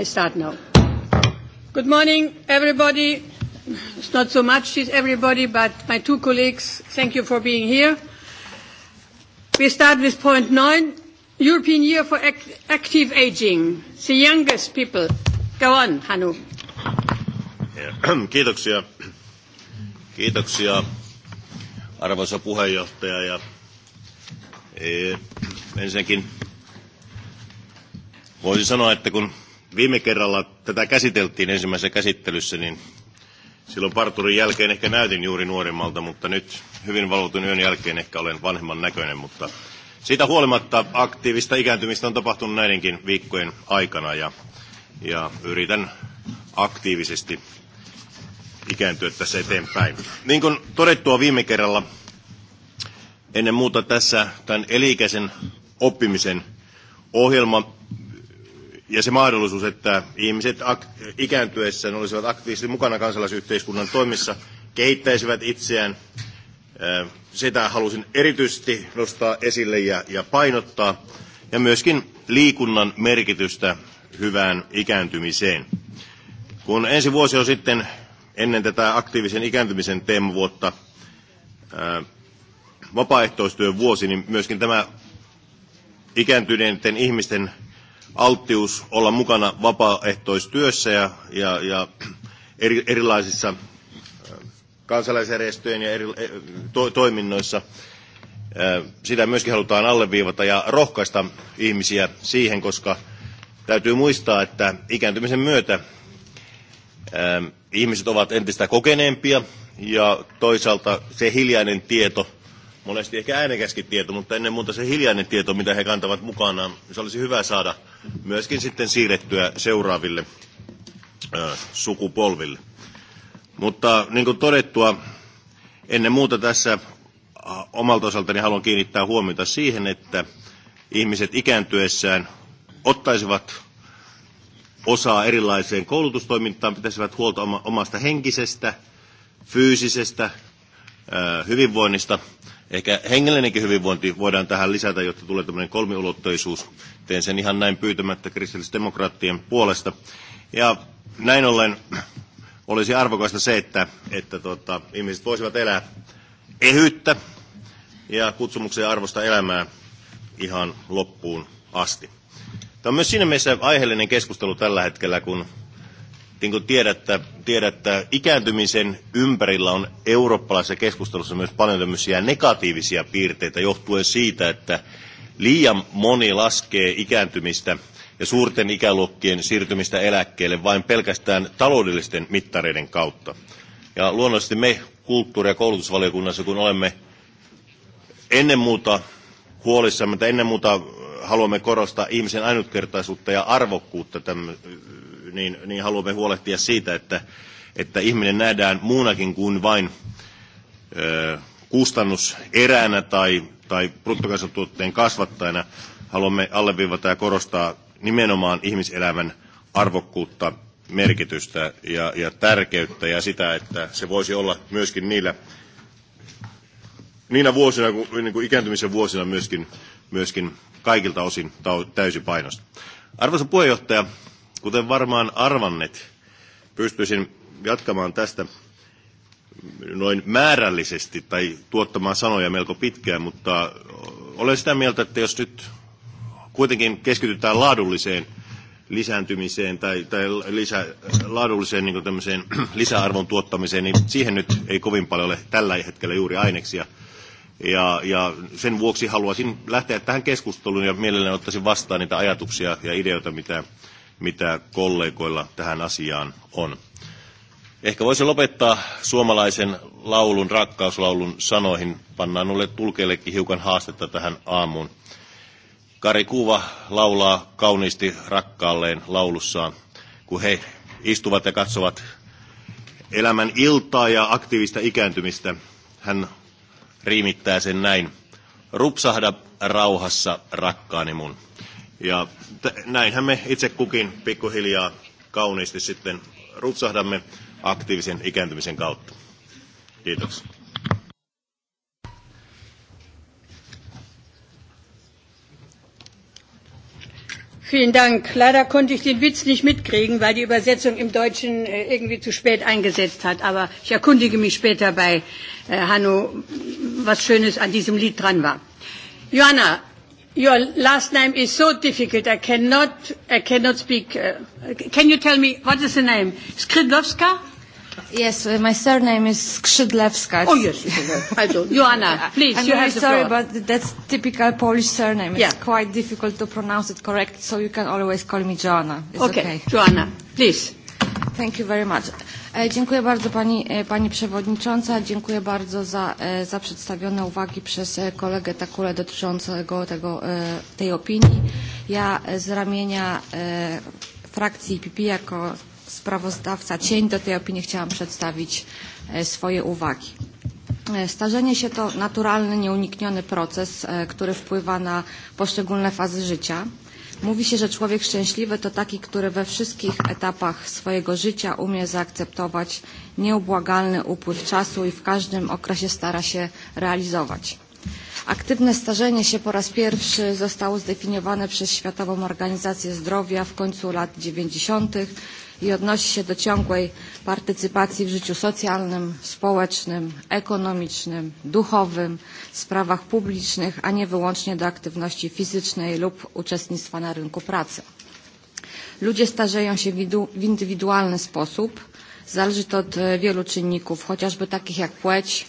I start now. Good morning, everybody. It's not so much everybody, but my two colleagues, thank you for being here. We start with point nine, European Year for Act Active Aging. The youngest people. Go on, Hanu. Kiitoksia. Kiitoksia, arvoisa puheenjohtaja. Ja, e, ensinnäkin voisin sanoa, että kun viime kerralla tätä käsiteltiin ensimmäisessä käsittelyssä, niin silloin parturin jälkeen ehkä näytin juuri nuorimmalta, mutta nyt hyvin valvotun yön jälkeen ehkä olen vanhemman näköinen, mutta siitä huolimatta aktiivista ikääntymistä on tapahtunut näidenkin viikkojen aikana ja, ja yritän aktiivisesti ikääntyä tässä eteenpäin. Niin kuin todettua viime kerralla, ennen muuta tässä tämän elikäisen oppimisen ohjelma ja se mahdollisuus, että ihmiset ak- ikääntyessään olisivat aktiivisesti mukana kansalaisyhteiskunnan toimissa, kehittäisivät itseään. Sitä halusin erityisesti nostaa esille ja, ja painottaa, ja myöskin liikunnan merkitystä hyvään ikääntymiseen. Kun ensi vuosi on sitten ennen tätä aktiivisen ikääntymisen teemavuotta vapaaehtoistyön vuosi, niin myöskin tämä ikääntyneiden ihmisten alttius olla mukana vapaaehtoistyössä ja, ja, ja eri, erilaisissa kansalaisjärjestöjen ja eri, e, to, toiminnoissa. Sitä myöskin halutaan alleviivata ja rohkaista ihmisiä siihen, koska täytyy muistaa, että ikääntymisen myötä ihmiset ovat entistä kokeneempia ja toisaalta se hiljainen tieto – monesti ehkä äänekäskin tieto, mutta ennen muuta se hiljainen tieto, mitä he kantavat mukanaan, se olisi hyvä saada myöskin sitten siirrettyä seuraaville ö, sukupolville. Mutta niin kuin todettua, ennen muuta tässä omalta osaltani haluan kiinnittää huomiota siihen, että ihmiset ikääntyessään ottaisivat osaa erilaiseen koulutustoimintaan, pitäisivät huolta omasta henkisestä, fyysisestä hyvinvoinnista Ehkä hengellinenkin hyvinvointi voidaan tähän lisätä, jotta tulee tämmöinen kolmiulotteisuus. Teen sen ihan näin pyytämättä kristillisdemokraattien puolesta. Ja näin ollen olisi arvokasta se, että, että tota, ihmiset voisivat elää ehyttä ja kutsumuksen arvosta elämää ihan loppuun asti. Tämä on myös siinä mielessä aiheellinen keskustelu tällä hetkellä, kun niin kuin tiedätte, tiedätte, ikääntymisen ympärillä on eurooppalaisessa keskustelussa myös paljon tämmöisiä negatiivisia piirteitä johtuen siitä, että liian moni laskee ikääntymistä ja suurten ikäluokkien siirtymistä eläkkeelle vain pelkästään taloudellisten mittareiden kautta. Ja luonnollisesti me kulttuuri- ja koulutusvaliokunnassa, kun olemme ennen muuta huolissamme, mutta ennen muuta haluamme korostaa ihmisen ainutkertaisuutta ja arvokkuutta tämän niin, niin haluamme huolehtia siitä, että, että ihminen nähdään muunakin kuin vain ö, kustannuseränä tai, tai bruttokansantuotteen kasvattajana. Haluamme alleviivata ja korostaa nimenomaan ihmiselämän arvokkuutta, merkitystä ja, ja tärkeyttä ja sitä, että se voisi olla myöskin niillä niinä vuosina, niin kuin ikääntymisen vuosina myöskin, myöskin kaikilta osin täysipainosta. Arvoisa puheenjohtaja, Kuten varmaan arvannet, pystyisin jatkamaan tästä noin määrällisesti tai tuottamaan sanoja melko pitkään, mutta olen sitä mieltä, että jos nyt kuitenkin keskitytään laadulliseen lisääntymiseen tai, tai lisä, laadulliseen niin kuin lisäarvon tuottamiseen, niin siihen nyt ei kovin paljon ole tällä hetkellä juuri aineksia. Ja, ja sen vuoksi haluaisin lähteä tähän keskusteluun ja mielelläni ottaisin vastaan niitä ajatuksia ja ideoita, mitä mitä kollegoilla tähän asiaan on. Ehkä voisi lopettaa suomalaisen laulun, rakkauslaulun sanoihin. Pannaan nulle tulkeillekin hiukan haastetta tähän aamuun. Kari Kuva laulaa kauniisti rakkaalleen laulussaan, kun he istuvat ja katsovat elämän iltaa ja aktiivista ikääntymistä. Hän riimittää sen näin. Rupsahda rauhassa rakkaani mun. Ja näinhän me itse kukin pikkuhiljaa kauniisti sitten rutsahdamme aktiivisen ikääntymisen kautta. Kiitoksia. Vielen Dank. Leider konnte ich den Witz nicht mitkriegen, weil die Übersetzung im Deutschen äh, irgendwie zu spät eingesetzt hat. Aber ich erkundige mich später bei äh, Hanno, was Schönes an diesem Lied dran war. Johanna, Your last name is so difficult. I cannot, I cannot speak. Uh, can you tell me what is the name? Skridlovska? Yes, uh, my surname is Skrzydlewska. Oh yes, I don't. Joanna, please, I'm you have the sorry, floor. but that's typical Polish surname. It's yeah. quite difficult to pronounce it correct, so you can always call me Joanna. It's okay. okay, Joanna, please. Thank you very much. E, dziękuję bardzo Pani, e, pani Przewodnicząca. Dziękuję bardzo za, e, za przedstawione uwagi przez kolegę Takule dotyczącego tego, tej opinii. Ja z ramienia frakcji PP jako sprawozdawca cień do tej opinii chciałam przedstawić swoje uwagi. Starzenie się to naturalny, nieunikniony proces, który wpływa na poszczególne fazy życia. Mówi się, że człowiek szczęśliwy to taki, który we wszystkich etapach swojego życia umie zaakceptować nieubłagalny upływ czasu i w każdym okresie stara się realizować. Aktywne starzenie się po raz pierwszy zostało zdefiniowane przez Światową Organizację Zdrowia w końcu lat 90 i odnosi się do ciągłej partycypacji w życiu socjalnym, społecznym, ekonomicznym, duchowym, sprawach publicznych, a nie wyłącznie do aktywności fizycznej lub uczestnictwa na rynku pracy. Ludzie starzeją się w indywidualny sposób, zależy to od e, wielu czynników, chociażby takich jak płeć,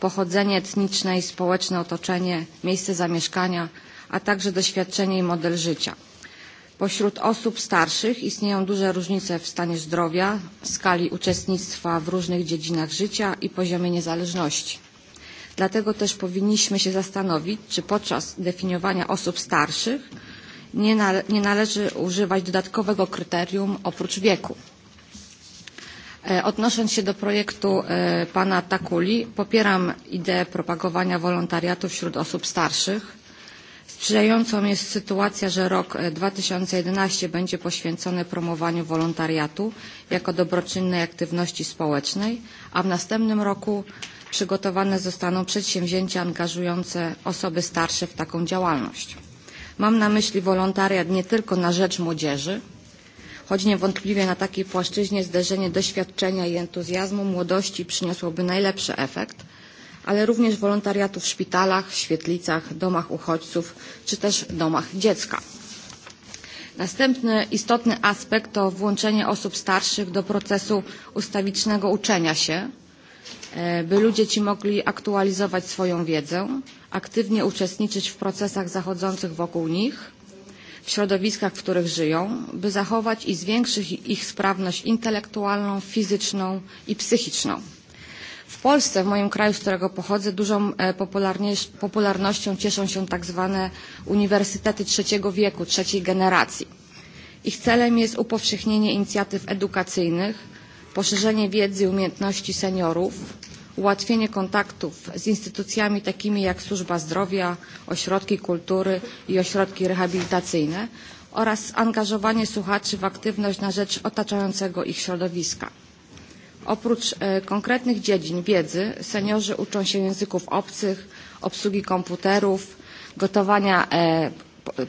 pochodzenie etniczne i społeczne otoczenie, miejsce zamieszkania, a także doświadczenie i model życia. Pośród osób starszych istnieją duże różnice w stanie zdrowia, skali uczestnictwa w różnych dziedzinach życia i poziomie niezależności. Dlatego też powinniśmy się zastanowić, czy podczas definiowania osób starszych nie, nale nie należy używać dodatkowego kryterium oprócz wieku. E, odnosząc się do projektu e, pana Takuli, popieram ideę propagowania wolontariatu wśród osób starszych Sprzyjającą jest sytuacja, że rok 2011 e, będzie poświęcony promowaniu wolontariatu jako dobroczynnej aktywności społecznej, a w następnym roku przygotowane zostaną przedsięwzięcia angażujące osoby starsze w taką działalność. Mam na myśli wolontariat nie tylko na rzecz młodzieży, choć niewątpliwie na takiej płaszczyźnie zderzenie doświadczenia i entuzjazmu młodości przyniosłoby najlepszy efekt – ale również wolontariatu w szpitalach, świetlicach, domach uchodźców czy też domach dziecka. Następny istotny aspekt to włączenie osób starszych do procesu ustawicznego uczenia się, e, by ludzie ci mogli aktualizować swoją wiedzę, aktywnie uczestniczyć w procesach zachodzących wokół nich, w środowiskach, w których żyją, by zachować i zwiększyć ich sprawność intelektualną, fizyczną i psychiczną. W Polsce, w moim kraju, z którego pochodzę, dużą e, popularnością cieszą się tak zwane uniwersytety trzeciego wieku, trzeciej generacji. Ich celem jest upowszechnienie inicjatyw edukacyjnych, poszerzenie wiedzy i umiejętności seniorów, ułatwienie kontaktów z instytucjami takimi jak służba zdrowia, ośrodki kultury i ośrodki rehabilitacyjne oraz angażowanie słuchaczy w aktywność na rzecz otaczającego ich środowiska. Oprócz e, konkretnych dziedzin wiedzy seniorzy uczą się języków obcych, obsługi komputerów, gotowania e,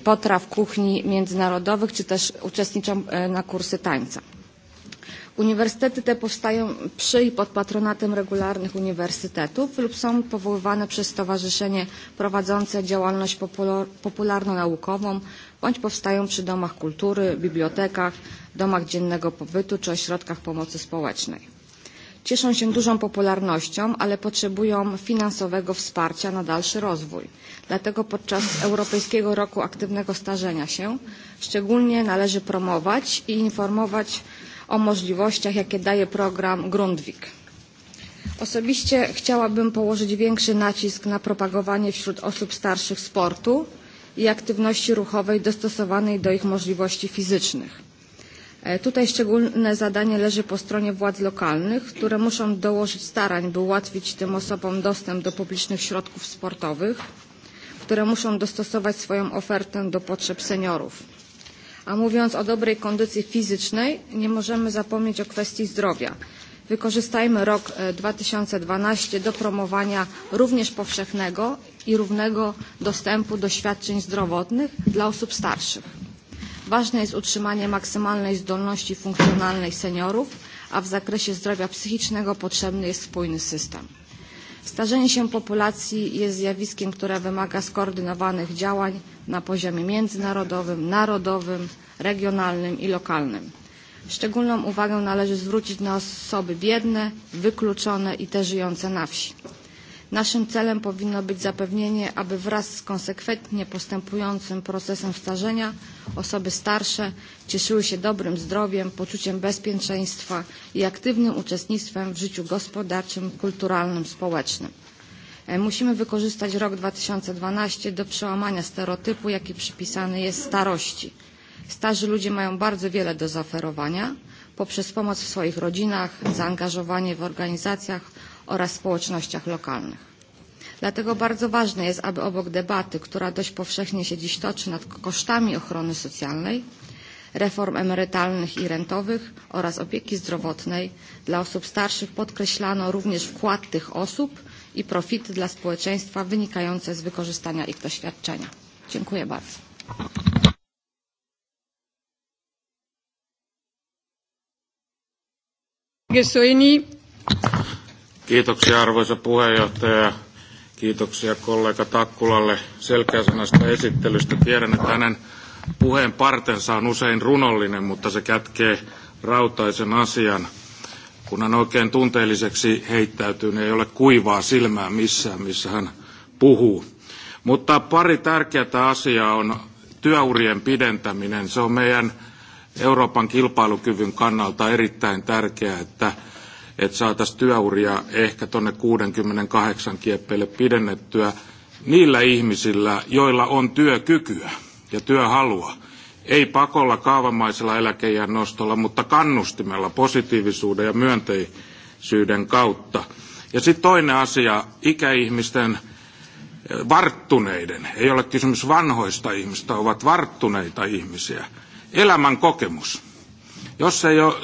potraw kuchni międzynarodowych, czy też uczestniczą e, na kursy tańca. Uniwersytety te powstają przy i pod patronatem regularnych uniwersytetów lub są powoływane przez stowarzyszenie prowadzące działalność popularno-naukową bądź powstają przy domach kultury, bibliotekach, domach dziennego pobytu czy ośrodkach pomocy społecznej cieszą się dużą popularnością, ale potrzebują finansowego wsparcia na dalszy rozwój. Dlatego podczas Europejskiego Roku Aktywnego Starzenia się szczególnie należy promować i informować o możliwościach, jakie daje program Grundwik. Osobiście chciałabym położyć większy nacisk na propagowanie wśród osób starszych sportu i aktywności ruchowej dostosowanej do ich możliwości fizycznych E, tutaj szczególne zadanie leży po stronie władz lokalnych, które muszą dołożyć starań, by ułatwić tym osobom dostęp do publicznych środków sportowych, które muszą dostosować swoją ofertę do potrzeb seniorów. A mówiąc o dobrej kondycji fizycznej, nie możemy zapomnieć o kwestii zdrowia. Wykorzystajmy rok 2012 e, do promowania również powszechnego i równego dostępu do świadczeń zdrowotnych dla osób starszych. Ważne jest utrzymanie maksymalnej zdolności funkcjonalnej seniorów, a w zakresie zdrowia psychicznego potrzebny jest spójny system. Starzenie się populacji jest zjawiskiem, które wymaga skoordynowanych działań na poziomie międzynarodowym, narodowym, regionalnym i lokalnym. Szczególną uwagę należy zwrócić na osoby biedne, wykluczone i te żyjące na wsi. Naszym celem powinno być zapewnienie, aby wraz z konsekwentnie postępującym procesem starzenia osoby starsze cieszyły się dobrym zdrowiem, poczuciem bezpieczeństwa i aktywnym uczestnictwem w życiu gospodarczym, kulturalnym, społecznym. E, musimy wykorzystać rok 2012 do przełamania stereotypu, jaki przypisany jest starości. Starzy ludzie mają bardzo wiele do zaoferowania poprzez pomoc w swoich rodzinach, zaangażowanie w organizacjach oraz społecznościach lokalnych. Dlatego bardzo ważne jest, aby obok debaty, która dość powszechnie się dziś toczy nad kosztami ochrony socjalnej, reform emerytalnych i rentowych oraz opieki zdrowotnej dla osób starszych podkreślano również wkład tych osób i profity dla społeczeństwa wynikające z wykorzystania ich doświadczenia. Dziękuję bardzo. Kiitoksia arvoisa puheenjohtaja. Kiitoksia kollega Takkulalle selkeäsanasta esittelystä. Tiedän, että hänen puheen partensa on usein runollinen, mutta se kätkee rautaisen asian. Kun hän oikein tunteelliseksi heittäytyy, niin ei ole kuivaa silmää missään, missä hän puhuu. Mutta pari tärkeää asiaa on työurien pidentäminen. Se on meidän Euroopan kilpailukyvyn kannalta erittäin tärkeää, että että saataisiin työuria ehkä tuonne 68 kieppeille pidennettyä niillä ihmisillä, joilla on työkykyä ja työhalua. Ei pakolla kaavamaisella eläkeijän nostolla, mutta kannustimella positiivisuuden ja myönteisyyden kautta. Ja sitten toinen asia, ikäihmisten eh, varttuneiden, ei ole kysymys vanhoista ihmistä, ovat varttuneita ihmisiä. Elämän kokemus Jos ei, ole,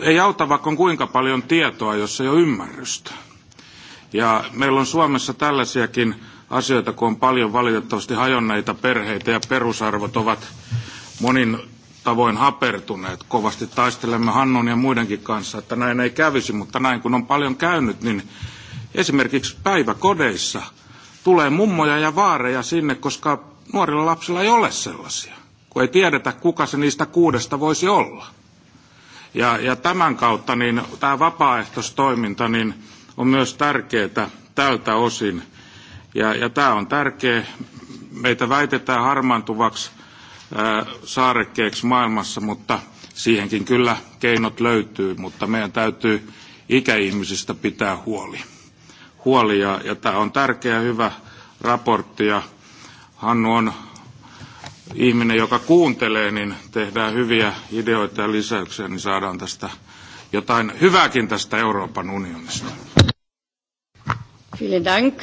ei auta vaikka kuinka paljon tietoa, jos ei ole ymmärrystä. Ja meillä on Suomessa tällaisiakin asioita, kun on paljon valitettavasti hajonneita perheitä ja perusarvot ovat monin tavoin hapertuneet. Kovasti taistelemme Hannun ja muidenkin kanssa, että näin ei kävisi, mutta näin kun on paljon käynyt, niin esimerkiksi päiväkodeissa tulee mummoja ja vaareja sinne, koska nuorilla lapsilla ei ole sellaisia, kun ei tiedetä, kuka se niistä kuudesta voisi olla. Ja, ja tämän kautta niin tämä vapaaehtoistoiminta niin on myös tärkeää tältä osin. Ja, ja tämä on tärkeä. Meitä väitetään harmaantuvaksi ää, saarekkeeksi maailmassa, mutta siihenkin kyllä keinot löytyy, mutta meidän täytyy ikäihmisistä pitää huoli. huoli ja, ja tämä on tärkeä hyvä raportti ja Hannu on ihminen, joka kuuntelee, niin tehdään hyviä ideoita ja lisäyksiä, niin saadaan tästä jotain hyvääkin tästä Euroopan unionista. Vielen Dank.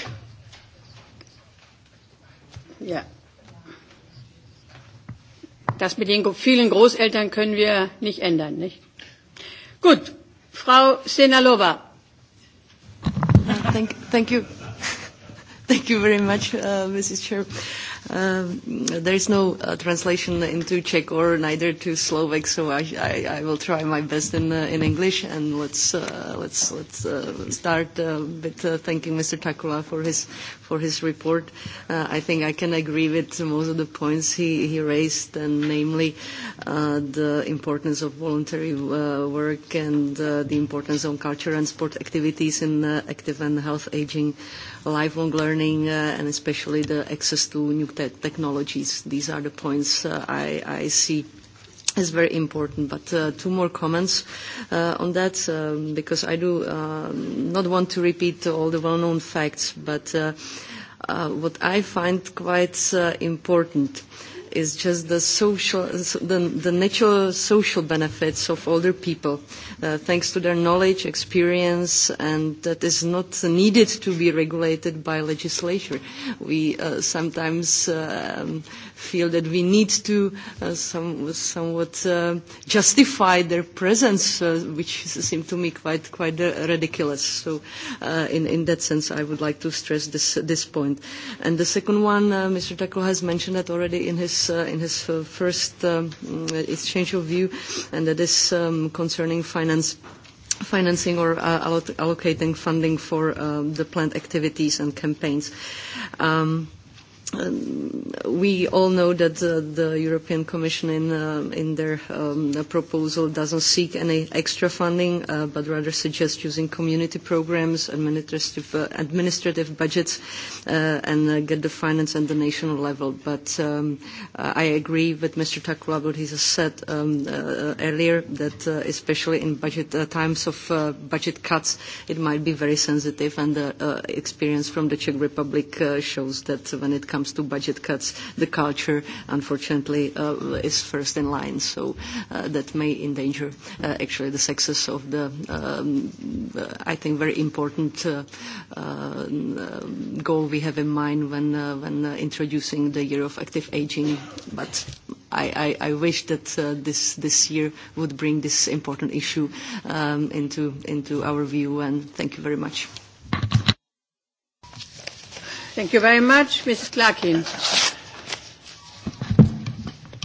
Ja. Das mit den vielen Großeltern können wir nicht ändern, nicht? Gut, Frau Senalova. Thank, thank you. Thank you very much, uh, Mrs. Chair. Uh, there is no uh, translation into Czech or neither to Slovak, so I, I, I will try my best in, uh, in English. And let's uh, let's let's uh, start uh, with uh, thanking Mr. Takula for his for his report. Uh, I think I can agree with most of the points he, he raised, and namely uh, the importance of voluntary uh, work and uh, the importance of culture and sport activities in uh, active and health aging, lifelong learning, uh, and especially the access to new the technologies. These are the points uh, I, I see as very important. But uh, two more comments uh, on that, um, because I do um, not want to repeat all the well-known facts, but what I find quite important is just the, social, the, the natural social benefits of older people, uh, thanks to their knowledge, experience, and that is not needed to be regulated by legislature. We uh, sometimes uh, um, feel that we need to uh, some, somewhat uh, justify their presence, uh, which seemed to me quite, quite uh, ridiculous. So uh, in, in that sense, I would like to stress this, this point. And the second one, uh, Mr. Tackle has mentioned that already in his, uh, in his uh, first um, mm, exchange of view, and that is um, concerning finance financing or uh, allocating funding for um, the planned activities and campaigns. Um, Um, we all know that uh, the European Commission in, uh, in their um, proposal doesn't seek any extra funding, uh, but rather suggests using community programs, administrative, uh, administrative budgets, uh, and uh, get the finance at the national level. But um, I agree with Mr. Takula what he has said um, uh, earlier, that uh, especially in budget uh, times of uh, budget cuts, it might be very sensitive, and the uh, uh, experience from the Czech Republic uh, shows that when it comes comes to budget cuts, the culture, unfortunately, uh, is first in line. So uh, that may endanger uh, actually the success of the, um, uh, I think, very important uh, uh, goal we have in mind when, uh, when uh, introducing the year of active aging. But i, I, I wish that uh, this, this year would bring this important issue um, into, into our view, and thank you very much. Thank you very much. Ms. Clarkin.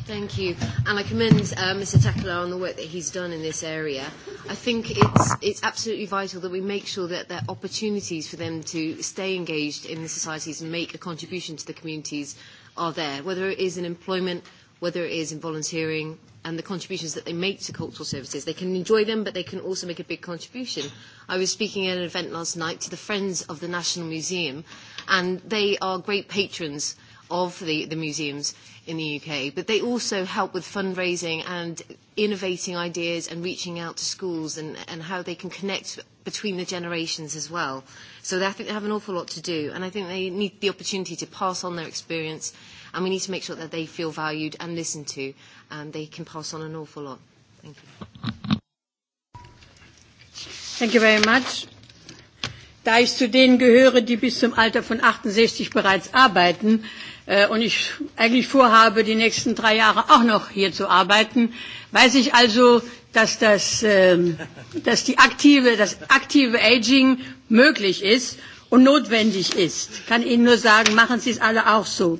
Thank you. And I commend uh, Mr. Takala on the work that he's done in this area. I think it's, it's absolutely vital that we make sure that there are opportunities for them to stay engaged in the societies and make a contribution to the communities are there, whether it is in employment, whether it is in volunteering, and the contributions that they make to cultural services. They can enjoy them, but they can also make a big contribution. I was speaking at an event last night to the Friends of the National Museum, and they are great patrons of the, the museums in the UK, but they also help with fundraising and innovating ideas and reaching out to schools and, and how they can connect between the generations as well. So they, I think they have an awful lot to do, and I think they need the opportunity to pass on their experience, and we need to make sure that they feel valued and listened to, and they can pass on an awful lot. Thank you. Thank you very much. Da ich zu denen gehöre, die bis zum Alter von 68 bereits arbeiten äh, und ich eigentlich vorhabe, die nächsten drei Jahre auch noch hier zu arbeiten, weiß ich also, dass, das, äh, dass die aktive, das aktive Aging möglich ist und notwendig ist. Ich kann Ihnen nur sagen, machen Sie es alle auch so.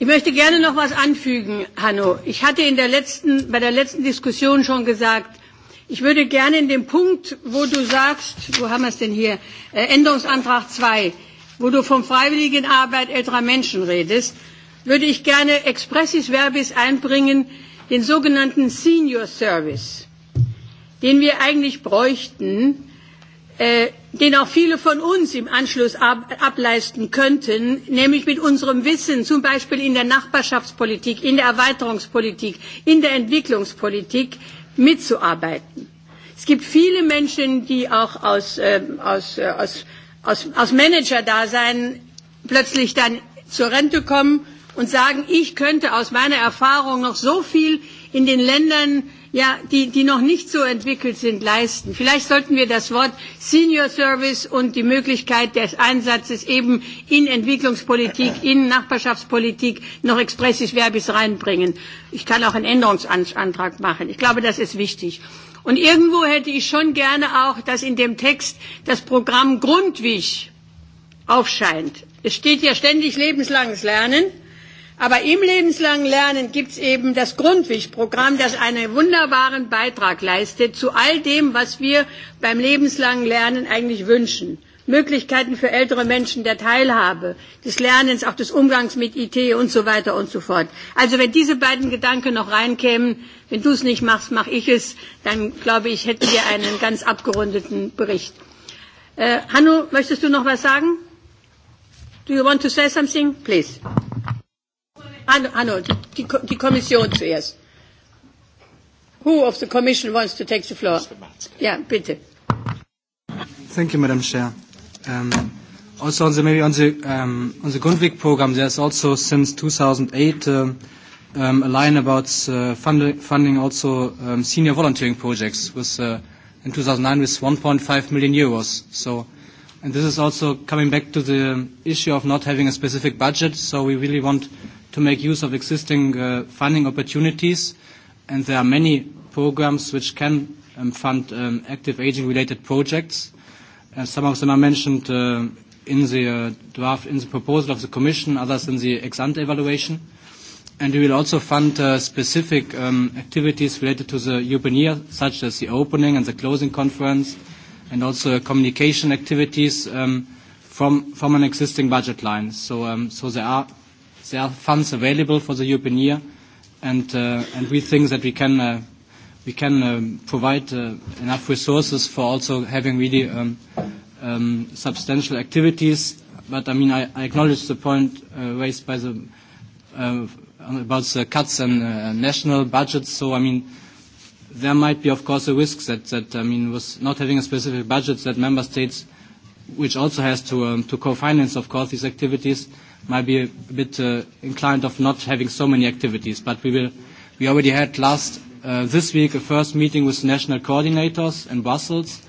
Ich möchte gerne noch etwas anfügen, Hanno. Ich hatte der letzten, bei der letzten Diskussion schon gesagt, ich würde gerne in dem Punkt, wo du sagst, wo haben wir es denn hier, äh, Änderungsantrag 2, wo du von Freiwilligenarbeit älterer Menschen redest, würde ich gerne expressis verbis einbringen, den sogenannten Senior Service, den wir eigentlich bräuchten, äh, den auch viele von uns im Anschluss ab, ableisten könnten, nämlich mit unserem Wissen, zum Beispiel in der Nachbarschaftspolitik, in der Erweiterungspolitik, in der Entwicklungspolitik, mitzuarbeiten. Es gibt viele Menschen, die auch aus, äh, aus, äh, aus, aus, aus Manager-Dasein plötzlich dann zur Rente kommen und sagen, ich könnte aus meiner Erfahrung noch so viel in den Ländern ja, die, die noch nicht so entwickelt sind, leisten. Vielleicht sollten wir das Wort Senior Service und die Möglichkeit des Einsatzes eben in Entwicklungspolitik, in Nachbarschaftspolitik noch expressis verbis reinbringen. Ich kann auch einen Änderungsantrag machen. Ich glaube, das ist wichtig. Und irgendwo hätte ich schon gerne auch, dass in dem Text das Programm Grundwig aufscheint. Es steht ja ständig lebenslanges Lernen. Aber im lebenslangen Lernen gibt es eben das grundwig das einen wunderbaren Beitrag leistet zu all dem, was wir beim lebenslangen Lernen eigentlich wünschen. Möglichkeiten für ältere Menschen der Teilhabe, des Lernens, auch des Umgangs mit IT und so weiter und so fort. Also wenn diese beiden Gedanken noch reinkämen, wenn du es nicht machst, mache ich es, dann glaube ich, hätten wir einen ganz abgerundeten Bericht. Äh, Hanno, möchtest du noch was sagen? Do you want to say something? Please. Ah, no, die, die Kommission zuerst. Who of the Commission wants to take the floor? Yeah, bitte. Thank you, Madam Chair. Um, also, on the, maybe on the, um, on the Grundvik program, there's also since 2008 uh, um, a line about uh, fund, funding also um, senior volunteering projects with, uh, in 2009 with 1.5 million euros. So, and this is also coming back to the issue of not having a specific budget. So we really want to make use of existing uh, funding opportunities, and there are many programs which can um, fund um, active aging related projects. Uh, some of them are mentioned uh, in the uh, draft, in the proposal of the Commission, others in the ex-ante evaluation. And we will also fund uh, specific um, activities related to the European year, such as the opening and the closing conference, and also communication activities um, from, from an existing budget line. So, um, so there are There are funds available for the European year, and, uh, and we think that we can, uh, we can um, provide uh, enough resources for also having really um, um, substantial activities. But I mean, I, I acknowledge the point uh, raised by the, uh, about the cuts in uh, national budgets. So I mean, there might be, of course, a risk that, that I mean, with not having a specific budget, that member states, which also has to, um, to co-finance, of course, these activities, might be a bit uh, inclined of not having so many activities. But we will. We already had last uh, this week a first meeting with national coordinators in Brussels,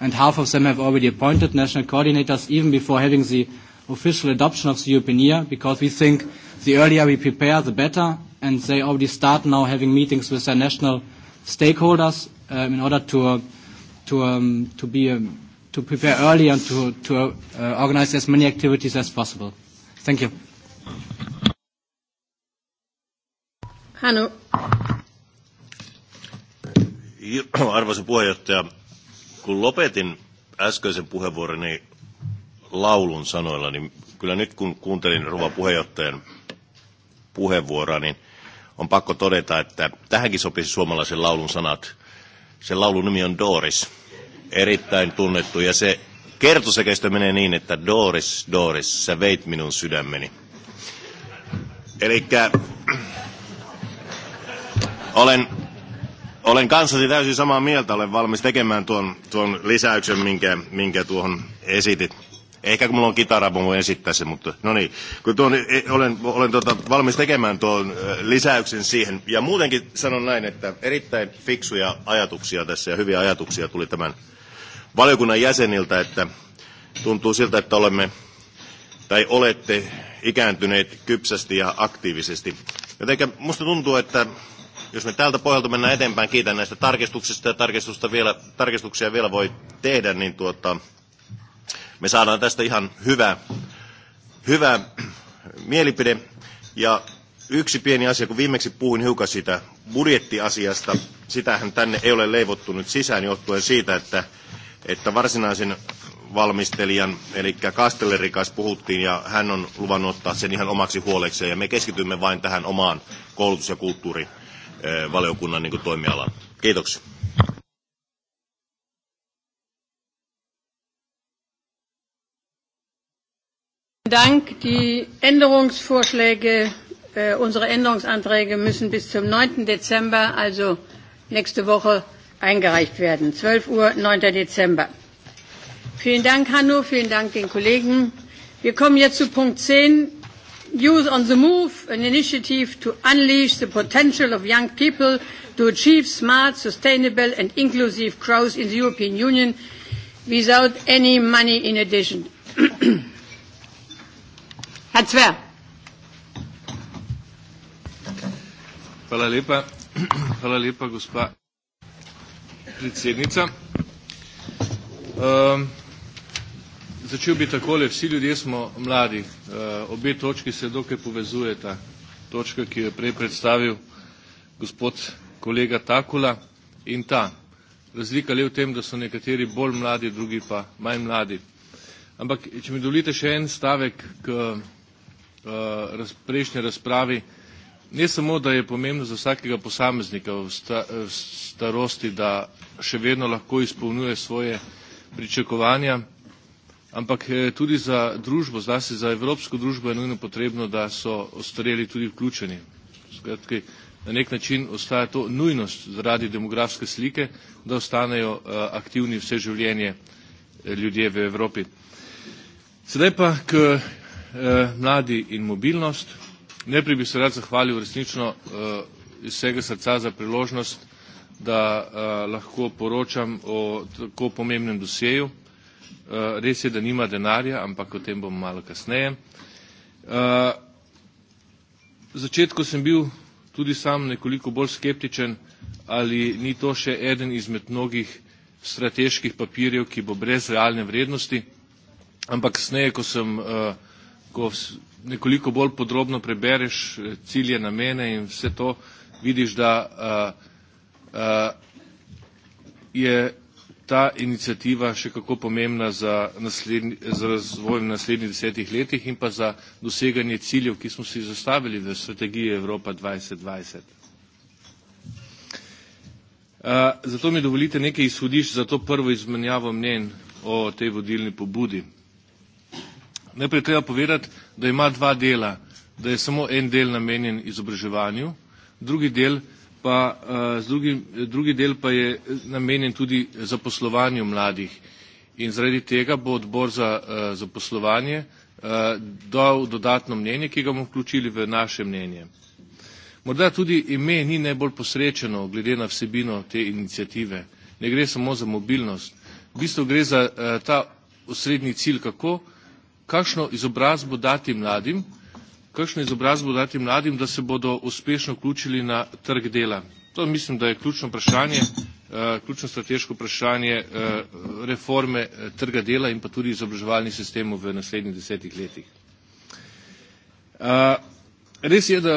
and half of them have already appointed national coordinators even before having the official adoption of the European year, because we think the earlier we prepare, the better, and they already start now having meetings with their national stakeholders um, in order to uh, to um, to be um, to prepare early and to to uh, organize as many activities as possible. Thank you. Hanno. Arvoisa puheenjohtaja, kun lopetin äskeisen puheenvuoroni laulun sanoilla, niin kyllä nyt kun kuuntelin rouva puheenjohtajan puheenvuoroa, niin on pakko todeta, että tähänkin sopisi suomalaisen laulun sanat. Sen laulun nimi on Doris, erittäin tunnettu, ja se Kertosäkeistä menee niin, että Doris, Doris, sä veit minun sydämeni. Eli olen, olen kanssasi täysin samaa mieltä, olen valmis tekemään tuon, tuon lisäyksen, minkä, minkä tuohon esitit. Ehkä kun mulla on kitara, mä voin esittää se, mutta no niin. Kun tuon, e, e, olen, olen tuota, valmis tekemään tuon lisäyksen siihen. Ja muutenkin sanon näin, että erittäin fiksuja ajatuksia tässä ja hyviä ajatuksia tuli tämän valiokunnan jäseniltä, että tuntuu siltä, että olemme tai olette ikääntyneet kypsästi ja aktiivisesti. Joten minusta tuntuu, että jos me tältä pohjalta mennään eteenpäin, kiitän näistä tarkistuksista ja tarkistusta vielä, tarkistuksia vielä voi tehdä, niin tuota, me saadaan tästä ihan hyvä, hyvä mielipide. Ja yksi pieni asia, kun viimeksi puhuin hiukan siitä budjettiasiasta, sitähän tänne ei ole leivottu nyt sisään johtuen siitä, että että varsinaisen valmistelijan, eli kanssa puhuttiin, ja hän on luvannut ottaa sen ihan omaksi huolekseen, ja me keskitymme vain tähän omaan koulutus- ja kulttuurivaliokunnan niin toimialaan. Kiitoksia. Dank. Die Änderungsvorschläge, äh, unsere Änderungsanträge müssen bis zum 9. Dezember, also nächste Woche, eingereicht werden. 12 Uhr, 9. Dezember. Vielen Dank, Hanno. Vielen Dank den Kollegen. Wir kommen jetzt zu Punkt 10. Youth on the Move, an initiative to unleash the potential of young people to achieve smart, sustainable and inclusive growth in the European Union without any money in addition. Herr Zwer. Hvala lepa. Hvala lepa, gospa predsednica. Um, ehm, začel bi takole, vsi ljudje smo mladi. Uh, obe točki se dokaj povezujeta. Točka, ki jo je prej predstavil gospod kolega Takula in ta. Razlika le v tem, da so nekateri bolj mladi, drugi pa manj mladi. Ampak, če mi dovolite še en stavek k uh, raz, prejšnji razpravi, uh, ne samo, da je pomembno za vsakega posameznika v, sta, eh, v starosti, da še vedno lahko izpolnjuje svoje pričakovanja, ampak eh, tudi za družbo, zlasti za evropsko družbo je nujno potrebno, da so ostareli tudi vključeni. Skratki, na nek način ostaja to nujnost zaradi demografske slike, da ostanejo eh, aktivni vse življenje ljudje v Evropi. Sedaj pa k mladi in mobilnost. Najprej bi se rad zahvalil resnično eh, iz vsega srca za priložnost, da eh, lahko poročam o tako pomembnem dosjeju. Eh, res je, da nima denarja, ampak o tem bom malo kasneje. V začetku sem bil tudi sam nekoliko bolj skeptičen, ali ni to še eden izmed mnogih strateških papirjev, ki bo brez realne vrednosti, ampak kasneje, ko sem, ko nekoliko bolj podrobno prebereš eh, cilje, namene in vse to, vidiš, da eh, eh, je ta inicijativa še kako pomembna za, naslednji, za razvoj v naslednjih desetih letih in pa za doseganje ciljev, ki smo si zastavili v strategiji Evropa 2020. Uh, zato mi dovolite nekaj izhodišč za to prvo izmenjavo mnen o tej vodilni pobudi najprej treba povedati, da ima dva dela, da je samo en del namenjen izobraževanju, drugi del pa, eh, drugi, drugi del pa je namenjen tudi zaposlovanju mladih. In zaradi tega bo odbor za eh, zaposlovanje eh, dal dodatno mnenje, ki ga bomo vključili v naše mnenje. Morda tudi ime ni najbolj posrečeno glede na vsebino te inicijative. Ne gre samo za mobilnost. V bistvu gre za ta osrednji cilj, kako kakšno izobrazbo dati mladim, kakšno izobrazbo dati mladim, da se bodo uspešno vključili na trg dela. To mislim, da je ključno vprašanje, eh, ključno strateško vprašanje eh, reforme eh, trga dela in pa tudi izobraževalnih sistemov v naslednjih desetih letih. Res je, da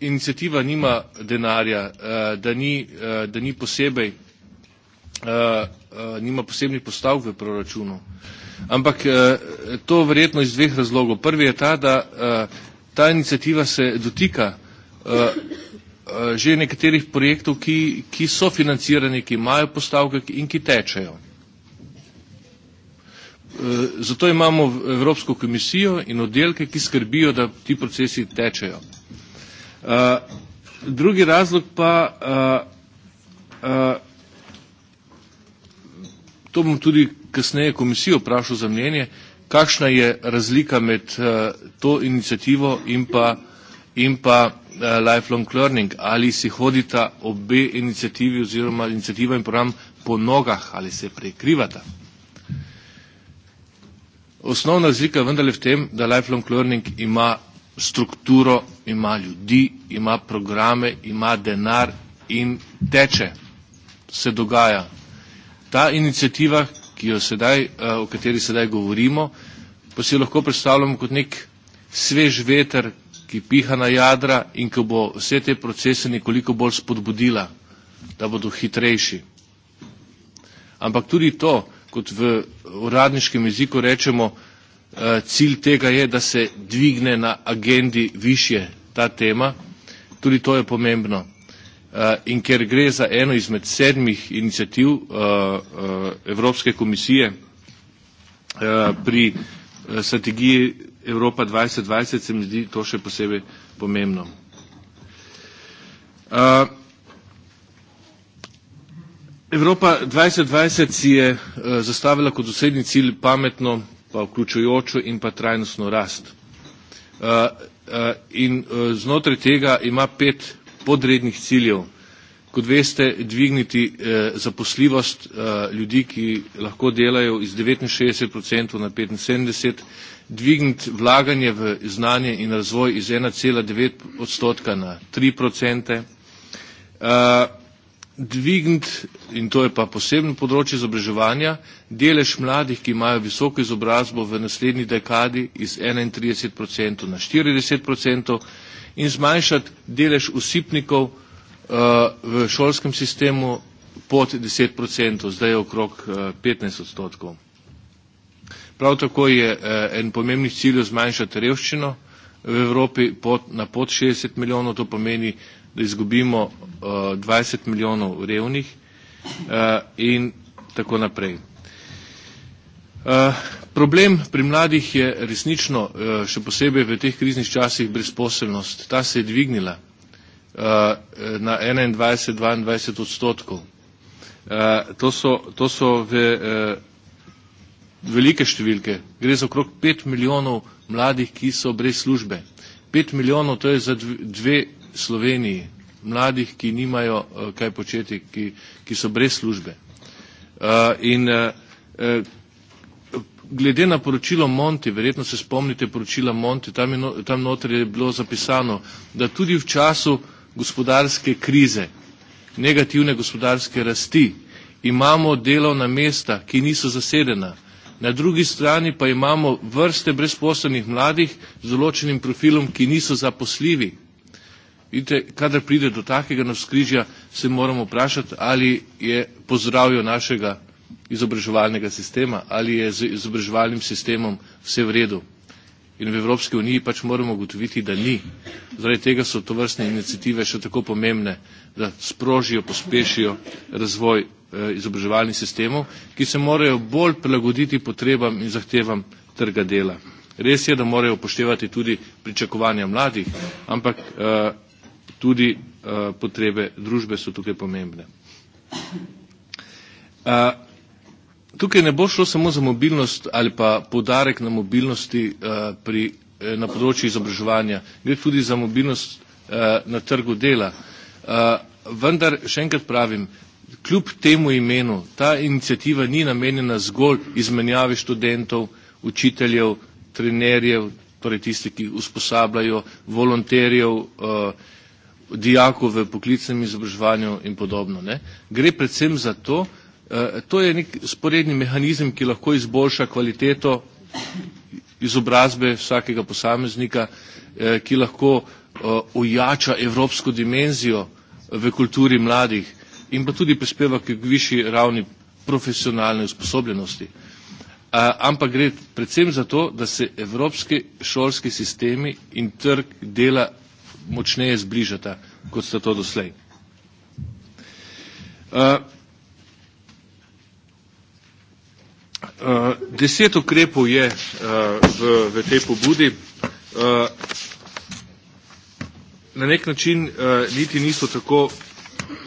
inicijativa nima denarja, da ni, da ni posebej, nima posebnih postavk v proračunu. Ampak eh, to verjetno iz dveh razlogov. Prvi je ta, da eh, ta inicijativa se dotika eh, že nekaterih projektov, ki, ki so financirani, ki imajo postavke in ki tečejo. Zato imamo Evropsko komisijo in oddelke, ki skrbijo, da ti procesi tečejo. Drugi razlog pa, to bom tudi kasneje komisijo vprašal za mnenje, kakšna je razlika med uh, to inicijativo in pa, in pa uh, lifelong learning, ali si hodita obe inicijativi oziroma inicijativa in program po nogah, ali se prekrivata. Osnovna razlika je vendarle v tem, da lifelong learning ima strukturo, ima ljudi, ima programe, ima denar in teče, se dogaja. Ta inicijativa ki jo sedaj, eh, o kateri sedaj govorimo, pa si jo lahko predstavljamo kot nek svež veter, ki piha na jadra in ki bo vse te procese nekoliko bolj spodbudila, da bodo hitrejši. Ampak tudi to, kot v uradniškem jeziku rečemo, eh, cilj tega je, da se dvigne na agendi više ta tema, tudi to je pomembno. Eh, in ker gre za eno izmed sedmih inicijativ eh, eh, Evropske komisije pri strategiji Evropa 2020, se mi zdi to še posebej pomembno. Evropa 2020 si je zastavila kot osrednji cilj pametno, pa vključujočo in pa trajnostno rast. In znotraj tega ima pet podrednih ciljev, kot veste, dvigniti eh, zaposljivost eh, ljudi, ki lahko delajo iz 69% na 75%, dvigniti vlaganje v znanje in razvoj iz 1,9 odstotka na 3 procente, eh, dvigniti, in to je pa posebno področje izobraževanja, delež mladih, ki imajo visoko izobrazbo v naslednji dekadi iz 31% na 40%, in zmanjšati delež usipnikov eh, v šolskem sistemu pod 10%, zdaj je okrog 15 eh, odstotkov. Prav tako je eh, en pomembnih ciljev zmanjšati revščino v Evropi na pod 60 milijonov, to pomeni, da izgubimo 20 milijonov revnih in tako naprej. Uh, problem pri mladih je resnično, uh, še posebej v teh kriznih časih, brezposelnost. Ta se je dvignila uh, na 21-22 odstotkov. To so, to so v, velike številke. Gre za okrog 5 milijonov mladih, ki so brez službe. 5 milijonov to je za dve Sloveniji mladih, ki nimajo kaj početi, ki, ki so brez službe. In glede na poročilo Monti, verjetno se spomnite poročila Monti, tam, no, tam noter je bilo zapisano, da tudi v času gospodarske krize, negativne gospodarske rasti, imamo delovna mesta, ki niso zasedena. Na drugi strani pa imamo vrste brezposobnih mladih z določenim profilom, ki niso zaposljivi. Vidite, kadar pride do takega navskrižja, se moramo vprašati, ali je po našega izobraževalnega sistema, ali je z izobraževalnim sistemom vse v redu. In v Evropski uniji pač moramo ugotoviti, da ni. Zaradi tega so to vrstne inicijative še tako pomembne, da sprožijo, pospešijo razvoj eh, izobraževalnih sistemov, ki se morajo bolj prilagoditi potrebam in zahtevam trga dela. Res je, da morajo upoštevati tudi pričakovanja mladih, ampak eh, tudi eh, potrebe družbe so tukaj pomembne. Tukaj ne bo šlo samo za mobilnost ali pa podarek na mobilnosti uh, pri, eh, na področju izobraževanja, gre tudi za mobilnost uh, na trgu dela. Uh, vendar, še enkrat pravim, kljub temu imenu, ta inicijativa ni namenjena zgolj izmenjavi študentov, učiteljev, trenerjev, torej tisti, ki usposabljajo, volonterjev, dijakov v poklicnem izobraževanju in podobno. Ne. Gre predvsem za to, E, to je nek sporedni mehanizem, ki lahko izboljša kvaliteto izobrazbe vsakega posameznika, e, ki lahko e, ojača evropsko dimenzijo v kulturi mladih in pa tudi prispeva k višji ravni profesionalne usposobljenosti. Ampak gre predvsem za to, da se evropski šolski sistemi in trg dela močneje zbližata, kot sta to doslej. Uh, deset ukrepov je uh, v, v tej pobudi. Uh, na nek način uh, niti niso tako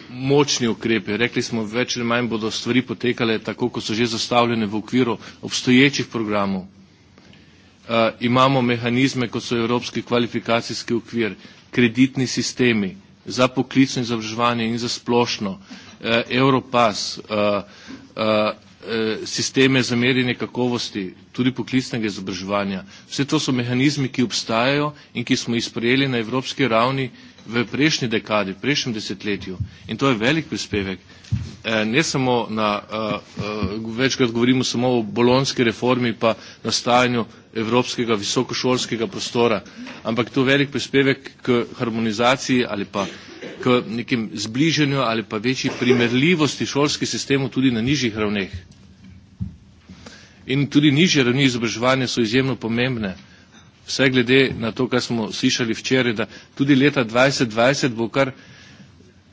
močni ukrepi. Rekli smo, več ali manj bodo stvari potekale tako, kot so že zastavljene v okviru obstoječih programov. Uh, imamo mehanizme, kot so Evropski kvalifikacijski okvir, kreditni sistemi za poklicno izobraževanje in za splošno, uh, Europass, uh, uh, Eh, sisteme za merjenje kakovosti, tudi poklicnega izobraževanja. Vse to so mehanizmi, ki obstajajo in ki smo jih sprejeli na evropski ravni v prejšnji dekadi, v prejšnjem desetletju. In to je velik prispevek. Eh, ne samo na, eh, večkrat govorimo samo o bolonski reformi pa nastajanju evropskega visokošolskega prostora, ampak to je velik prispevek k harmonizaciji ali pa k nekem zbližanju ali pa večji primerljivosti šolskih sistemov tudi na nižjih ravneh in tudi nižje ravni izobraževanja so izjemno pomembne. Vse glede na to, kar smo slišali včeraj, da tudi leta 2020 bo kar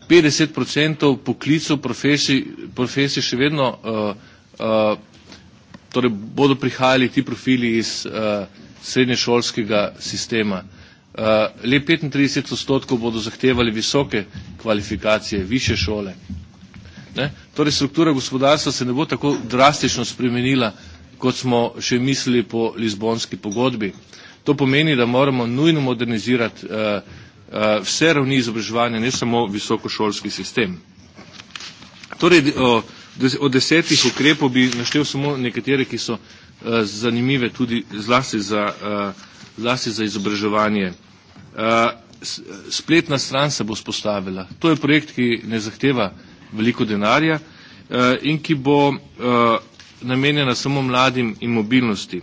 50 poklicov, profesij, profesij še vedno, uh, uh, torej bodo prihajali ti profili iz uh, srednješolskega sistema. Uh, le 35 odstotkov bodo zahtevali visoke kvalifikacije, više šole. Ne? Torej struktura gospodarstva se ne bo tako drastično spremenila, kot smo še mislili po Lizbonski pogodbi. To pomeni, da moramo nujno modernizirati uh, uh, vse ravni izobraževanja, ne samo visokošolski sistem. Torej, o, od desetih ukrepov bi naštel samo nekatere, ki so uh, zanimive tudi zlasti za, zlasti za izobraževanje. Spletna stran se bo spostavila. To je projekt, ki ne zahteva veliko denarja in ki bo namenjena samo mladim in mobilnosti.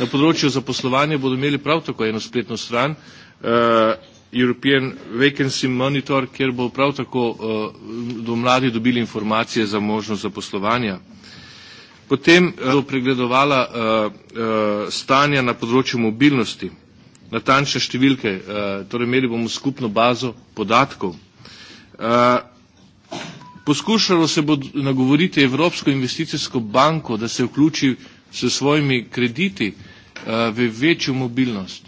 Na področju zaposlovanja bodo imeli prav tako eno spletno stran, eh, European Vacancy Monitor, kjer bo prav tako eh, do mladi dobili informacije za možnost zaposlovanja. Potem eh, bo pregledovala stanja na področju mobilnosti, natančne številke, torej imeli bomo skupno bazo podatkov. Poskušalo se bo nagovoriti Evropsko investicijsko banko, da se vključi s svojimi krediti eh, v večjo mobilnost.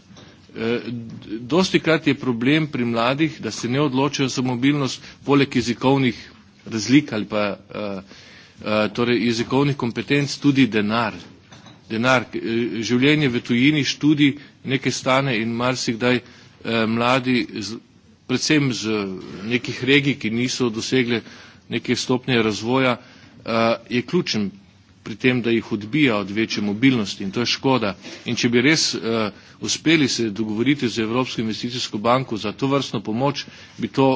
Eh, Dosti krat je problem pri mladih, da se ne odločajo za mobilnost poleg jezikovnih razlik ali pa eh, torej jezikovnih kompetenc tudi denar. Denar, življenje v tujini, študij nekaj stane in marsikdaj mladi, predvsem z nekih regij, ki niso dosegle neke stopnje razvoja, eh, je ključen pri tem, da jih odbija od večje mobilnosti in to je škoda. In če bi res eh, uspeli se dogovoriti z Evropsko investicijsko banko za to vrstno pomoč, bi to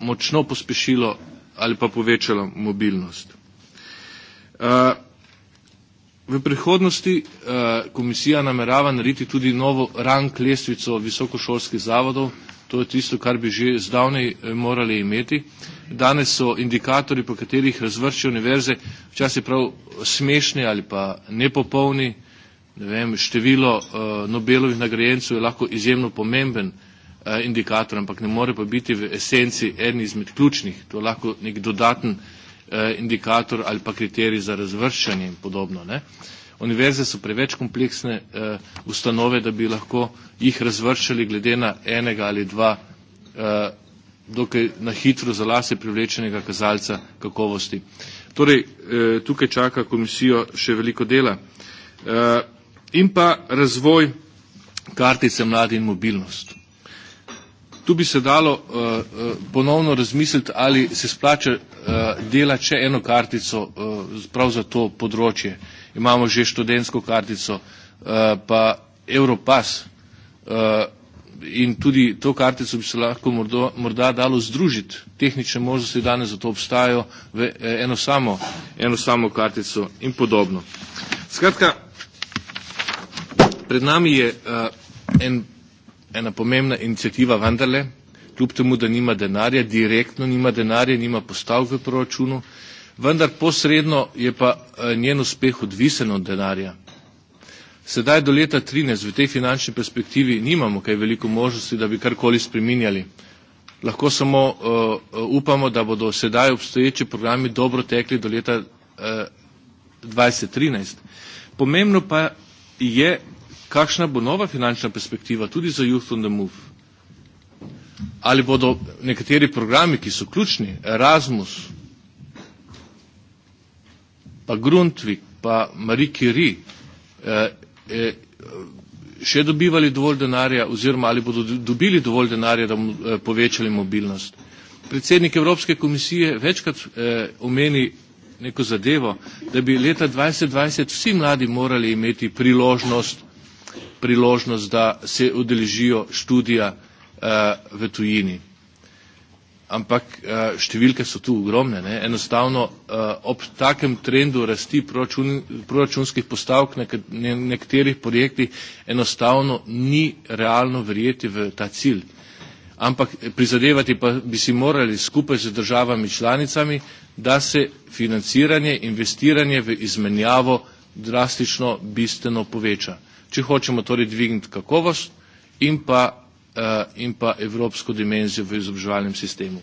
močno pospešilo ali pa povečalo mobilnost. Eh, v prihodnosti komisija namerava narediti tudi novo rank lestvico visokošolskih zavodov, to je tisto, kar bi že zdavnej morali imeti danes so indikatorji, po katerih razvrščajo univerze, včasih prav smešni ali pa nepopolni. Ne vem, število uh, Nobelovih nagrajencev je lahko izjemno pomemben uh, indikator, ampak ne more pa biti v esenci eden izmed ključnih. To je lahko nek dodaten uh, indikator ali pa kriterij za razvrščanje in podobno. Ne? Univerze so preveč kompleksne uh, ustanove, da bi lahko jih razvrščali glede na enega ali dva dokaj na hitro za lase privlečenega kazalca kakovosti. Torej, eh, tukaj čaka komisijo še veliko dela. Eh, in pa razvoj kartice mladi in mobilnost. Tu bi se dalo eh, ponovno razmisliti, ali se splače dela če eno kartico prav za to področje. Imamo že študentsko kartico, pa Europass, in tudi to kartico bi se lahko morda, morda dalo združiti. Tehnične možnosti danes za to obstajajo v eh, eno samo, eno samo kartico in podobno. Skratka, pred nami je uh, en, ena pomembna inicijativa vendarle, kljub temu, da nima denarja, direktno nima denarja, nima postavk v proračunu, vendar posredno je pa eh, njen uspeh odvisen od denarja. Sedaj do leta 2013 v tej finančni perspektivi nimamo kaj veliko možnosti, da bi karkoli spreminjali. Lahko samo uh, upamo, da bodo sedaj obstoječi programi dobro tekli do leta uh, eh, 2013. Pomembno pa je, kakšna bo nova finančna perspektiva tudi za Youth on the Move. Ali bodo nekateri programi, ki so ključni, Erasmus, pa Grundtvig, pa Marie Curie, uh, E, še dobivali dovolj denarja oziroma ali bodo dobili dovolj denarja, da bomo e, povečali mobilnost. Predsednik Evropske komisije večkrat eh, omeni neko zadevo, da bi leta 2020 vsi mladi morali imeti priložnost, priložnost da se odeležijo študija e, v tujini ampak eh, številke so tu ogromne. Ne. Enostavno eh, ob takem trendu rasti proračun, proračunskih postavk na nekaterih projektih enostavno ni realno verjeti v ta cilj. Ampak eh, prizadevati pa bi si morali skupaj z državami članicami, da se financiranje, investiranje v izmenjavo drastično bistveno poveča. Če hočemo torej dvigniti kakovost in pa Eh, in pa evropsko dimenzijo v izobraževalnem sistemu.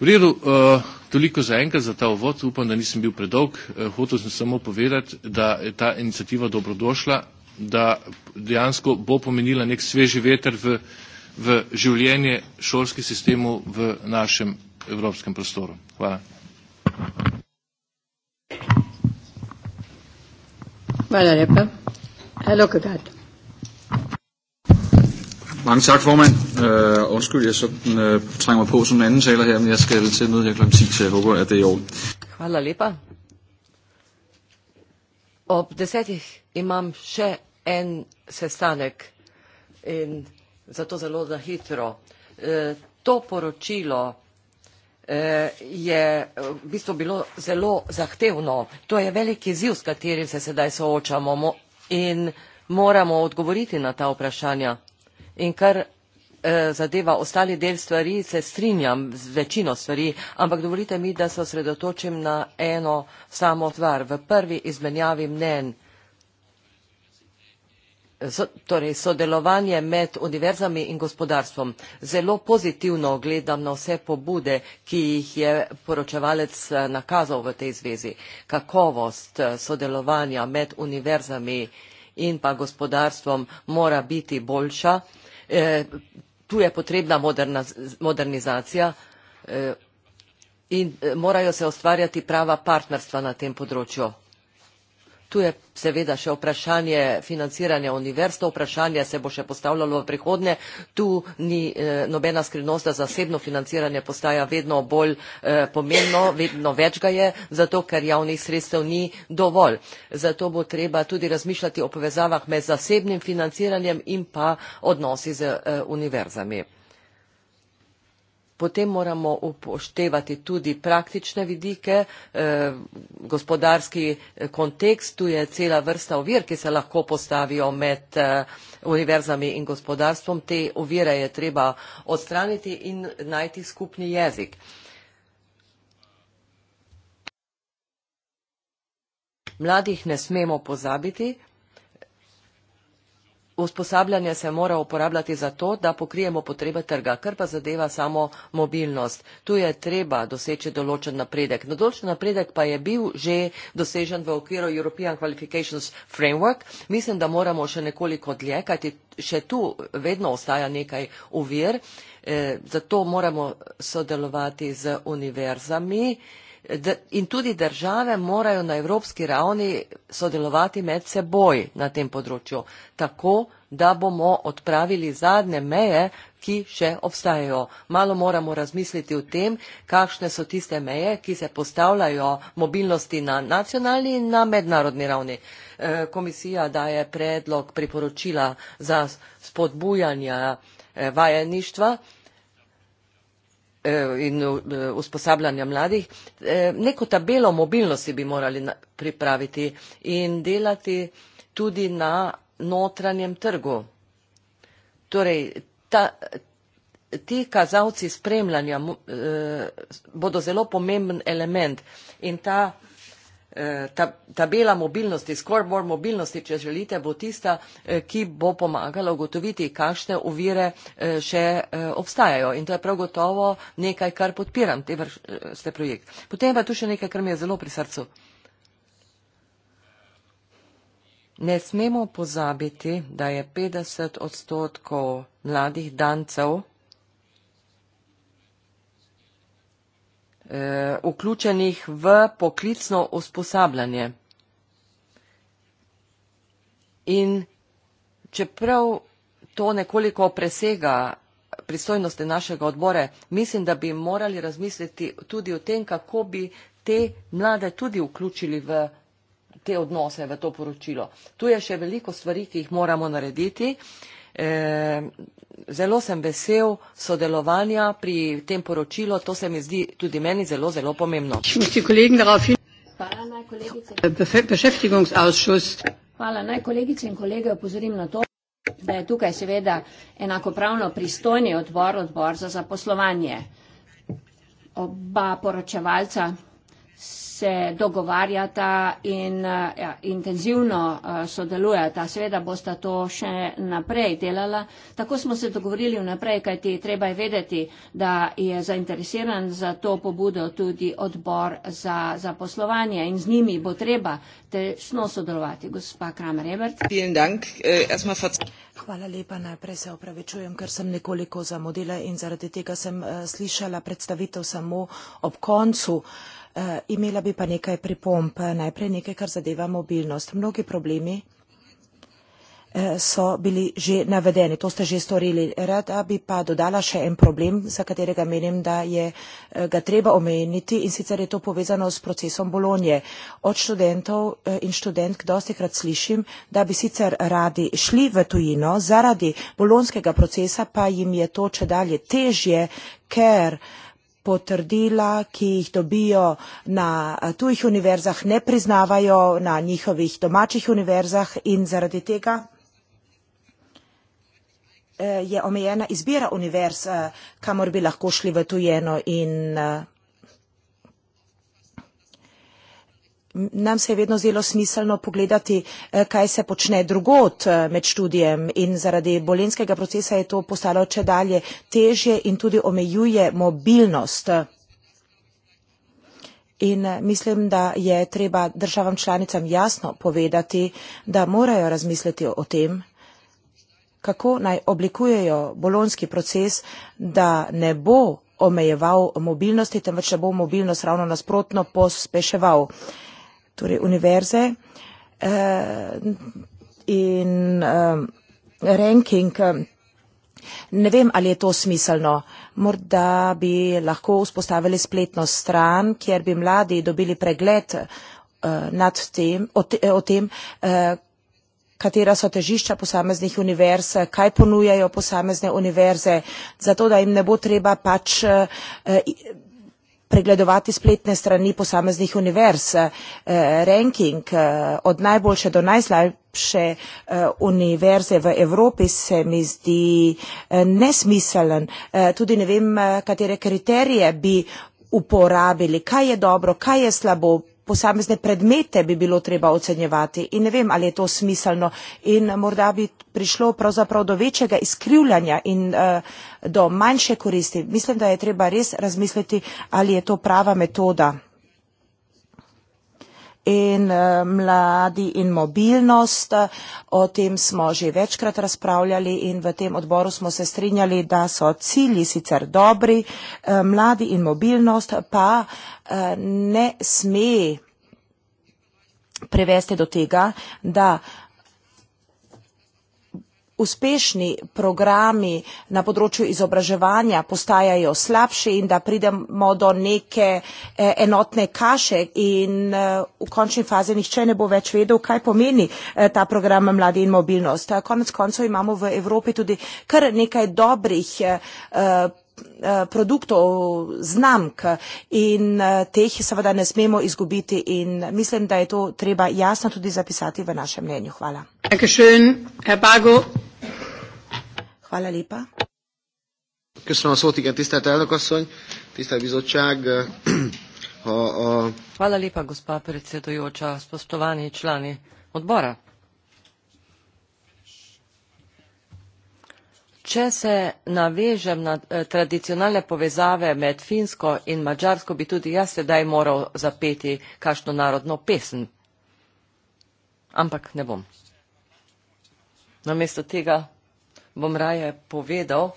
V redu, eh, toliko za enkrat za ta uvod. Upam, da nisem bil predolg. Eh, hotel sem samo povedati, da je ta inicijativa dobrodošla, da dejansko bo pomenila nek sveži veter v, v življenje šolskih sistemov v našem evropskem prostoru. Hvala. Hvala lepa. Hello, Kogat. Mange tak, formand. Uh, undskyld, jeg sådan, uh, øh, trænger mig på som en anden taler her, men jeg skal til noget her kl. 10, så jeg håber, at det er i orden. Hvala lepa. Ob desetih imam še en sestanek in zato zelo za hitro. E, to poročilo e, je v bistvu bilo zelo zahtevno. To je veliki ziv, s katerim se sedaj soočamo in moramo odgovoriti na ta vprašanja in kar eh, zadeva ostali del stvari, se strinjam z večino stvari, ampak dovolite mi, da se osredotočim na eno samo stvar. V prvi izmenjavi mnen, torej sodelovanje med univerzami in gospodarstvom. Zelo pozitivno gledam na vse pobude, ki jih je poročevalec eh, nakazal v tej zvezi. Kakovost eh, sodelovanja med univerzami in pa gospodarstvom mora biti boljša tu je potrebna moderna, modernizacija e, in e, morajo se ustvarjati prava partnerstva na tem področju tu je seveda še vprašanje financiranja univerz, to vprašanje se bo še postavljalo v prihodnje. Tu ni eh, nobena skrivnost, da zasebno financiranje postaja vedno bolj eh, pomembno, vedno več ga je, zato ker javnih sredstev ni dovolj. Zato bo treba tudi razmišljati o povezavah med zasebnim financiranjem in pa odnosi z eh, univerzami. Potem moramo upoštevati tudi praktične vidike, eh, gospodarski eh, kontekst, tu je cela vrsta ovir, ki se lahko postavijo med eh, univerzami in gospodarstvom. Te ovire je treba odstraniti in najti skupni jezik. Mladih ne smemo pozabiti, usposabljanje se mora uporabljati za to, da pokrijemo potrebe trga, kar pa zadeva samo mobilnost. Tu je treba doseči določen napredek. Na določen napredek pa je bil že dosežen v okviru European Qualifications Framework. Mislim, da moramo še nekoliko dlje, kajti še tu vedno ostaja nekaj uvir, eh, zato moramo sodelovati z univerzami in tudi države morajo na evropski ravni sodelovati med seboj na tem področju, tako da bomo odpravili zadnje meje, ki še obstajajo. Malo moramo razmisliti o tem, kakšne so tiste meje, ki se postavljajo mobilnosti na nacionalni in na mednarodni ravni. E, komisija daje predlog priporočila za spodbujanje vajeništva E, in e, usposabljanja mladih, e, neko tabelo mobilnosti bi morali pripraviti in delati tudi na notranjem trgu. Torej, ta, ti kazalci spremljanja bodo zelo pomemben element in ta E, tabela mobilnosti, scoreboard mobilnosti, če želite, bo tista, e, ki bo pomagala ugotoviti, kakšne ovire e, še obstajajo. In to je prav gotovo nekaj, kar podpiram, te vrste projekt. Potem pa tu še nekaj, kar mi je zelo pri srcu. Ne smemo pozabiti, da je 50 odstotkov mladih dancev Eh, vključenih v poklicno usposabljanje. In čeprav to nekoliko presega pristojnosti našega odbora, mislim, da bi morali razmisliti tudi o tem, kako bi te mlade tudi vključili v te odnose, v to poročilo. Tu je še veliko stvari, ki jih moramo narediti. Eh, zelo sem vesel sodelovanja pri tem poročilu, to se mi zdi tudi meni zelo, zelo pomembno. Äh, Hvala naj, kolegice in kolege opozorim na to, da je tukaj seveda enakopravno pristojni odbor, odbor za zaposlovanje. Oba poročevalca se dogovarjata in ja, intenzivno eh, sodelujata. Seveda bosta to še naprej delala. Tako smo se dogovorili vnaprej, kajti treba je vedeti, da je zainteresiran za to pobudo tudi odbor za poslovanje in z njimi bo treba tesno sodelovati. Gospa Kramer Ebert. Äh, Hvala lepa. Najprej se opravičujem, ker sem nekoliko zamudila in zaradi tega sem äh, slišala predstavitev samo ob koncu. Uh, Eh, imela bi pa nekaj pripomb. Najprej nekaj, kar zadeva mobilnost. Mnogi problemi eh, so bili že navedeni, to ste že storili. Rada bi pa dodala še en problem, za katerega menim, da je eh, ga treba omeniti in sicer je to povezano s procesom Bolonje. Od študentov in študentk dostikrat slišim, da bi sicer radi šli v tujino, zaradi bolonskega procesa pa jim je to če dalje težje, ker potrdila, ki jih dobijo na eh, tujih univerzah, ne priznavajo na njihovih domačih univerzah in zaradi tega eh, je omejena izbira univerz, eh, kamor bi lahko šli v tujeno in nam se je vedno zdelo smiselno pogledati, eh, kaj se počne drugot eh, med študijem in zaradi bolenskega procesa je to postalo če dalje težje in tudi omejuje mobilnost. In eh, mislim, da je treba državam članicam jasno povedati, da morajo razmisliti o tem, kako naj oblikujejo bolonski proces, da ne bo omejeval mobilnosti, temveč da bo mobilnost ravno nasprotno pospeševal torej univerze eh, in eh, ranking. Ne vem, ali je to smiselno. Morda bi lahko vzpostavili spletno stran, kjer bi mladi dobili pregled eh, nad tem, o, te, o tem, katera so težišča posameznih univerz, kaj ponujajo posamezne univerze, zato da jim ne bo treba pač pregledovati spletne strani posameznih univerz, eh, ranking eh, od najboljše do najslabše eh, univerze v Evropi se mi zdi nesmiselen. Tudi ne vem, katere kriterije bi uporabili, kaj je dobro, kaj je slabo posamezne predmete bi bilo treba ocenjevati in ne vem ali je to smiselno in morda bi prišlo pravzaprav do večjega izkrivljanja in uh, do manjše koristi mislim da je treba res razmisliti ali je to prava metoda in eh, mladi in mobilnost. O tem smo že večkrat razpravljali in v tem odboru smo se strinjali, da so cilji sicer dobri, eh, mladi in mobilnost pa eh, ne sme prevesti do tega, da uspešni programi na področju izobraževanja postajajo slabši in da pridemo do neke e, enotne kaše in e, v končni fazi nihče ne bo več vedel, kaj pomeni e, ta program Mladi in mobilnost. Konec koncev imamo v Evropi tudi kar nekaj dobrih produktov, znamk in teh seveda ne smemo izgubiti in mislim, da je to treba jasno tudi zapisati v našem mnenju. Hvala. Dankeschön, Herr Bago. Hvala lepa. Köszönöm a szót, igen, tisztelt elnök asszony, tisztelt bizottság. A, a... Hvala lepa, gospa predsedujoča, spoštovani člani odbora. Če se navežem na eh, tradicionalne povezave med Finsko in Mačarsko, bi tudi jaz sedaj moral zapeti kakšno narodno pesem. Ampak ne bom. Namesto tega bom raje povedal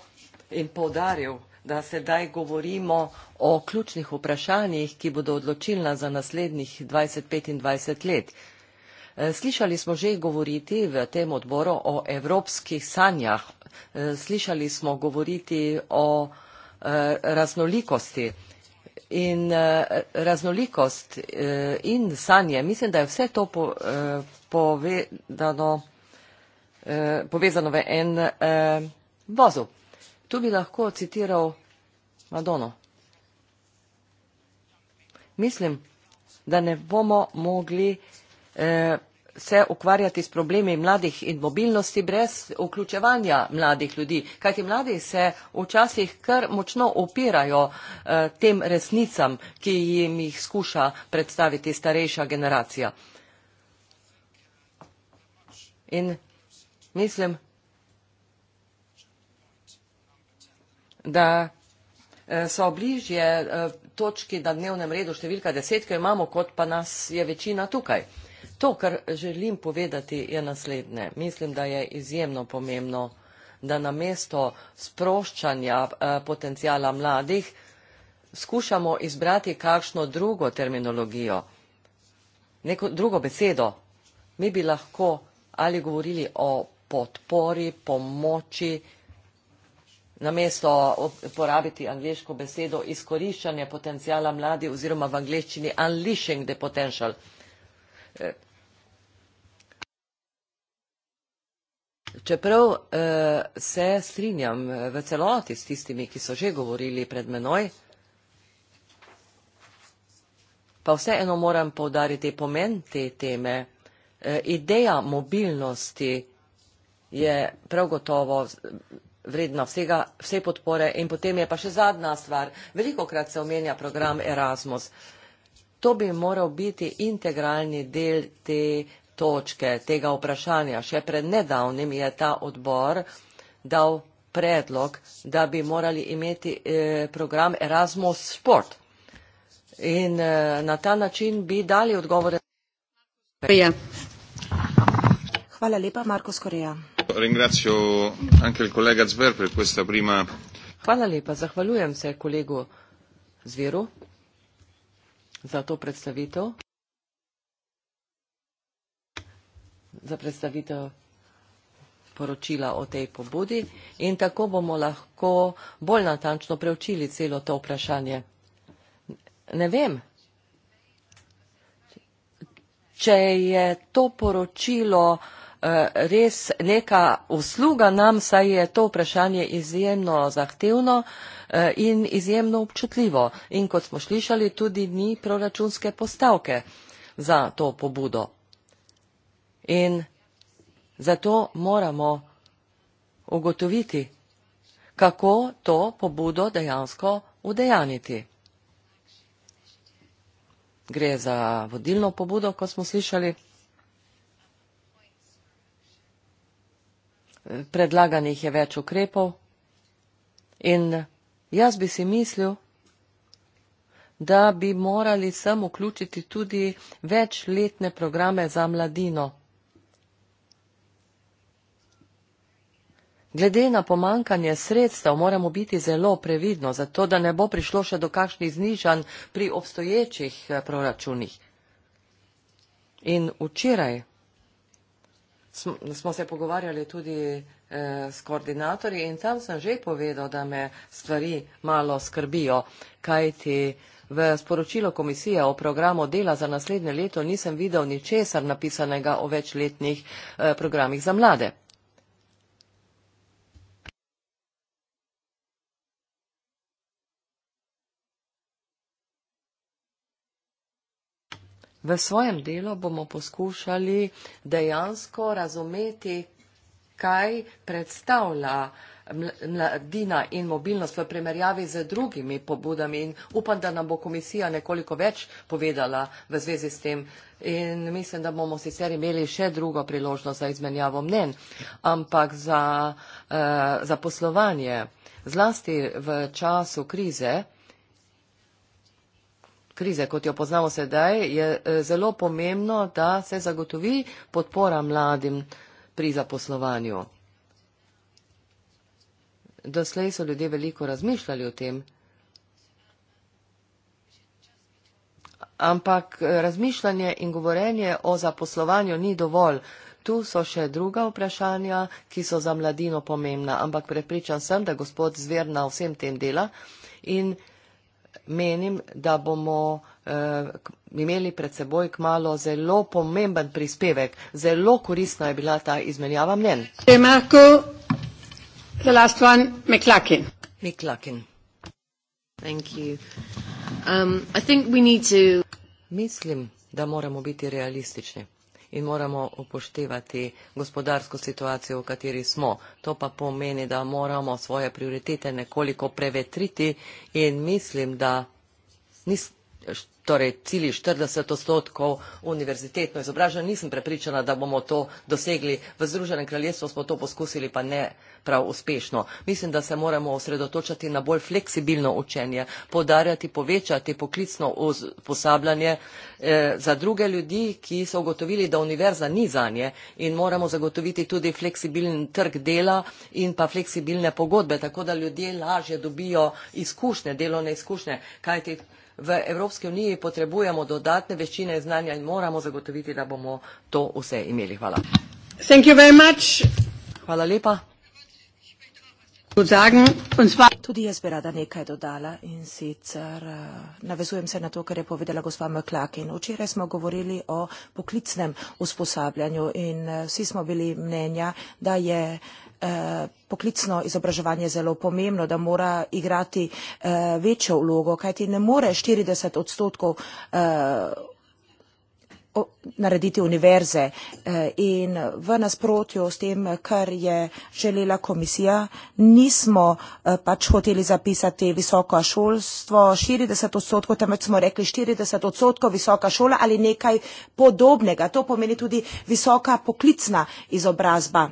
in povdaril, da sedaj govorimo o ključnih vprašanjih, ki bodo odločilna za naslednjih 20-25 let. Eh, slišali smo že govoriti v tem odboru o evropskih sanjah, eh, slišali smo govoriti o eh, raznolikosti in raznolikost in sanje. Mislim, da je vse to povedano Eh, povezano v en eh, vozu. Tu bi lahko citiral Madono. Mislim, da ne bomo mogli eh, se ukvarjati s problemi mladih in mobilnosti brez vključevanja mladih ljudi, kajti mladi se včasih kar močno opirajo eh, tem resnicam, ki jim jih skuša predstaviti starejša generacija. In Mislim da e, so bližje e, točki na dnevnem redu številka deset, ki jo imamo, kot pa nas je večina tukaj. To, kar želim povedati, je naslednje. Mislim, da je izjemno pomembno, da na mesto sproščanja e, potencijala mladih skušamo izbrati kakšno drugo terminologijo, neko drugo besedo. Mi bi lahko ali govorili o podpori, pomoči, namesto uporabiti angliško besedo izkoriščanje potencijala mladi oziroma v angliščini unleashing the potential. Čeprav eh, se strinjam eh, v celoti s tistimi, ki so že govorili pred menoj, pa vseeno moram povdariti pomen te teme. Eh, ideja mobilnosti je prav gotovo vredna vsega, vse podpore. In potem je pa še zadnja stvar. Velikokrat se omenja program Erasmus. To bi moral biti integralni del te točke, tega vprašanja. Še pred nedavnim je ta odbor dal predlog, da bi morali imeti eh, program Erasmus Sport. In eh, na ta način bi dali odgovore. Hvala lepa, Marko Skoreja. Ringrazio anche il collega Zver per questa prima... Hvala lepa, zahvaljujem se kolegu Zveru za to predstavitev. Za predstavitev poročila o tej pobudi in tako bomo lahko bolj natančno preučili celo to vprašanje. Ne vem, če je to poročilo E, res neka usluga nam, saj je to vprašanje izjemno zahtevno e, in izjemno občutljivo. In kot smo slišali, tudi ni proračunske postavke za to pobudo. In zato moramo ugotoviti, kako to pobudo dejansko udejaniti. Gre za vodilno pobudo, kot smo slišali. predlaganih je več ukrepov in jaz bi si mislil, da bi morali sem vključiti tudi večletne programe za mladino. Glede na pomankanje sredstev moramo biti zelo previdno, zato da ne bo prišlo še do kakšnih znižanj pri obstoječih eh, proračunih. In včeraj smo se pogovarjali tudi eh, s koordinatorji in tam sem že povedal, da me stvari malo skrbijo, kajti v sporočilu komisije o programu dela za naslednje leto nisem videl ničesar napisanega o večletnih eh, programih za mlade. V svojem delu bomo poskušali dejansko razumeti, kaj predstavlja mladina in mobilnost v primerjavi z drugimi pobudami in upam, da nam bo komisija nekoliko več povedala v zvezi s tem in mislim, da bomo sicer imeli še drugo priložnost za izmenjavo mnen, ampak za, eh, za poslovanje, zlasti v času krize, krize, kot jo poznamo sedaj, je e, zelo pomembno, da se zagotovi podpora mladim pri zaposlovanju. Doslej so ljudje veliko razmišljali o tem, ampak e, razmišljanje in govorenje o zaposlovanju ni dovolj. Tu so še druga vprašanja, ki so za mladino pomembna, ampak prepričan sem, da gospod Zver na vsem tem dela in menim, da bomo eh, imeli pred seboj kmalo zelo pomemben prispevek. Zelo koristna je bila ta izmenjava mnen. Um, Mislim, da moramo biti realistični in moramo upoštevati gospodarsko situacijo, v kateri smo. To pa pomeni, da moramo svoje prioritete nekoliko prevetriti in mislim, da torej cilji 40 odstotkov univerzitetno izobražen. Nisem prepričana, da bomo to dosegli. V Združenem kraljestvu smo to poskusili, pa ne prav uspešno. Mislim, da se moramo osredotočati na bolj fleksibilno učenje, podarjati, povečati poklicno usposabljanje eh, za druge ljudi, ki so ugotovili, da univerza ni zanje in moramo zagotoviti tudi fleksibilen trg dela in pa fleksibilne pogodbe, tako da ljudje lažje dobijo izkušnje, delovne izkušnje, kajti v Evropski uniji potrebujemo dodatne veščine in znanja in moramo zagotoviti, da bomo to vse imeli. Hvala. Thank you very much. Hvala lepa. Tudi jaz bi rada nekaj dodala in sicer eh, navezujem se na to, kar je povedala gospa Mklakin. Včeraj smo govorili o poklicnem usposabljanju in eh, vsi smo bili mnenja, da je Eh, poklicno izobraževanje zelo pomembno, da mora igrati eh, večjo vlogo, kajti ne more 40 odstotkov eh, narediti univerze in v nasprotju s tem, kar je želela komisija, nismo pač hoteli zapisati visoko šolstvo 40 odstotkov, temveč smo rekli 40 odstotkov visoka šola ali nekaj podobnega. To pomeni tudi visoka poklicna izobrazba.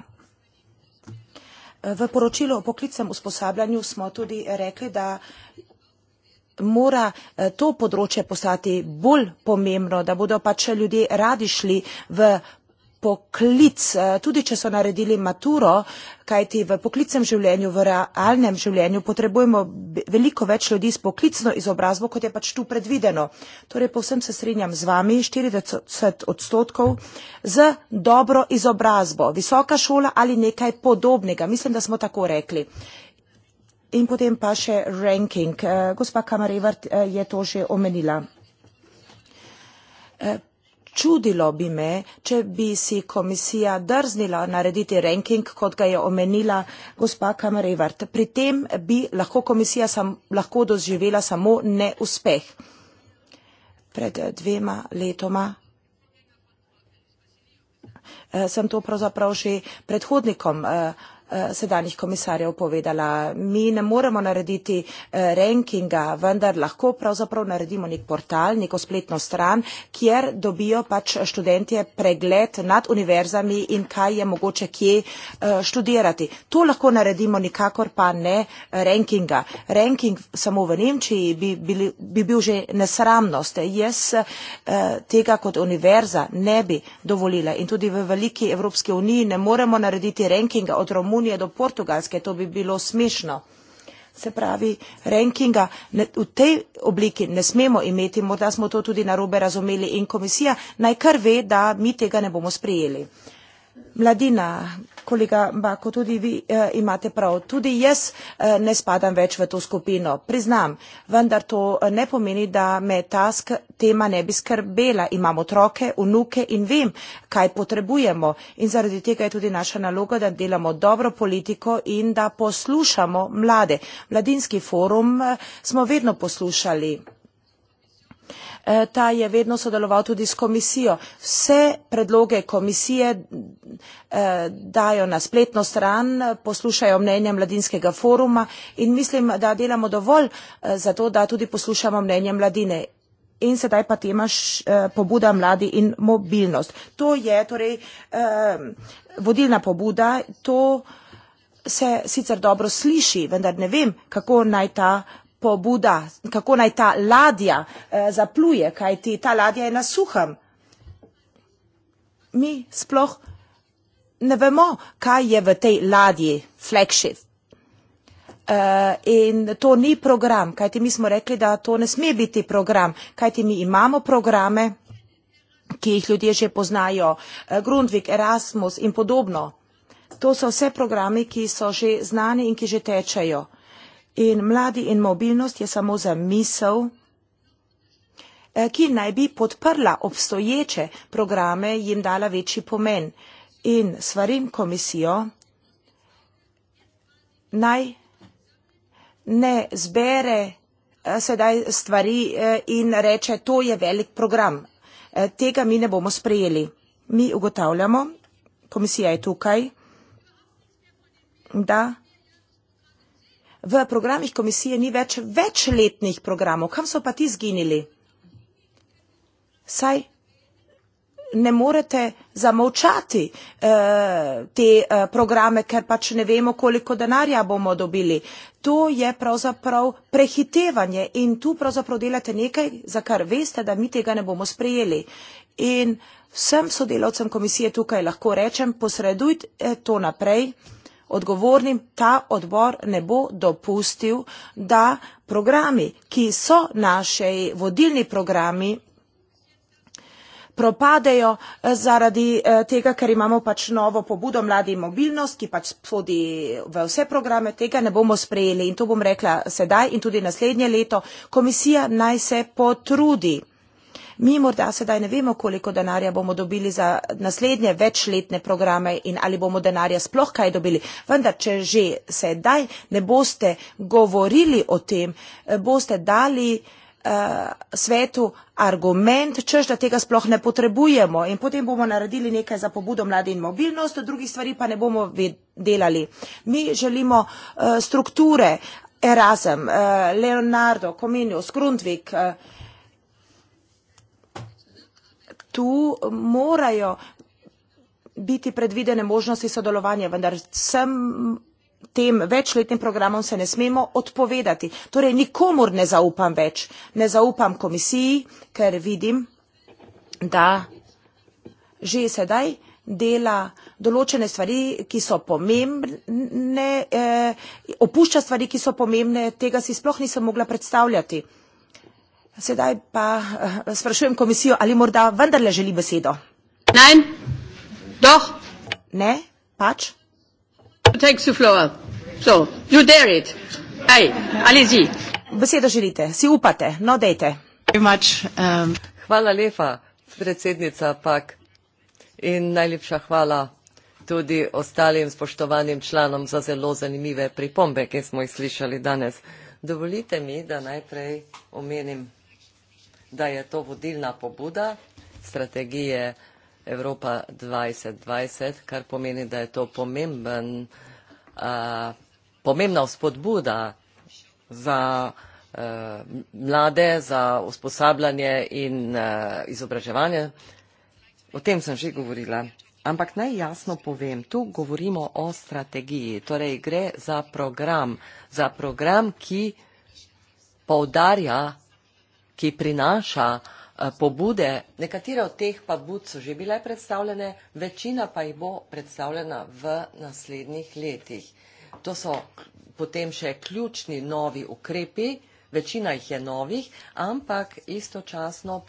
V poročilu o poklicnem usposabljanju smo tudi rekli, da mora eh, to področje postati bolj pomembno, da bodo pač ljudje radi šli v poklic, eh, tudi če so naredili maturo, kajti v poklicnem življenju, v realnem življenju potrebujemo veliko več ljudi s poklicno izobrazbo, kot je pač tu predvideno. Torej, povsem se strinjam z vami, 40 odstotkov z dobro izobrazbo, visoka šola ali nekaj podobnega. Mislim, da smo tako rekli. In potem pa še ranking. Eh, gospa Kamarevart eh, je to že omenila Čudilo bi me, če bi si komisija drznila narediti ranking, kot ga je omenila gospa Kamerevart. Pri tem bi lahko komisija sam, lahko doživela samo neuspeh. Pred dvema letoma eh, sem to pravzaprav že predhodnikom eh, Eh, sedanjih komisarjev povedala. Mi ne moremo narediti eh, rankinga, vendar lahko pravzaprav naredimo nek portal, neko spletno stran, kjer dobijo pač študentje pregled nad univerzami in kaj je mogoče kje eh, študirati. To lahko naredimo, nikakor pa ne rankinga. Ranking samo v Nemčiji bi, bili, bi bil že nesramnost. Jaz tega kot univerza ne bi dovolila in tudi v veliki Evropski uniji ne moremo narediti rankinga od Romunije unije do Portugalske, to bi bilo smešno. Se pravi, rankinga ne, v tej obliki ne smemo imeti, morda smo to tudi narobe razumeli in komisija naj kar ve, da mi tega ne bomo sprejeli. Mladina, kolega Bako, tudi vi eh, imate prav. Tudi jaz eh, ne spadam več v to skupino, priznam, vendar to eh, ne pomeni, da me ta tema ne bi skrbela. Imam otroke, vnuke in vem, kaj potrebujemo. In zaradi tega je tudi naša naloga, da delamo dobro politiko in da poslušamo mlade. Mladinski forum smo vedno poslušali Eh, ta je vedno sodeloval tudi s komisijo. Vse predloge komisije eh, dajo na spletno stran, poslušajo mnenja mladinskega foruma in mislim, da delamo dovolj eh, za to, da tudi poslušamo mnenje mladine in sedaj pa tema š, pobuda mladi in mobilnost. To je torej vodilna pobuda, to se sicer dobro sliši, vendar ne vem, kako naj ta pobuda, kako naj ta ladja eh, zapluje, ti ta ladja je na suhem. Mi sploh ne vemo, kaj je v tej ladji, flagship. Eh, in to ni program, kajti mi smo rekli, da to ne sme biti program, kajti mi imamo programe, ki jih ljudje že poznajo, eh, Grundvik, Erasmus in podobno. To so vse programe, ki so že znani in ki že tečejo. In mladi in mobilnost je samo za misel, eh, ki naj bi podprla obstoječe programe, jim dala večji pomen. In svarim komisijo, naj ne zbere eh, sedaj stvari eh, in reče, to je velik program. Tega mi ne bomo sprejeli. Mi ugotavljamo, komisija je tukaj, da v programih komisije ni več večletnih programov. Kam so pa ti zginili? Saj ne morete zamovčati eh, te eh, programe, ker pač ne vemo, koliko denarja bomo dobili. To je pravzaprav prehitevanje in tu pravzaprav delate nekaj, za kar veste, da mi tega ne bomo sprejeli. In vsem sodelavcem komisije tukaj lahko rečem, posredujte eh, to naprej odgovornim ta odbor ne bo dopustil, da programi, ki so naši vodilni programi, propadejo eh, zaradi eh, tega, ker imamo pač novo pobudo Mladi mobilnost, ki pač sodi v vse programe, tega ne bomo sprejeli in to bom rekla sedaj in tudi naslednje leto. Komisija naj se potrudi mi morda sedaj ne vemo, koliko denarja bomo dobili za naslednje večletne programe in ali bomo denarja sploh kaj dobili. Vendar, če že sedaj ne boste govorili o tem, eh, boste dali eh, svetu argument, čež da tega sploh ne potrebujemo in potem bomo naredili nekaj za pobudo mlade in mobilnost, drugih stvari pa ne bomo delali. Mi želimo uh, strukture, Erasem, uh, Leonardo, Comenius, Grundvik, uh, tu morajo biti predvidene možnosti sodelovanja, vendar vsem tem večletnim programom se ne smemo odpovedati. Torej nikomur ne zaupam več. Ne zaupam komisiji, ker vidim, da že sedaj dela določene stvari, ki so pomembne, eh, opušča stvari, ki so pomembne, tega si sploh nisem mogla predstavljati. Sedaj pa eh, sprašujem komisijo, ali morda vendarle želi besedo. Nein. Doch. Ne, pač. Takes the floor. So, you dare it. Aj, allez-y. Besedo želite, si upate, no dejte. Much, um... Hvala lepa, predsednica Pak. In najlepša hvala tudi ostalim spoštovanim članom za zelo zanimive pripombe, ki smo jih slišali danes. Dovolite mi, da najprej omenim da je to vodilna pobuda strategije Evropa 2020, kar pomeni, da je to pomemben, uh, pomembna vzpodbuda za uh, mlade, za usposabljanje in uh, izobraževanje. O tem sem že govorila. Ampak naj jasno povem, tu govorimo o strategiji, torej gre za program, za program, ki poudarja ki prinaša eh, pobude. Nekatere od teh bud so že bile predstavljene, večina pa jih bo predstavljena v naslednjih letih. To so potem še ključni novi ukrepi, večina jih je novih, ampak istočasno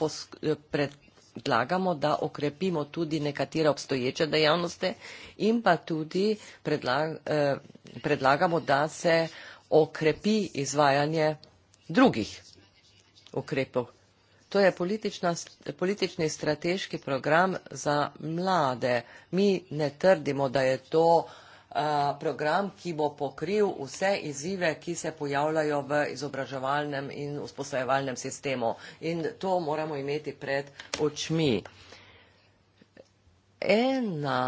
eh, predlagamo, da okrepimo tudi nekatere obstoječe dejavnosti in pa tudi eh, predlagamo, da se okrepi izvajanje drugih ukrepov. To je politična, politični strateški program za mlade. Mi ne trdimo, da je to program, ki bo pokril vse izzive, ki se pojavljajo v izobraževalnem in usposajevalnem sistemu. In to moramo imeti pred očmi. Ena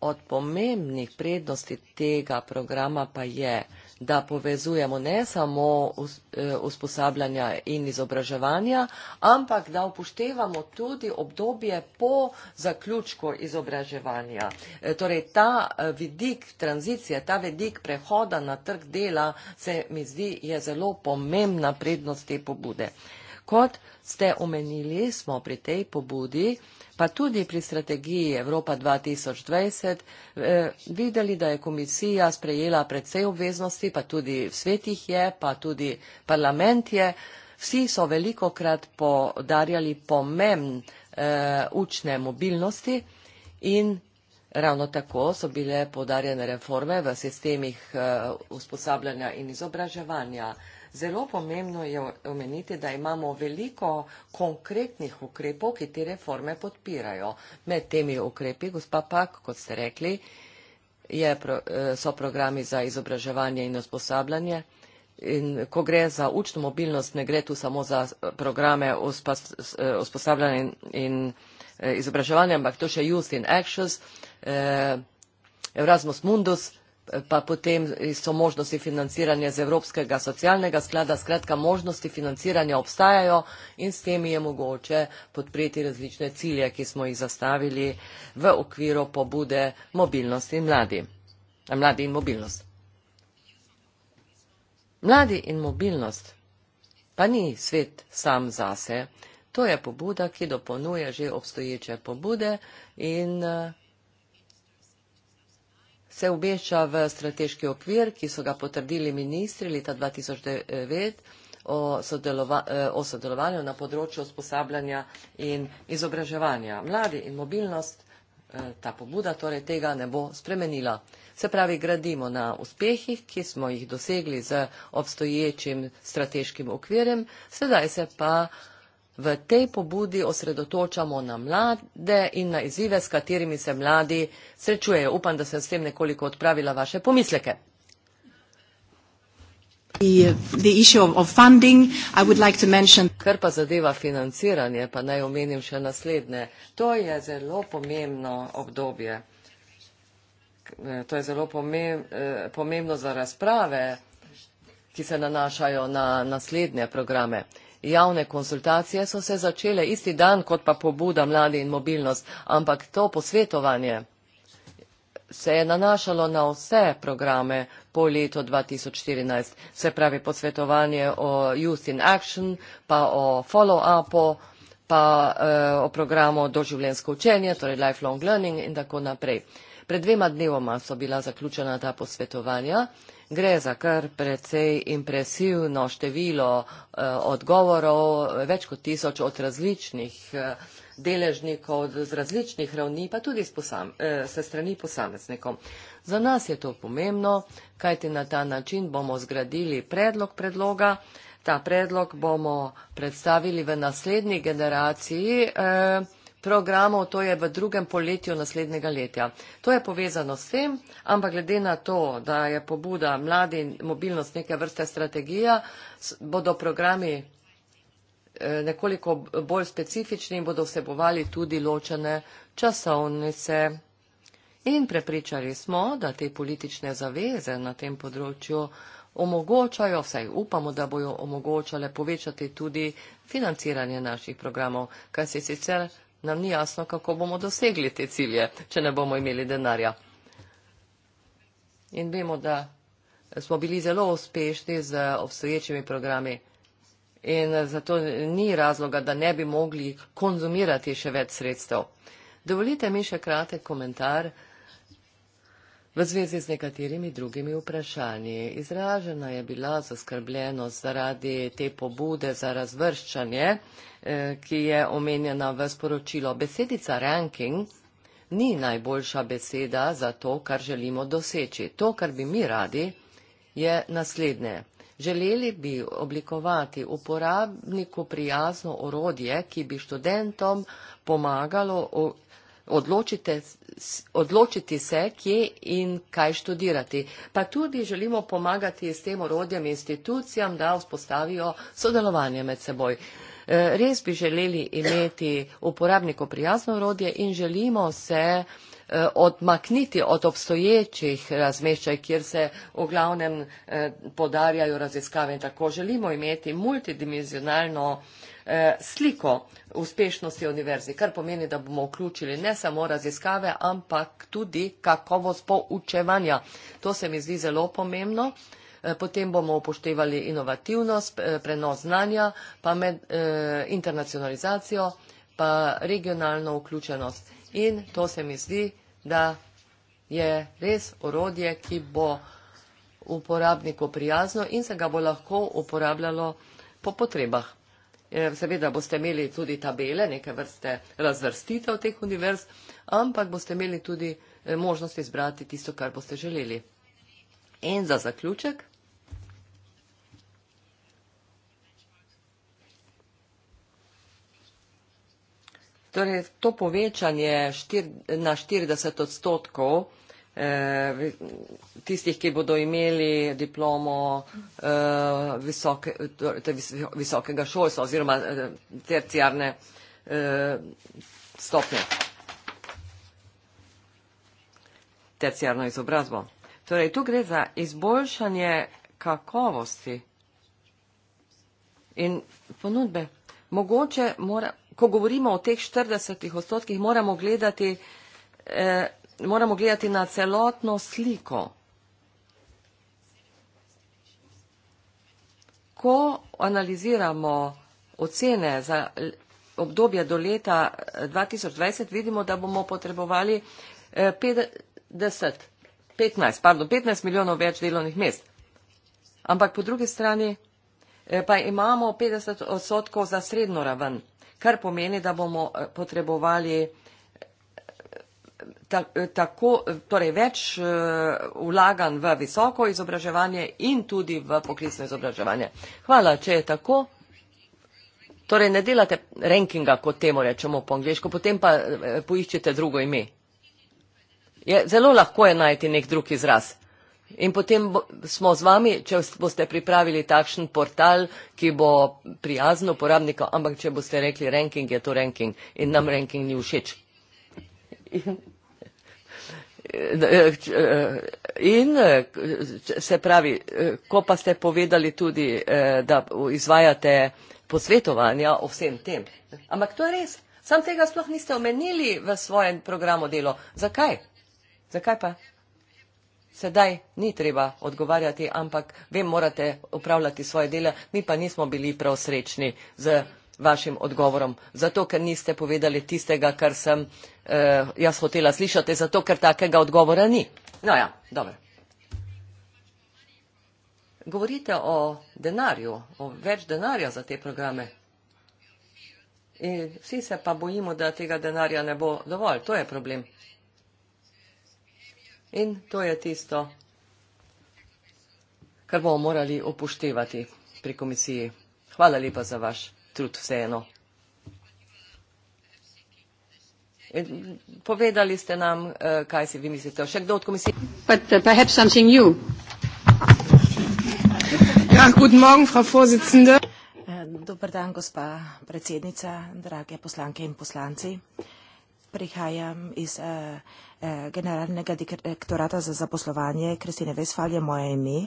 od pomembnih prednosti tega programa pa je, da povezujemo ne samo e, usposabljanja in izobraževanja, ampak da upoštevamo tudi obdobje po zaključku izobraževanja. E, torej ta e, vidik tranzicije, ta vidik prehoda na trg dela se mi zdi je zelo pomembna prednost te pobude. Kot ste omenili, smo pri tej pobudi pa tudi pri strategiji Evropa 2020 eh, videli, da je komisija sprejela predvsej obveznosti, pa tudi v svetih je, pa tudi parlament je. Vsi so velikokrat podarjali pomen eh, učne mobilnosti in Ravno tako so bile podarjene reforme v sistemih eh, usposabljanja in izobraževanja. Zelo pomembno je omeniti, da imamo veliko konkretnih ukrepov, ki te reforme podpirajo. Med temi ukrepi, gospa Pak, kot ste rekli, je, eh, so programi za izobraževanje in usposabljanje. In ko gre za učno mobilnost, ne gre tu samo za eh, programe eh, usposabljanja in, in izobraževanja, ampak to še Youth in Actions, Erasmus Mundus, pa potem so možnosti financiranja iz Evropskega socialnega sklada. Skratka, možnosti financiranja obstajajo in s temi je mogoče podpreti različne cilje, ki smo jih zastavili v okviru pobude mobilnosti in mladi. Mladi in mobilnost. Mladi in mobilnost pa ni svet sam zase. To je pobuda, ki dopolnjuje že obstoječe pobude in uh, se umešča v strateški okvir, ki so ga potrdili ministri leta 2009 o, sodelova e, o sodelovanju na področju usposabljanja in izobraževanja. Mladi in mobilnost, e, ta pobuda torej tega ne bo spremenila. Se pravi, gradimo na uspehih, ki smo jih dosegli z obstoječim strateškim okvirjem, sedaj se pa v tej pobudi osredotočamo na mlade in na izzive, s katerimi se mladi srečujejo. Upam, da sem s tem nekoliko odpravila vaše pomisleke. Kar pa zadeva financiranje, pa naj omenim še naslednje. To je zelo pomembno obdobje. To je zelo pomembno za razprave, ki se nanašajo na naslednje programe. Javne konsultacije so se začele isti dan kot pa pobuda mladi in mobilnost, ampak to posvetovanje se je nanašalo na vse programe po letu 2014, se pravi posvetovanje o Youth in Action, pa o follow-upu, pa eh, o programu doživljenjsko učenje, torej lifelong learning in tako naprej. Pred dvema dnevoma so bila zaključena ta posvetovanja Gre za kar precej impresivno število eh, odgovorov, več kot tisoč od različnih eh, deležnikov, z različnih ravni, pa tudi eh, se strani posameznikov. Za nas je to pomembno, kajti na ta način bomo zgradili predlog predloga. Ta predlog bomo predstavili v naslednji generaciji. Eh, programov, to je v drugem poletju naslednjega letja. To je povezano s tem, ampak glede na to, da je pobuda mladi in mobilnost neke vrste strategija, bodo programi eh, nekoliko bolj specifični in bodo vsebovali tudi ločene časovnice. In prepričali smo, da te politične zaveze na tem področju omogočajo, vsaj upamo, da bojo omogočale povečati tudi financiranje naših programov, kar se sicer nam ni jasno, kako bomo dosegli te cilje, če ne bomo imeli denarja. In vemo, da smo bili zelo uspešni z obstoječimi programi in zato ni razloga, da ne bi mogli konzumirati še več sredstev. Dovolite mi še kratek komentar v zvezi z nekaterimi drugimi vprašanji izražena je bila zaskrbljenost zaradi te pobude za razvrščanje, eh, ki je omenjena v sporočilo. Besedica ranking ni najboljša beseda za to, kar želimo doseči. To, kar bi mi radi, je naslednje. Želeli bi oblikovati uporabniku prijazno orodje, ki bi študentom pomagalo odločite, odločiti se, kje in kaj študirati. Pa tudi želimo pomagati s tem orodjem institucijam, da vzpostavijo sodelovanje med seboj. E, res bi želeli imeti uporabniku prijazno orodje in želimo se uh, Eh, odmakniti od obstoječih razmeščaj, kjer se v glavnem eh, podarjajo raziskave. in Tako želimo imeti multidimenzionalno eh, sliko uspešnosti univerzi, kar pomeni, da bomo vključili ne samo raziskave, ampak tudi kakovost poučevanja. To se mi zdi zelo pomembno. Potem bomo upoštevali inovativnost, prenos znanja, pa med eh, internacionalizacijo, pa regionalno vključenost. In to se mi zdi da je res orodje, ki bo uporabniku prijazno in se ga bo lahko uporabljalo po potrebah. E, seveda boste imeli tudi tabele, neke vrste razvrstitev teh univerz, ampak boste imeli tudi e, možnost izbrati tisto, kar boste želeli. In za zaključek Torej, to povečanje štir, na 40 odstotkov eh, tistih, ki bodo imeli diplomo eh, visoke, torej, visokega šolstva oziroma eh, terciarne stopnje, terciarno izobrazbo. Torej, tu gre za izboljšanje kakovosti in ponudbe. Mogoče mora, ko govorimo o teh 40 odstotkih, moramo gledati, eh, moramo gledati na celotno sliko. Ko analiziramo ocene za obdobje do leta 2020, eh, vidimo, da bomo potrebovali 50, eh, 15, pardon, 15 milijonov več delovnih mest. Ampak po drugi strani eh, pa imamo 50 odstotkov za srednjo raven kar pomeni, da bomo eh, potrebovali eh, eh, tako, torej več vlaganj v visoko izobraževanje in tudi v poklicno izobraževanje. Hvala, če je tako. Torej ne delate rankinga, kot temu rečemo po angliško, potem pa poiščete drugo ime. Je, zelo lahko je najti nek drug izraz. In potem smo z vami, če boste pripravili takšen portal, ki bo prijazen uporabnikom, ampak če boste rekli ranking, je to ranking in nam ranking ni všeč. In, in se pravi, ko pa ste povedali tudi, da izvajate posvetovanja o vsem tem. Ampak to je res. Sam tega sploh niste omenili v svojem programu delo. Zakaj? Zakaj pa? sedaj ni treba odgovarjati, ampak vem, morate upravljati svoje dela, mi pa nismo bili prav srečni z vašim odgovorom, zato ker niste povedali tistega, kar sem eh, jaz hotela slišati, zato ker takega odgovora ni. No ja, dobro. Govorite o denarju, o več denarja za te programe. In vsi se pa bojimo, da tega denarja ne bo dovolj. To je problem. In to je tisto, kar bomo morali upoštevati pri komisiji. Hvala lepa za vaš trud vseeno. In povedali ste nam, eh, kaj si vi mislite. Še kdo od komisije? But uh, perhaps something new. Ja, guten Morgen, Frau Vorsitzende. Eh, Dobar dan, gospa predsednica, drage poslanke in poslanci. Prihajam iz eh, e, generalnega direktorata za zaposlovanje Kristine Vesfalje, moje ime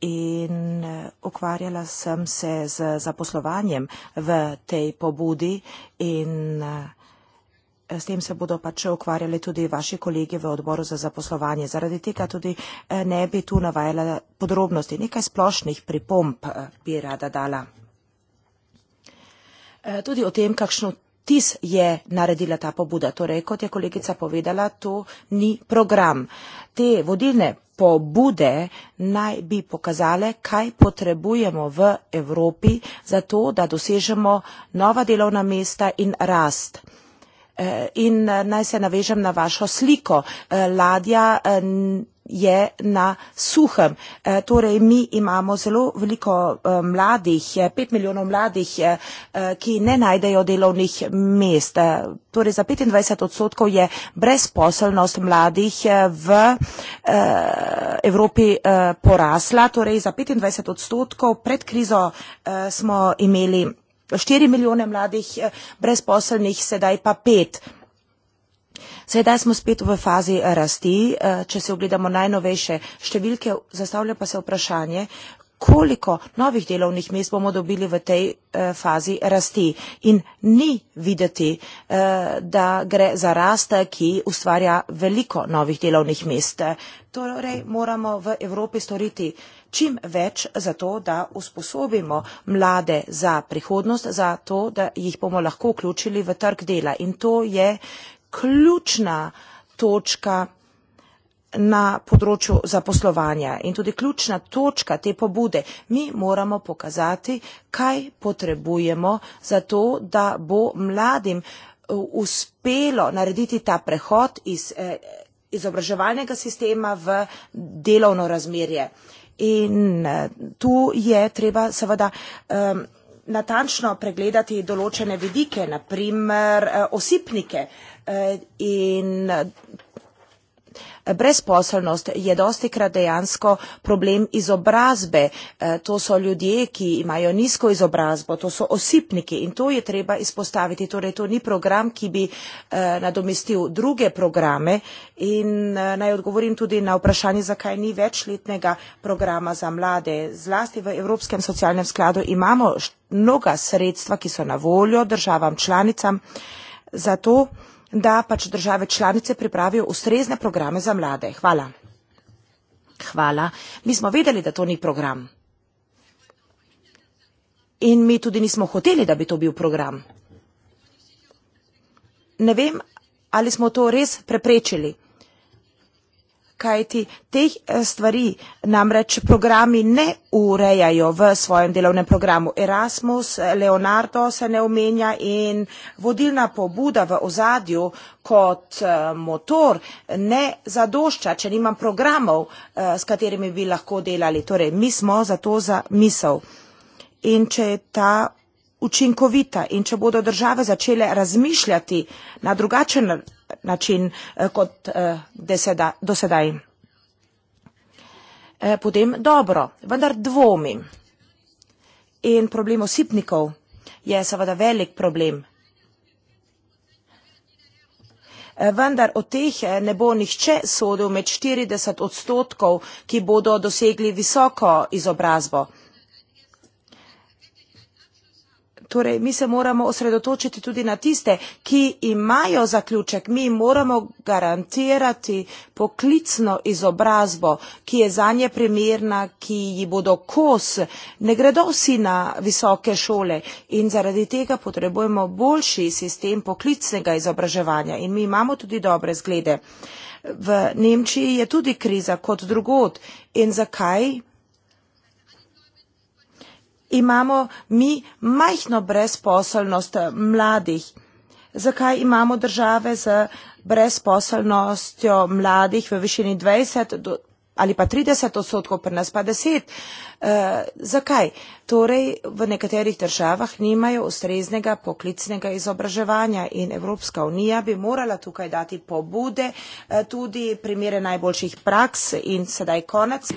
in e, ukvarjala sem se z zaposlovanjem v tej pobudi in e, s tem se bodo pač ukvarjali tudi vaši kolegi v odboru za zaposlovanje. Zaradi tega tudi ne bi tu navajala podrobnosti. Nekaj splošnih pripomp bi rada dala. Tudi o tem, kakšno Tis je naredila ta pobuda. Torej, kot je kolegica povedala, to ni program. Te vodilne pobude naj bi pokazale, kaj potrebujemo v Evropi za to, da dosežemo nova delovna mesta in rast. Eh, in naj se navežem na vašo sliko. Eh, ladja eh, je na suhem. Torej, mi imamo zelo veliko mladih, pet milijonov mladih, ki ne najdejo delovnih mest. Torej, za 25 odstotkov je brezposelnost mladih v Evropi porasla. Torej, za 25 odstotkov pred krizo smo imeli 4 milijone mladih eh, brezposelnih, sedaj pa 5. Sedaj smo spet v fazi eh, rasti, eh, če se ogledamo najnovejše številke, zastavlja pa se vprašanje, koliko novih delovnih mest bomo dobili v tej fazi rasti. In ni videti, da gre za rast, ki ustvarja veliko novih delovnih mest. Torej moramo v Evropi storiti čim več za to, da usposobimo mlade za prihodnost, za to, da jih bomo lahko vključili v trg dela. In to je ključna točka na področju zaposlovanja in tudi ključna točka te pobude. Mi moramo pokazati, kaj potrebujemo za to, da bo mladim uh, uspelo narediti ta prehod iz eh, izobraževalnega sistema v delovno razmerje. Uh, In eh, tu je treba seveda um, natančno pregledati določene vidike, naprimer eh, osipnike eh, in Brezposelnost je dosti krat dejansko problem izobrazbe. E, to so ljudje, ki imajo nizko izobrazbo, to so osipniki in to je treba izpostaviti. Torej, to ni program, ki bi e, nadomestil druge programe in e, naj odgovorim tudi na vprašanje, zakaj ni večletnega programa za mlade. Zlasti v Evropskem socialnem skladu imamo mnoga sredstva, ki so na voljo državam članicam. Zato da pač države članice pripravijo ustrezne programe za mlade. Hvala. Hvala. Mi smo vedeli, da to ni program. In mi tudi nismo hoteli, da bi to bil program. Ne vem, ali smo to res preprečili kajti teh eh, stvari namreč programi ne urejajo v svojem delovnem programu. Erasmus, eh, Leonardo se ne omenja in vodilna pobuda v ozadju kot eh, motor ne zadošča, če nimam programov, s katerimi bi lahko delali. Torej, mi smo to za misel. In če je ta učinkovita in če bodo države začele razmišljati na drugačen način e, kot eh, dosedaj. E, potem dobro, vendar dvomim. In problem osipnikov je seveda velik problem. E, vendar od teh ne bo nihče sodil med 40 odstotkov, ki bodo dosegli visoko izobrazbo Torej, mi se moramo osredotočiti tudi na tiste, ki imajo zaključek. Mi moramo garantirati poklicno izobrazbo, ki je za nje primerna, ki ji bodo kos. Ne gredo vsi na visoke šole in zaradi tega potrebujemo boljši sistem poklicnega izobraževanja in mi imamo tudi dobre zglede. V Nemčiji je tudi kriza kot drugod in zakaj imamo mi majhno brezposelnost mladih? Zakaj imamo države z brezposelnostjo mladih v višini 20 do, ali pa 30 odstotkov, pri nas pa 10? E, eh, zakaj? Torej, v nekaterih državah nimajo ustreznega poklicnega izobraževanja in Evropska unija bi morala tukaj dati pobude, e, tudi primere najboljših praks in sedaj konec.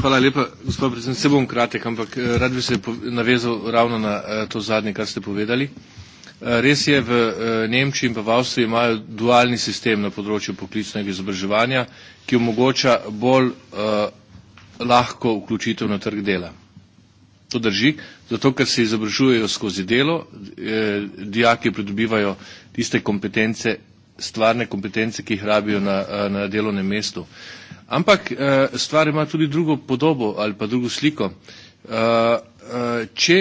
Hvala lepa, gospod predsednik. Se bom kratek, ampak eh, rad bi se navezal ravno na eh, to zadnje, kar ste povedali. Eh, res je, v Nemčiji in pa v Avstriji imajo dualni sistem na področju poklicnega izobraževanja, ki omogoča bolj lahko vključitev na trg dela. To drži, zato ker se izobražujejo skozi delo, dijaki pridobivajo tiste kompetence, stvarne kompetence, ki jih rabijo na, na delovnem mestu. Ampak eh, stvar ima tudi drugo podobo ali pa drugo sliko. Eh, eh, če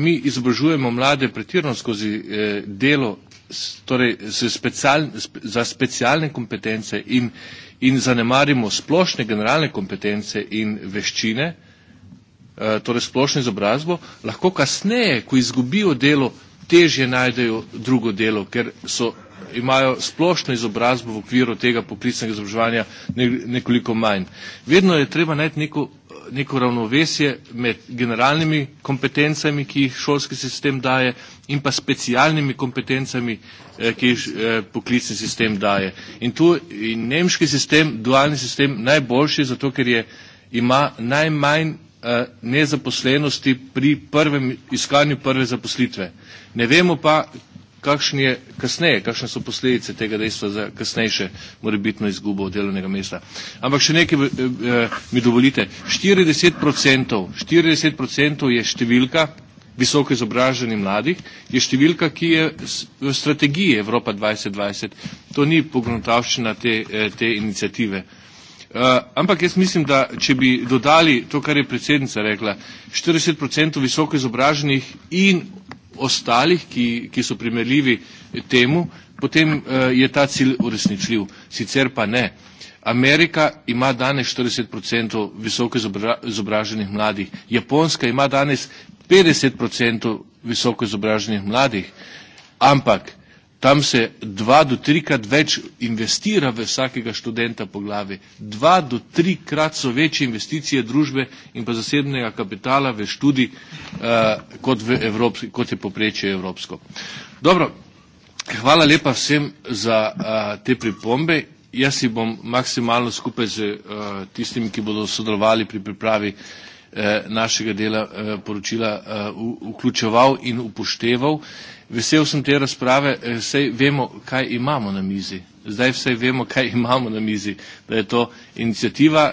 mi izobražujemo mlade pretirano skozi delo torej spe, za specialne kompetence in, in zanemarimo splošne generalne kompetence in veščine, torej splošno izobrazbo, lahko kasneje, ko izgubijo delo, težje najdejo drugo delo, ker so imajo splošno izobrazbo v okviru tega poklicnega izobraževanja nekoliko manj. Vedno je treba najti neko, neko ravnovesje med generalnimi kompetencami, ki jih šolski sistem daje, in pa specialnimi kompetencami, eh, ki jih eh, poklicni sistem daje. In tu je nemški sistem, dualni sistem najboljši, zato ker je, ima najmanj eh, nezaposlenosti pri prvem iskanju prve zaposlitve. Ne vemo pa, kakšen je kasneje, kakšne so posledice tega dejstva za kasnejše morebitno izgubo delovnega mesta. Ampak še nekaj eh, eh mi dovolite. 40%, 40 je številka visoko izobraženih mladih, je številka, ki je v strategiji Evropa 2020. To ni pogruntavščina te, eh, te inicijative. Uh, eh, ampak jaz mislim, da če bi dodali to, kar je predsednica rekla, 40% visoko izobraženih in ostalih, ki, ki so primerljivi temu, potem eh, je ta cilj uresničljiv. Sicer pa ne. Amerika ima danes 40% visoko izobraženih mladih. Japonska ima danes 50% visoko izobraženih mladih. Ampak tam se dva do trikrat več investira v vsakega študenta po glavi. Dva do trikrat so večje investicije družbe in pa zasebnega kapitala v študij uh, kot, v Evropski, kot je poprečje evropsko. Dobro, hvala lepa vsem za uh, te pripombe. Jaz si bom maksimalno skupaj z uh, tistimi, ki bodo sodelovali pri pripravi uh, Eh, našega dela eh, poročila eh, vključeval in upošteval. Vesel sem te razprave, sej vemo, kaj imamo na mizi. Zdaj vsej vemo, kaj imamo na mizi. Da je to inicijativa,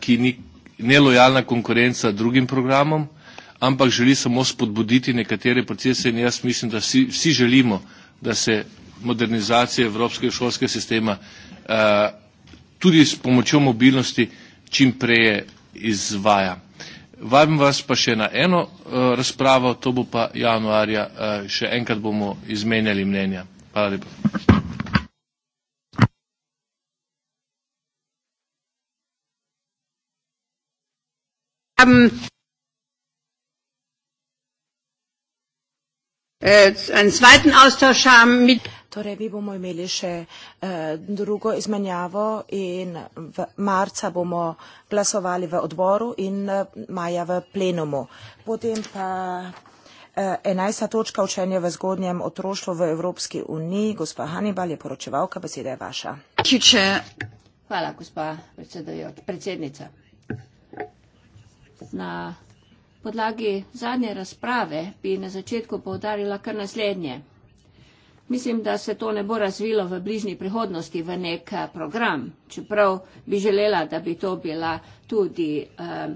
ki ni nelojalna konkurenca drugim programom, ampak želi samo spodbuditi nekatere procese in jaz mislim, da vsi želimo, da se modernizacija evropskega šolskega sistema tudi s pomočjo mobilnosti čim preje izvaja. Vabim vas pa še na eno eh, razpravo, to bo pa januarja, eh, še enkrat bomo izmenjali mnenja. Hvala lepa. Eh, einen zweiten Austausch haben mit Torej, mi bomo imeli še eh, drugo izmenjavo in v marca bomo glasovali v odboru in eh, maja v plenumu. Potem pa eh, enajsta eh, točka učenja v zgodnjem otroštvu v Evropski uniji. Gospa Hannibal je poročevalka, beseda je vaša. Hvala, gospa predsednica. Na podlagi zadnje razprave bi na začetku povdarila kar naslednje Mislim, da se to ne bo razvilo v bližnji prihodnosti v nek eh, program, čeprav bi želela, da bi to bila tudi eh,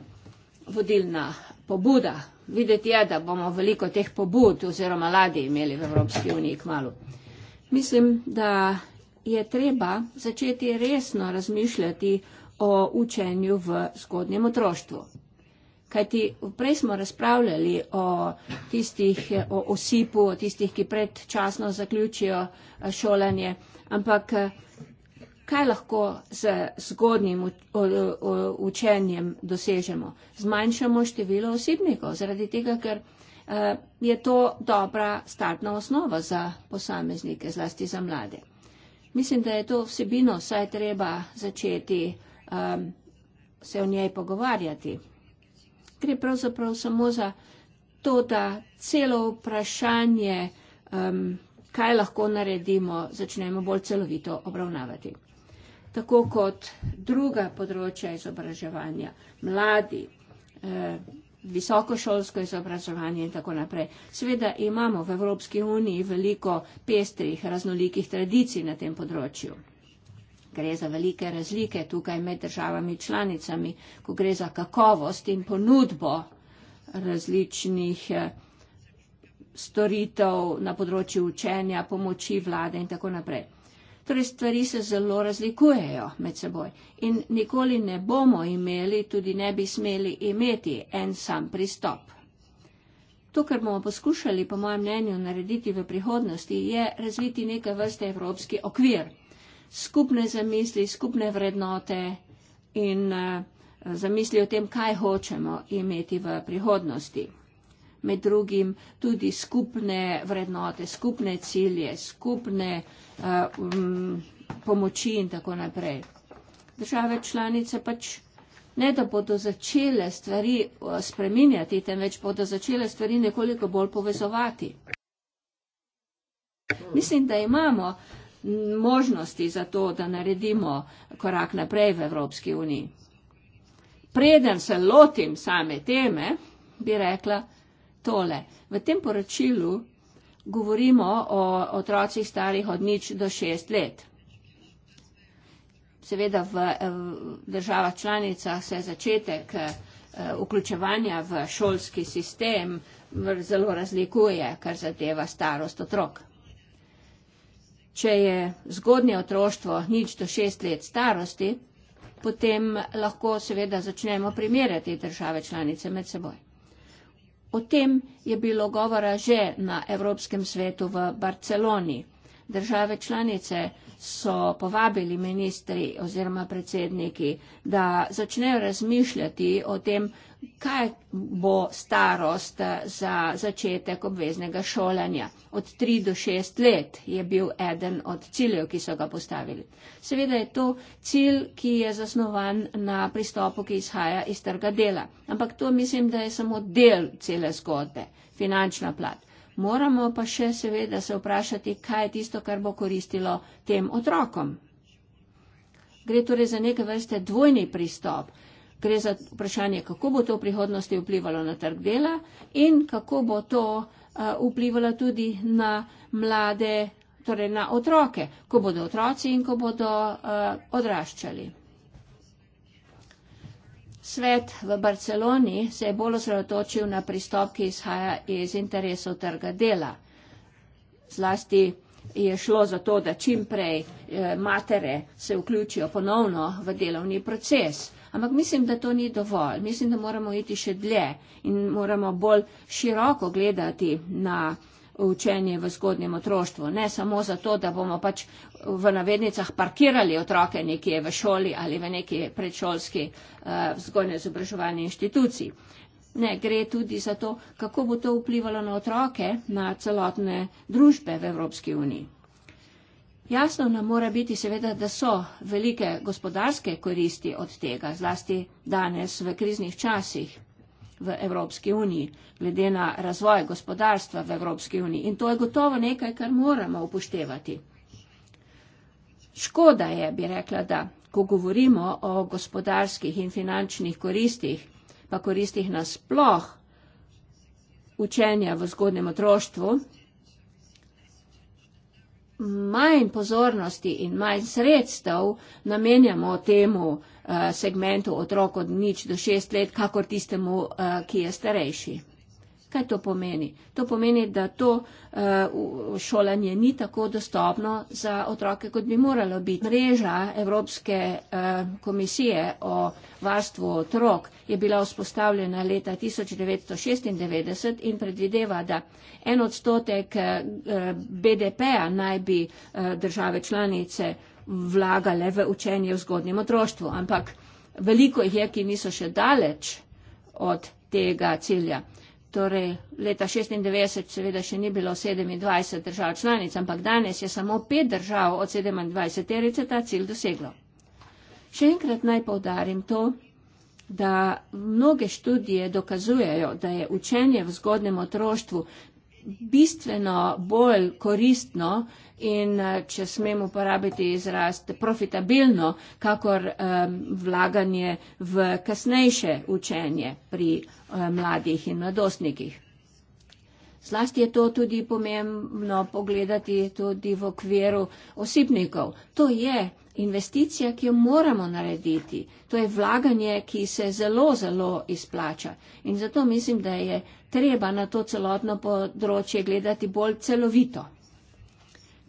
vodilna pobuda. Videti je, da bomo veliko teh pobud oziroma ladij imeli v Evropski uniji malu. Mislim, da je treba začeti resno razmišljati o učenju v zgodnjem otroštvu. Kajti prej smo razpravljali o tistih, o osipu, o tistih, ki predčasno zaključijo eh, šolanje, ampak eh, kaj lahko z zgodnjim učenjem dosežemo? Zmanjšamo število osebnikov, zaradi tega, ker eh, je to dobra startna osnova za posameznike, zlasti za mlade. Mislim, da je to vsebino vsaj treba začeti se o njej pogovarjati. Gre pravzaprav samo za to, da celo vprašanje, um, kaj lahko naredimo, začnemo bolj celovito obravnavati. Tako kot druga področja izobraževanja, mladi, eh, visokošolsko izobraževanje in tako naprej. Sveda imamo v Evropski uniji veliko pestrih, raznolikih tradicij na tem področju. Gre za velike razlike tukaj med državami članicami, ko gre za kakovost in ponudbo različnih eh, storitev na področju učenja, pomoči vlade in tako naprej. Torej stvari se zelo razlikujejo med seboj in nikoli ne bomo imeli, tudi ne bi smeli imeti en sam pristop. To, kar bomo poskušali, po mojem mnenju, narediti v prihodnosti, je razviti neke vrste evropski okvir skupne zamisli, skupne vrednote in eh, zamisli o tem, kaj hočemo imeti v prihodnosti. Med drugim tudi skupne vrednote, skupne cilje, skupne uh, um, pomoči in tako naprej. Države članice pač ne, da bodo začele stvari eh, spreminjati, temveč bodo začele stvari nekoliko bolj povezovati. Mislim, da imamo možnosti za to, da naredimo korak naprej v Evropski uniji. Preden se lotim same teme, bi rekla tole. V tem poročilu govorimo o otrocih starih od nič do šest let. Seveda v državah članicah se začetek eh, vključevanja v šolski sistem zelo razlikuje, kar zadeva starost otrok. Če je zgodnje otroštvo nič do šest let starosti, potem lahko seveda začnemo primerjati države članice med seboj. O tem je bilo govora že na Evropskem svetu v Barceloni. Države članice so povabili ministri oziroma predsedniki, da začnejo razmišljati o tem, kaj bo starost eh, za začetek obveznega šolanja. Od 3 do 6 let je bil eden od ciljev, ki so ga postavili. Seveda je to cilj, ki je zasnovan na pristopu, ki izhaja iz trga dela. Ampak to mislim, da je samo del cele zgodbe, finančna plat. Moramo pa še seveda se vprašati, kaj je tisto, kar bo koristilo tem otrokom. Gre torej za neke vrste dvojni pristop. Gre za vprašanje, kako bo to v prihodnosti vplivalo na trg dela in kako bo to uh, vplivalo tudi na mlade, torej na otroke, ko bodo otroci in ko bodo uh, odraščali. Svet v Barceloni se je bolj osredotočil na pristop, ki izhaja iz interesov trga dela. Zlasti je šlo za to, da čim prej eh, matere se vključijo ponovno v delovni proces. Ampak mislim, da to ni dovolj. Mislim, da moramo iti še dlje in moramo bolj široko gledati na učenje v zgodnjem otroštvu. Ne samo zato, da bomo pač v navednicah parkirali otroke nekje v šoli ali v neki predšolski eh, vzgojno-izobraževalni inštituciji. Ne, gre tudi za to, kako bo to vplivalo na otroke, na celotne družbe v Evropski uniji. Jasno nam mora biti seveda, da so velike gospodarske koristi od tega, zlasti danes v kriznih časih v Evropski uniji, glede na razvoj gospodarstva v Evropski uniji. In to je gotovo nekaj, kar moramo upoštevati. Škoda je, bi rekla, da ko govorimo o gospodarskih in finančnih koristih, pa koristih nasploh učenja v zgodnem otroštvu, manj pozornosti in manj sredstev namenjamo temu uh, segmentu otrok od nič do šest let, kakor tistemu, uh, ki je starejši. Kaj to pomeni? To pomeni, da to uh, šolanje ni tako dostopno za otroke, kot bi moralo biti. Mreža Evropske uh, komisije o varstvu otrok je bila vzpostavljena leta 1996 in predvideva, da en odstotek uh, eh, BDP-a naj bi uh, države članice vlagale v učenje v zgodnjem otroštvu, ampak veliko jih je, ki niso še daleč od tega cilja. Torej, leta 96 seveda še ni bilo 27 držav članic, ampak danes je samo pet držav od 27 terice ta cilj doseglo. Še enkrat naj povdarim to, da mnoge študije dokazujejo, da je učenje v zgodnem otroštvu bistveno bolj koristno in eh, če smem uporabiti izraz profitabilno, kakor vlaganje v kasnejše učenje pri eh, mladih in mladostnikih. Zlasti je to tudi pomembno pogledati tudi v okviru osipnikov. To je investicija, ki jo moramo narediti. To je vlaganje, ki se zelo, zelo izplača. In zato mislim, da je treba na to celotno področje gledati bolj celovito.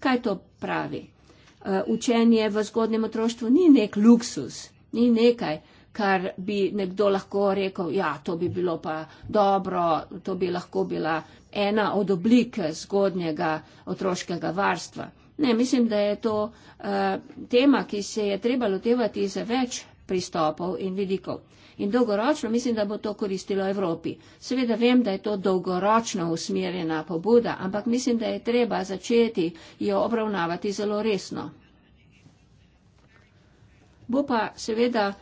Kaj to pravi? E, učenje v zgodnem otroštvu ni nek luksus, ni nekaj, kar bi nekdo lahko rekel, ja, to bi bilo pa dobro, to bi lahko bila ena od oblik zgodnjega otroškega varstva. Ne, mislim, da je to uh, tema, ki se je treba lotevati za več pristopov in vidikov in dolgoročno mislim, da bo to koristilo Evropi. Seveda vem, da je to dolgoročno usmerjena pobuda, ampak mislim, da je treba začeti jo obravnavati zelo resno. Bo pa seveda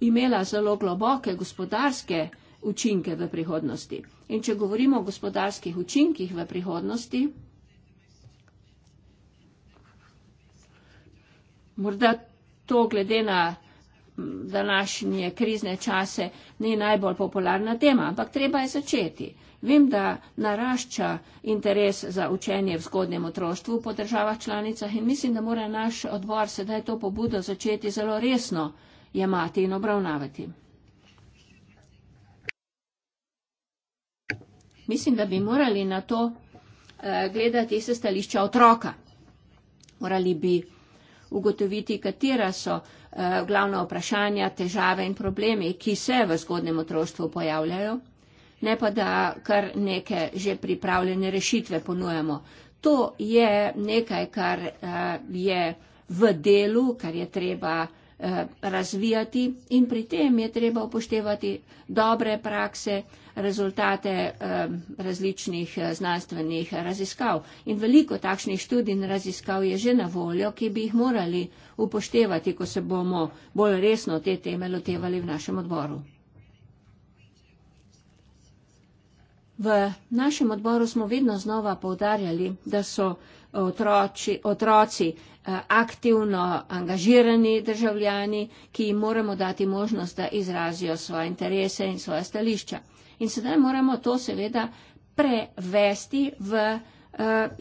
imela zelo globoke gospodarske učinke v prihodnosti. In če govorimo o gospodarskih učinkih v prihodnosti, morda to glede na današnje krizne čase ni najbolj popularna tema, ampak treba je začeti. Vem, da narašča interes za učenje v zgodnjem otroštvu po državah članicah in mislim, da mora naš odbor sedaj to pobudo začeti zelo resno jemati in obravnavati. Mislim, da bi morali na to eh, gledati se stališča otroka. Morali bi ugotoviti, katera so eh, glavna vprašanja, težave in problemi, ki se v zgodnem otroštvu pojavljajo, ne pa da kar neke že pripravljene rešitve ponujamo. To je nekaj, kar eh, je v delu, kar je treba Eh, razvijati in pri tem je treba upoštevati dobre prakse, rezultate eh, različnih eh, znanstvenih raziskav. In veliko takšnih študij in raziskav je že na voljo, ki bi jih morali upoštevati, ko se bomo bolj resno te teme lotevali v našem odboru. V našem odboru smo vedno znova povdarjali, da so otroči, otroci E, aktivno angažirani državljani, ki jim moramo dati možnost, da izrazijo svoje interese in svoje stališča. In sedaj moramo to seveda prevesti v e,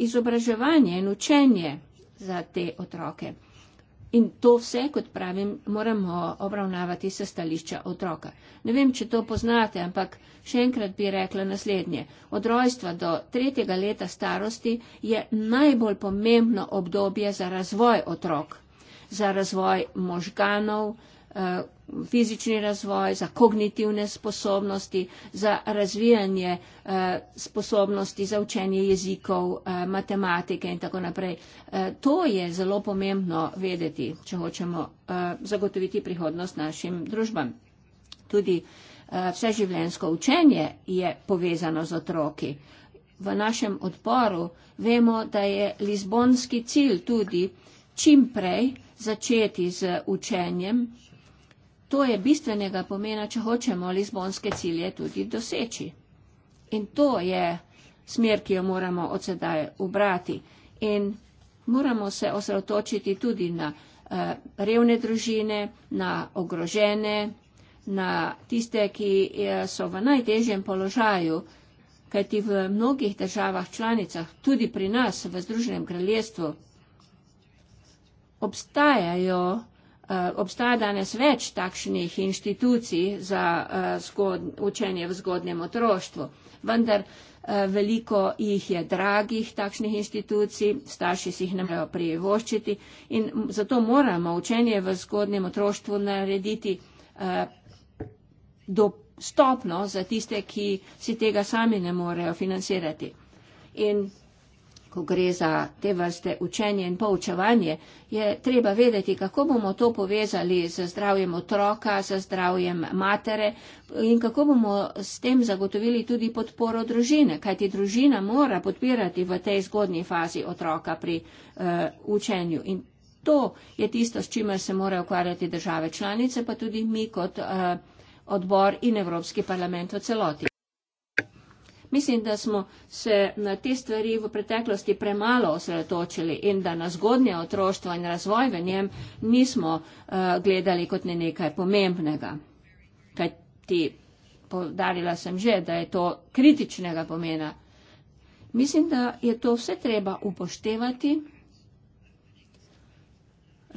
izobraževanje in učenje za te otroke. In to vse, kot pravim, moramo obravnavati se stališča otroka. Ne vem, če to poznate, ampak še enkrat bi rekla naslednje. Od rojstva do tretjega leta starosti je najbolj pomembno obdobje za razvoj otrok, za razvoj možganov, Eh, fizični razvoj, za kognitivne sposobnosti, za razvijanje eh, sposobnosti za učenje jezikov, eh, matematike in tako naprej. To je zelo pomembno vedeti, če hočemo zagotoviti prihodnost našim družbam. Tudi vseživljensko učenje je povezano z otroki. V našem odporu vemo, da je lizbonski cilj tudi čim prej začeti z učenjem to je bistvenega pomena, če hočemo lizbonske cilje tudi doseči. In to je smer, ki jo moramo od sedaj ubrati. In moramo se osredotočiti tudi na eh, revne družine, na ogrožene, na tiste, ki eh, so v najtežjem položaju, kajti v mnogih državah članicah, tudi pri nas v Združenem kraljestvu, obstajajo Eh, obstaja danes več takšnih inštitucij za eh, zgod, učenje v zgodnjem otroštvu, vendar eh, veliko jih je dragih takšnih inštitucij, starši si jih ne morejo privoščiti in zato moramo učenje v zgodnjem otroštvu narediti dostopno za tiste, ki si tega sami ne morejo financirati. In ko gre za te vrste učenje in poučevanje, je treba vedeti, kako bomo to povezali z zdravjem otroka, z zdravjem matere in kako bomo s tem zagotovili tudi podporo družine, kajti družina mora podpirati v tej zgodnji fazi otroka pri uh, učenju. In to je tisto, s čimer se morajo ukvarjati države članice, pa tudi mi kot uh, odbor in Evropski parlament v celoti. Mislim, da smo se na eh, te stvari v preteklosti premalo osredotočili in da na zgodnje otroštvo in razvoj v njem nismo uh, gledali kot ne nekaj pomembnega. Kaj ti povdarila sem že, da je to kritičnega pomena. Mislim, da je to vse treba upoštevati.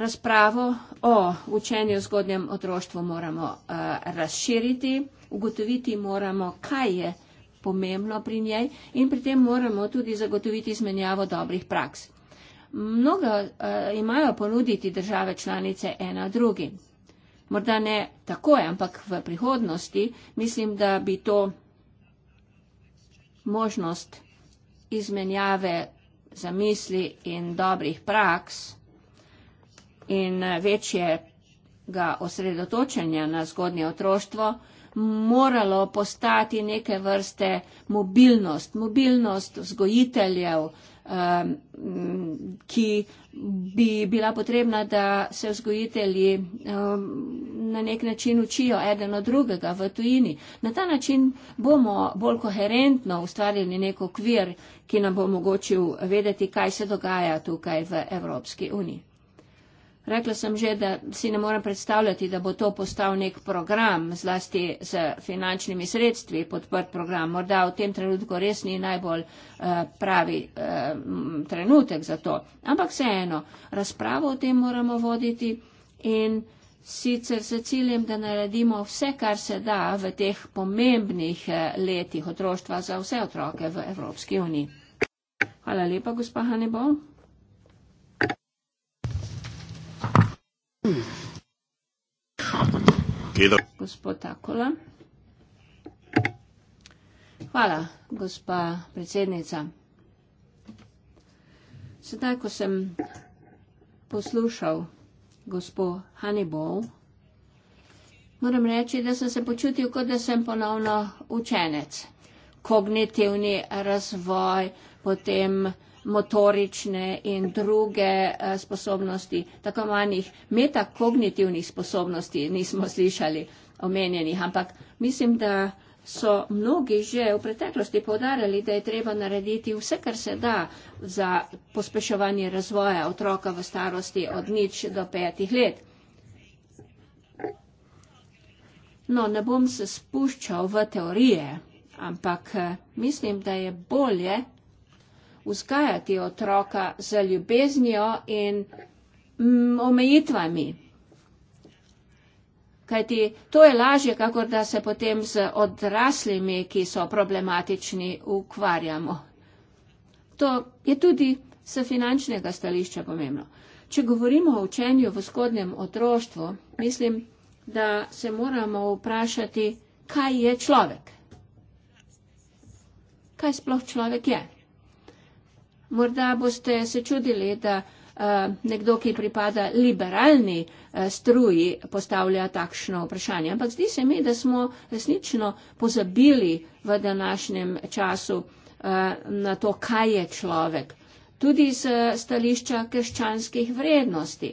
Razpravo o učenju zgodnjem otroštvu moramo uh, razširiti, ugotoviti moramo, kaj je pomembno pri njej in pri tem moramo tudi zagotoviti izmenjavo dobrih praks. Mnogo uh, eh, imajo ponuditi države članice ena drugi. Morda ne takoj, ampak v prihodnosti mislim, da bi to možnost izmenjave zamisli in dobrih praks in eh, večjega osredotočenja na zgodnje otroštvo moralo postati neke vrste mobilnost, mobilnost vzgojiteljev, ki bi bila potrebna, da se vzgojitelji na nek način učijo eden od drugega v tujini. Na ta način bomo bolj koherentno ustvarili nek okvir, ki nam bo omogočil vedeti, kaj se dogaja tukaj v Evropski uniji. Rekla sem že, da si ne morem predstavljati, da bo to postal nek program, zlasti s finančnimi sredstvi podprt program. Morda v tem trenutku res ni najbolj uh, pravi uh, trenutek za to. Ampak vseeno, razpravo o tem moramo voditi in sicer z ciljem, da naredimo vse, kar se da v teh pomembnih eh, letih otroštva za vse otroke v Evropski uniji. Hvala lepa, gospa Hannibal. Gospod Hvala, gospa predsednica. Sedaj, ko sem poslušal gospo Hannibal, moram reči, da sem se počutil, kot da sem ponovno učenec. Kognitivni razvoj, potem motorične in druge eh, sposobnosti, tako manjih metakognitivnih sposobnosti nismo slišali omenjenih, ampak mislim, da so mnogi že v preteklosti povdarjali, da je treba narediti vse, kar se da za pospeševanje razvoja otroka v starosti od nič do petih let. No, ne bom se spuščal v teorije, ampak eh, mislim, da je bolje vzgajati otroka z ljubeznijo in mm, omejitvami. Kajti to je lažje, kakor da se potem z odraslimi, ki so problematični, ukvarjamo. To je tudi z finančnega stališča pomembno. Če govorimo o učenju v zgodnem otroštvu, mislim, da se moramo vprašati, kaj je človek. Kaj sploh človek je? Morda boste se čudili, da eh, nekdo, ki pripada liberalni eh, struji, postavlja takšno vprašanje. Ampak zdi se mi, da smo resnično pozabili v današnjem času eh, na to, kaj je človek. Tudi z stališča krščanskih vrednosti.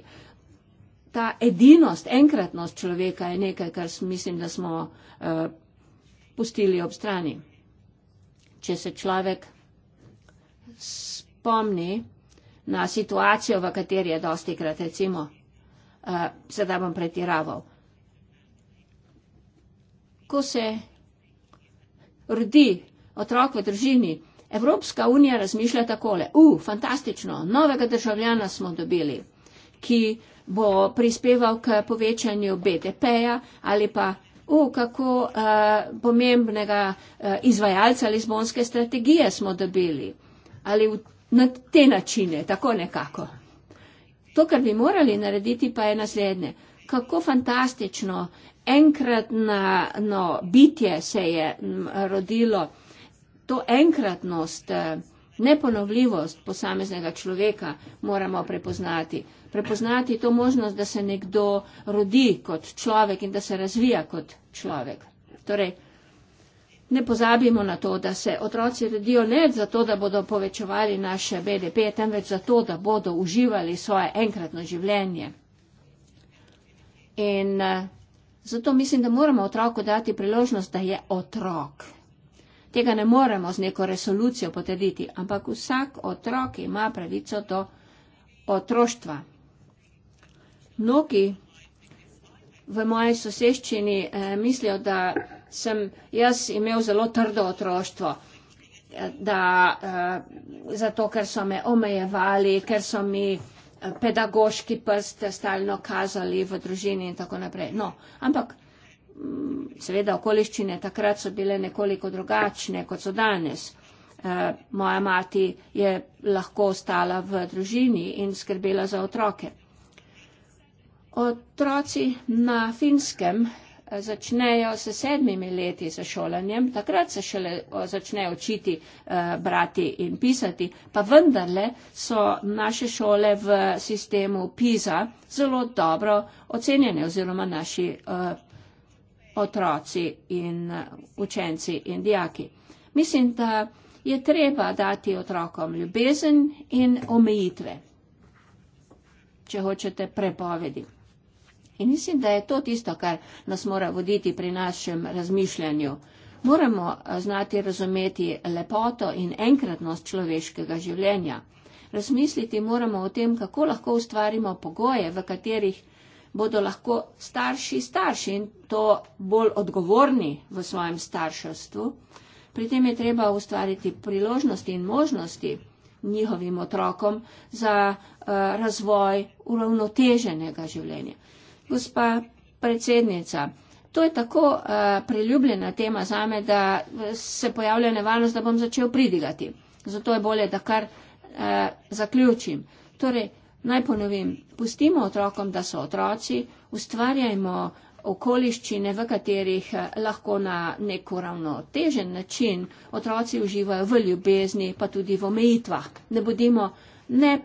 Ta edinost, enkratnost človeka je nekaj, kar mislim, da smo pustili ob strani. Če se človek spomni na situacijo, v kateri je dosti krat recimo, uh, eh, sedaj bom pretiraval, ko se rodi otrok v družini, Evropska unija razmišlja takole, u, uh, fantastično, novega državljana smo dobili, ki bo prispeval k povečanju BDP-ja ali pa uh, kako uh, pomembnega uh, izvajalca Lizbonske strategije smo dobili. Ali v na te načine, tako nekako. To, kar bi morali narediti, pa je naslednje. Kako fantastično enkratno no, bitje se je rodilo, to enkratnost, eh, neponovljivost posameznega človeka moramo prepoznati. Prepoznati to možnost, da se nekdo rodi kot človek in da se razvija kot človek. Torej, Ne pozabimo na to, da se otroci rodijo ne zato, da bodo povečevali naše BDP, temveč zato, da bodo uživali svoje enkratno življenje. In eh, zato mislim, da moramo otroku dati priložnost, da je otrok. Tega ne moremo z neko resolucijo potrditi, ampak vsak otrok ima pravico do otroštva. Mnogi v moji soseščini eh, mislijo, da sem jaz imel zelo trdo otroštvo da, eh, zato ker so me omejevali, ker so mi eh, pedagoški prst stalno kazali v družini in tako naprej. No, ampak mm, seveda okoliščine takrat so bile nekoliko drugačne, kot so danes. Eh, moja mati je lahko ostala v družini in skrbela za otroke. Otroci na finskem začnejo s sedmimi leti za šolanjem, takrat se šele eh, začnejo učiti eh, brati in pisati, pa vendarle so naše šole v sistemu PISA zelo dobro ocenjene oziroma naši eh, otroci in učenci in dijaki. Mislim, da je treba dati otrokom ljubezen in omejitve, če hočete prepovedi. In mislim, da je to tisto, kar nas mora voditi pri našem razmišljanju. Moramo eh, znati razumeti lepoto in enkratnost človeškega življenja. Razmisliti moramo o tem, kako lahko ustvarimo pogoje, v katerih bodo lahko starši starši in to bolj odgovorni v svojem starševstvu. Pri tem je treba ustvariti priložnosti in možnosti njihovim otrokom za uh, razvoj uravnoteženega življenja. Gospa predsednica, to je tako uh, priljubljena tema zame, da eh, se pojavlja nevarnost, da bom začel pridigati. Zato je bolje, da kar uh, zaključim. Torej, naj ponovim, pustimo otrokom, da so otroci, ustvarjajmo okoliščine, v katerih lahko na nek težen način otroci uživajo v ljubezni, pa tudi v omejitvah. Ne bodimo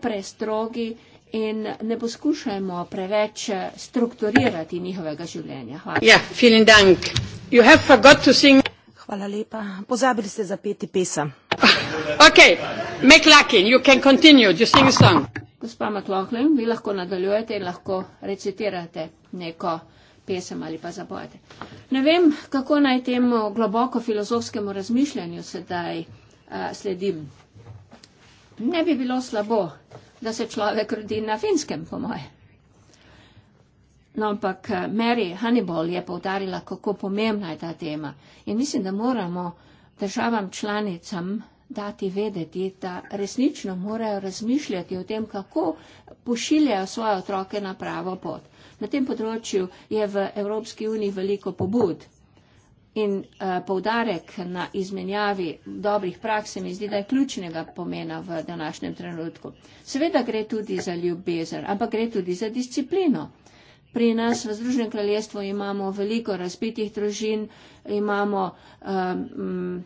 prestrogi in ne poskušajmo preveč strukturirati njihovega življenja. Hvala. Ja, Hvala lepa. Pozabili ste zapeti pesem. make lucky, you can continue, you sing a song. Gospa McLaughlin, vi lahko nadaljujete in lahko recitirate neko pesem ali pa zapojete. Ne vem, kako naj temu globoko filozofskemu razmišljanju sedaj uh, sledim. Ne bi bilo slabo, da se človek rodi na finskem, po moje. No, ampak eh, Mary Hannibal je povdarila, kako pomembna je ta tema. In mislim, da moramo državam članicam dati vedeti, da resnično morajo razmišljati o tem, kako pošiljajo svoje otroke na pravo pot. Na tem področju je v Evropski uniji veliko pobud. In eh, poudarek na izmenjavi dobrih praks se mi zdi, da je ključnega pomena v današnjem trenutku. Seveda gre tudi za ljubezen, ampak gre tudi za disciplino. Pri nas v Združenem kraljestvu imamo veliko razbitih družin, imamo um,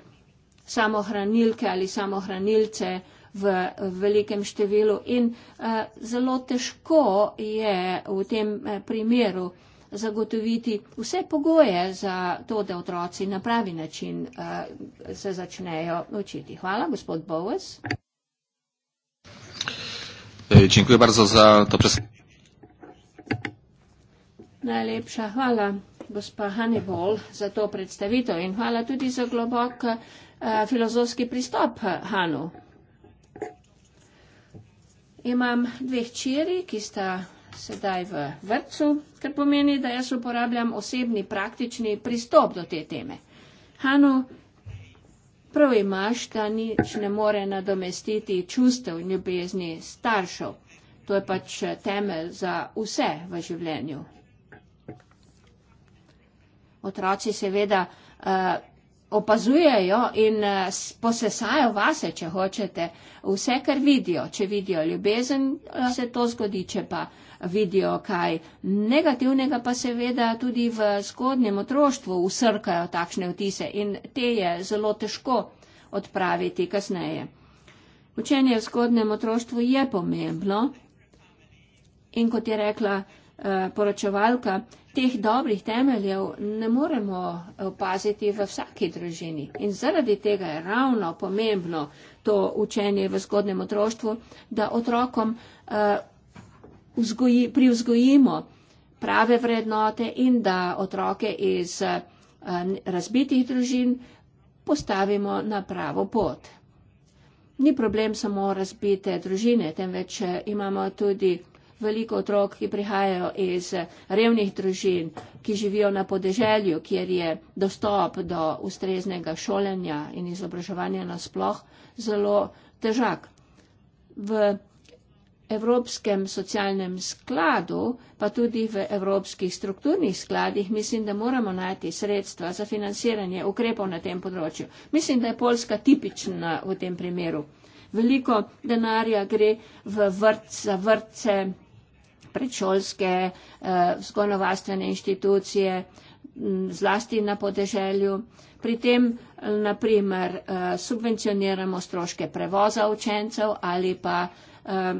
samohranilke ali samohranilce v velikem številu in uh, zelo težko je v tem eh, primeru uh, zagotoviti vse pogoje za to, da otroci na pravi način uh, se začnejo učiti. Hvala, gospod Bowes. Eh, dziękuję bardzo za to przedstawienie. Najlepša hvala, gospa Hannibal, za to predstavitev in hvala tudi za globok uh, filozofski pristop Hanu. Imam dve hčeri, ki sta sedaj v vrtcu, kar pomeni, da jaz uporabljam osebni praktični pristop do te teme. Hanu, prav imaš, da nič ne more nadomestiti čustev in ljubezni staršev. To je pač temelj za vse v življenju. Otroci seveda uh, opazujejo in uh, posesajo vase, če hočete, vse, kar vidijo. Če vidijo ljubezen, uh, se to zgodi, če pa uh, vidijo kaj negativnega, pa seveda tudi v zgodnjem otroštvu usrkajo takšne vtise in te je zelo težko odpraviti kasneje. Učenje v zgodnem otroštvu je pomembno in kot je rekla eh, poročevalka, teh dobrih temeljev ne moremo opaziti v vsaki družini. In zaradi tega je ravno pomembno to učenje v zgodnjem otroštvu, da otrokom eh, vzgoji, privzgojimo prave vrednote in da otroke iz eh, razbitih družin postavimo na pravo pot. Ni problem samo razbite družine, temveč eh, imamo tudi veliko otrok, ki prihajajo iz eh, revnih družin, ki živijo na podeželju, kjer je dostop do ustreznega šolanja in izobraževanja nasploh zelo težak. V Evropskem socialnem skladu, pa tudi v evropskih strukturnih skladih, mislim, da moramo najti sredstva za financiranje ukrepov na tem področju. Mislim, da je Poljska tipična v tem primeru. Veliko denarja gre v vrt, za vrtce, predšolske, eh, vzgojno-vastvene inštitucije, Mm, zlasti na podeželju. Pri tem, na primer e, subvencioniramo stroške prevoza učencev ali pa e,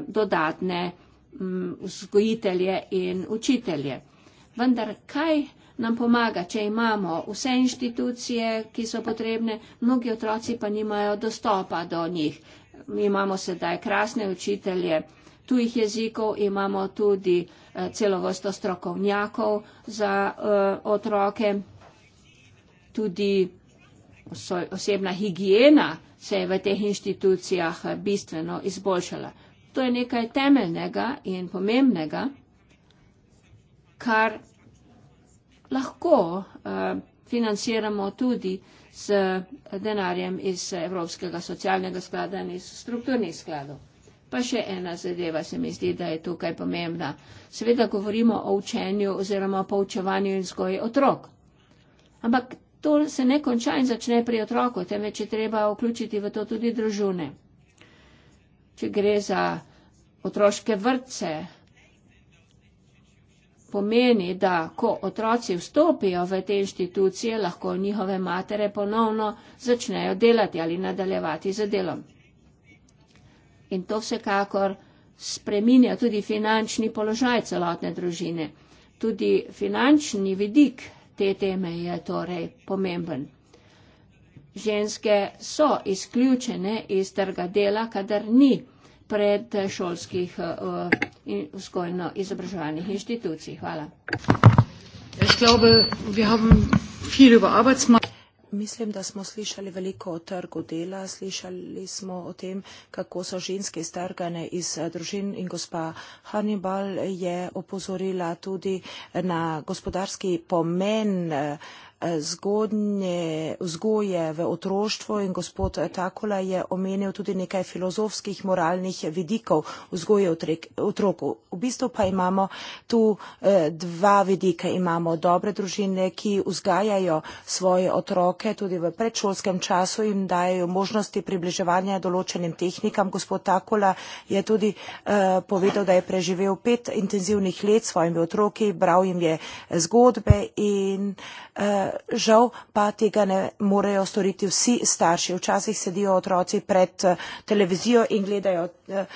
dodatne mm, vzgojitelje in učitelje. Vendar kaj nam pomaga, če imamo vse inštitucije, ki so potrebne, mnogi otroci pa nimajo dostopa do njih. Mi imamo sedaj krasne učitelje tujih jezikov, imamo tudi e, celo vrsto strokovnjakov za e, otroke, tudi osebna higiena se je v teh inštitucijah bistveno izboljšala. To je nekaj temeljnega in pomembnega, kar lahko uh, financiramo tudi z denarjem iz Evropskega socialnega sklada in iz strukturnih skladov. Pa še ena zadeva se mi zdi, da je tukaj pomembna. Seveda govorimo o učenju oziroma poučevanju in zgoji otrok. Ampak to se ne konča in začne pri otroku, temveč je treba vključiti v to tudi družine. Če gre za otroške vrtce, pomeni, da ko otroci vstopijo v te inštitucije, lahko njihove matere ponovno začnejo delati ali nadaljevati z delom in to vsekakor spreminja tudi finančni položaj celotne družine. Tudi finančni vidik te teme je torej pomemben. Ženske so izključene iz trga dela, kadar ni predšolskih uh, in vzgojno-izobraževalnih inštitucij. Hvala. Ich glaube, wir haben viel über Mislim, da smo slišali veliko o trgu dela, slišali smo o tem, kako so ženske stargane iz eh, družin in gospa Hannibal je opozorila tudi na gospodarski pomen eh, zgodnje vzgoje v otroštvu in gospod Takula je omenil tudi nekaj filozofskih, moralnih vidikov vzgoje otrok. V bistvu pa imamo tu eh, dva vidika. Imamo dobre družine, ki vzgajajo svoje otroke tudi v predšolskem času in dajo možnosti približevanja določenim tehnikam. Gospod Takula je tudi eh, povedal, da je preživel pet intenzivnih let s svojimi otroki, bral jim je zgodbe in Eh, žal pa tega ne morejo storiti vsi starši. Včasih sedijo otroci pred eh, televizijo in gledajo eh,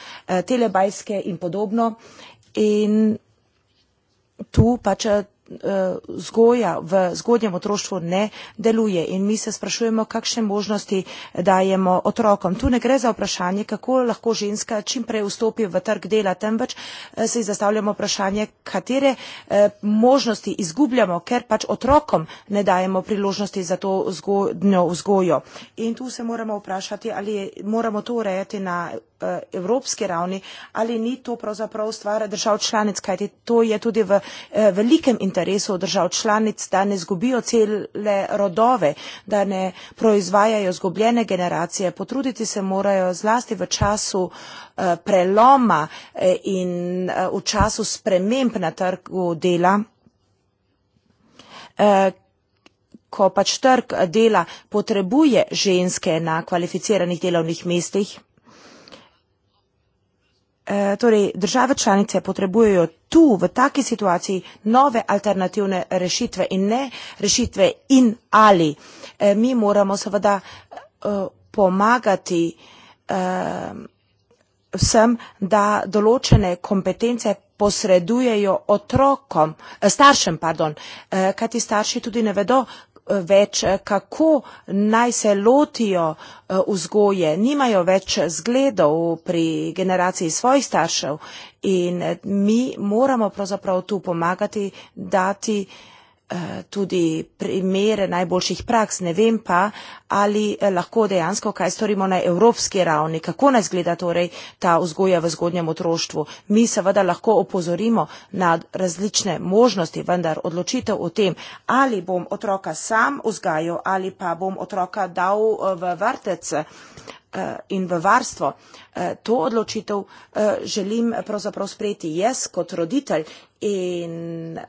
telebajske in podobno. In tu pač Eh, vzgoja v zgodnjem otroštvu ne deluje in mi se sprašujemo, kakšne možnosti dajemo otrokom. Tu ne gre za vprašanje, kako lahko ženska čim prej vstopi v trg dela, temveč eh, si zastavljamo vprašanje, katere eh, možnosti izgubljamo, ker pač otrokom ne dajemo priložnosti za to zgodnjo vzgojo. In tu se moramo vprašati, ali moramo to urejati na E, evropski ravni, ali ni to pravzaprav stvar držav članic, kajti to je tudi v e, velikem interesu držav članic, da ne zgubijo cele rodove, da ne proizvajajo zgubljene generacije. Potruditi se morajo zlasti v času e, preloma in v času sprememb na trgu dela ko pač trg dela potrebuje ženske na kvalificiranih delovnih mestih E, torej države članice potrebujejo tu v taki situaciji nove alternativne rešitve in ne rešitve in ali. E, mi moramo seveda e, pomagati vsem, da določene kompetence posredujejo otrokom, staršem, pardon, kajti starši tudi ne vedo, več, kako naj se lotijo e, vzgoje, nimajo več zgledov pri generaciji svojih staršev in e, mi moramo pravzaprav tu pomagati, dati Eh, tudi primere najboljših praks, ne vem pa, ali eh, lahko dejansko kaj storimo na evropski ravni, kako naj zgleda torej ta vzgoja v zgodnjem otroštvu. Mi seveda lahko opozorimo na različne možnosti, vendar odločitev o tem, ali bom otroka sam vzgajal ali pa bom otroka dal eh, v vrtec in v varstvo. To odločitev želim pravzaprav sprejeti jaz kot roditelj in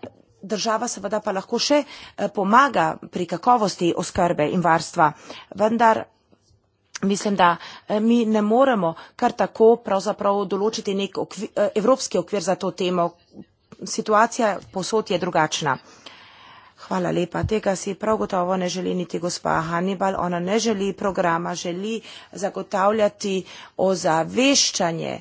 Država seveda pa lahko še eh, pomaga pri kakovosti oskrbe in varstva, vendar Mislim, da eh, mi ne moremo kar tako pravzaprav določiti nek okvir, eh, evropski okvir za to temo. Situacija posod je drugačna. Hvala lepa. Tega si prav gotovo ne želi niti gospa Hannibal. Ona ne želi programa, želi zagotavljati ozaveščanje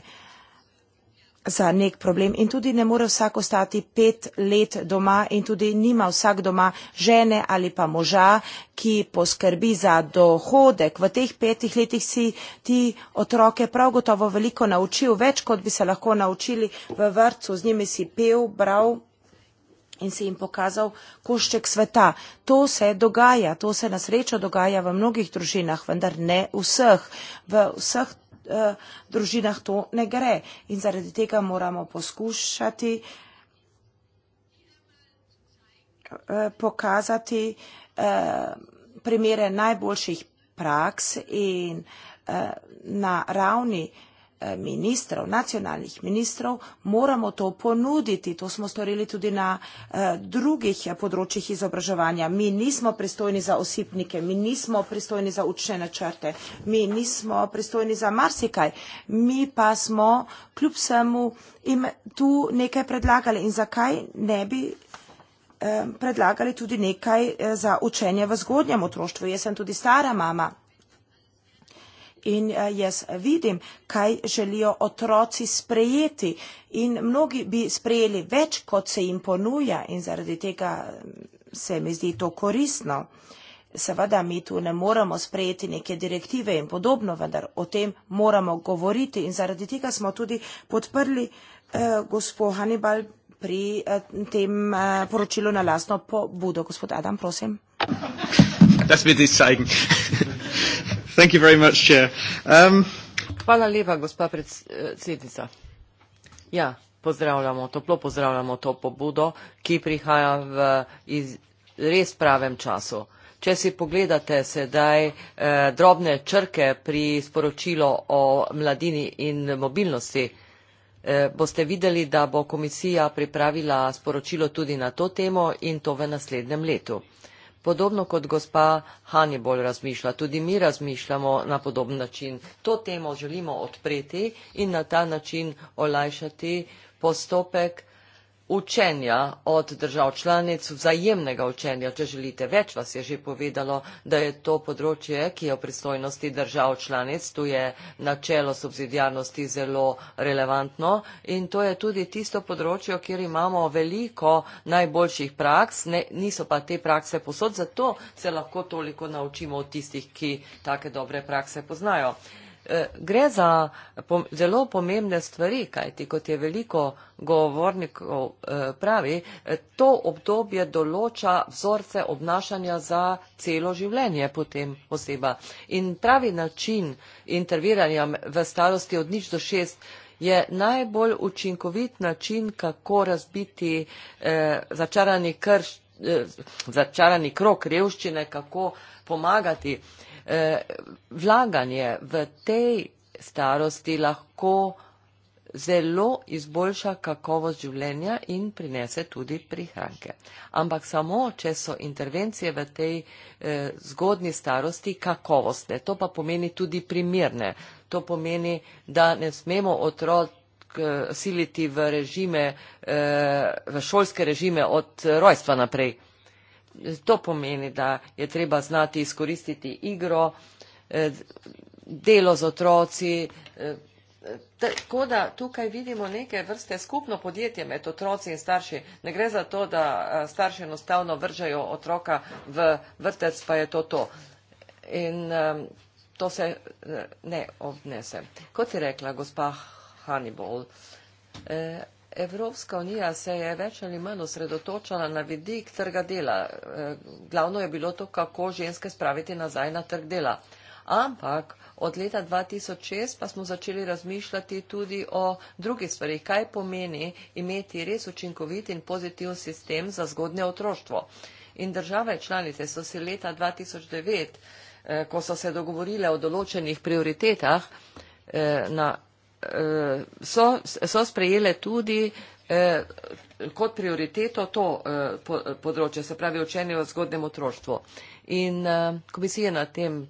za nek problem in tudi ne more vsak ostati pet let doma in tudi nima vsak doma žene ali pa moža, ki poskrbi za dohodek. V teh petih letih si ti otroke prav gotovo veliko naučil, več kot bi se lahko naučili v vrtu, z njimi si pel, bral in si jim pokazal košček sveta. To se dogaja, to se na srečo dogaja v mnogih družinah, vendar ne vseh. V vseh Eh, družinah to ne gre in zaradi tega moramo poskušati eh, pokazati eh, primere najboljših praks in na ravni ministrov, nacionalnih ministrov, moramo to ponuditi. To smo storili tudi na eh, drugih področjih izobraževanja. Mi nismo pristojni za osipnike, mi nismo pristojni za učne načrte, mi nismo pristojni za marsikaj. Mi pa smo kljub vsemu im tu nekaj predlagali in zakaj ne bi eh, predlagali tudi nekaj eh, za učenje v zgodnjem otroštvu. Jaz sem tudi stara mama in eh, jaz vidim, kaj želijo otroci sprejeti in mnogi bi sprejeli več, kot se jim ponuja in zaradi tega mm, se mi zdi to koristno. Seveda mi tu ne moramo sprejeti neke direktive in podobno, vendar o tem moramo govoriti in zaradi tega smo tudi podprli eh, gospod Hannibal pri eh, tem eh, poročilu na lastno pobudo. Gospod Adam, prosim. Das wird sich zeigen. Thank you very much, Chair. Um... Hvala lepa, gospa predsednica. Ja, pozdravljamo, toplo pozdravljamo to pobudo, ki prihaja v iz, res pravem času. Če si pogledate sedaj eh, drobne črke pri sporočilo o mladini in mobilnosti, eh, boste videli, da bo komisija pripravila sporočilo tudi na to temo in to v naslednjem letu. Eh, Podobno kot gospa Hannibal razmišlja, tudi mi razmišljamo na podoben način. To temo želimo odpreti in na ta način olajšati postopek učenja od držav članic, vzajemnega učenja, če želite. Več vas je že povedalo, da je to področje, ki je v pristojnosti držav članic, tu je načelo subsidijarnosti zelo relevantno in to je tudi tisto področje, kjer imamo veliko najboljših praks, ne, niso pa te prakse posod, zato se lahko toliko naučimo od tistih, ki take dobre prakse poznajo. E, gre za zelo pomembne stvari, kajti kot je veliko govornikov e, pravi, e, to obdobje določa vzorce obnašanja za celo življenje potem oseba. In pravi način interviranja v starosti od nič do šest je najbolj učinkovit način, kako razbiti eh, začarani krš začarani krok revščine, kako pomagati. E, vlaganje v tej starosti lahko zelo izboljša kakovost življenja in prinese tudi prihranke. Ampak samo, če so intervencije v tej eh, zgodni starosti kakovostne, to pa pomeni tudi primerne. To pomeni, da ne smemo otrok e, siliti v, režime, eh, v šolske režime od rojstva naprej. To pomeni, da je treba znati izkoristiti igro, eh, delo z otroci. Eh, tako da tukaj vidimo neke vrste skupno podjetje med otroci in starši. Ne gre za to, da eh, starši enostavno vržajo otroka v vrtec, pa je to to. In to se ne obnese. Kot je rekla gospa Hannibal, Evropska unija se je več ali manj osredotočala na vidik trga dela. E, glavno je bilo to, kako ženske spraviti nazaj na trg dela. Ampak od leta 2006 pa smo začeli razmišljati tudi o drugih stvarih, kaj pomeni imeti res učinkovit in pozitiven sistem za zgodnje otroštvo. In države članice so se leta 2009, e, ko so se dogovorile o določenih prioritetah e, na Eh, so, so sprejele tudi eh, kot prioriteto to eh, področje, se pravi učenje v zgodnem otroštvu. In komisija na tem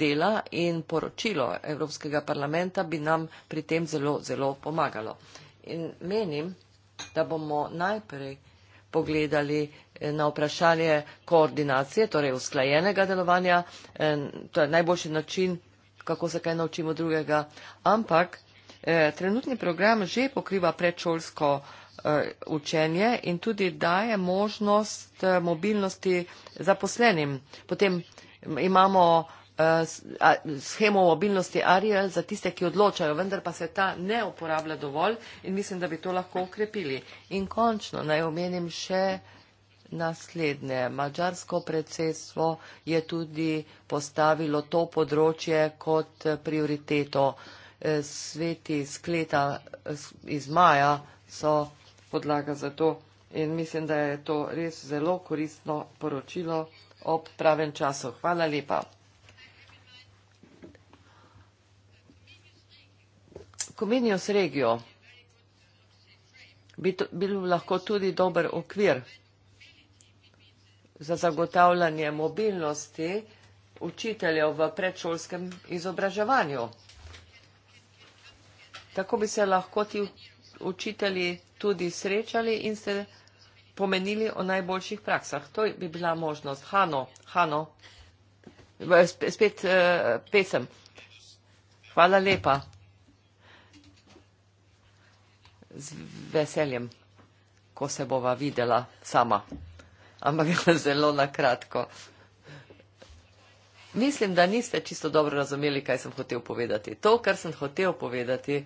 dela in poročilo Evropskega parlamenta bi nam pri tem zelo, zelo pomagalo. In menim, da bomo najprej pogledali na vprašanje koordinacije, torej usklajenega delovanja, to je najboljši način, kako se kaj naučimo drugega, ampak Eh, Trenutni program že pokriva predšolsko eh, učenje in tudi daje možnost eh, mobilnosti zaposlenim. Potem imamo schemo mobilnosti Ariel za tiste, ki odločajo, vendar pa se ta ne uporablja dovolj in mislim, da bi to lahko ukrepili. In končno naj omenim še naslednje. Mačarsko predsedstvo je tudi postavilo to področje kot prioriteto sveti skleta iz maja so podlaga za to in mislim, da je to res zelo koristno poročilo ob pravem času. Hvala lepa. Komenius regijo bi to, bil lahko tudi dober okvir za zagotavljanje mobilnosti učiteljev v predšolskem izobraževanju. Tako bi se lahko ti učitelji tudi srečali in se pomenili o najboljših praksah. To bi bila možnost. Hano, Hano, spet eh, pesem. Hvala lepa. Z veseljem, ko se bova videla sama. Ampak zelo na kratko. Mislim, da niste čisto dobro razumeli, kaj sem hotel povedati. To, kar sem hotel povedati,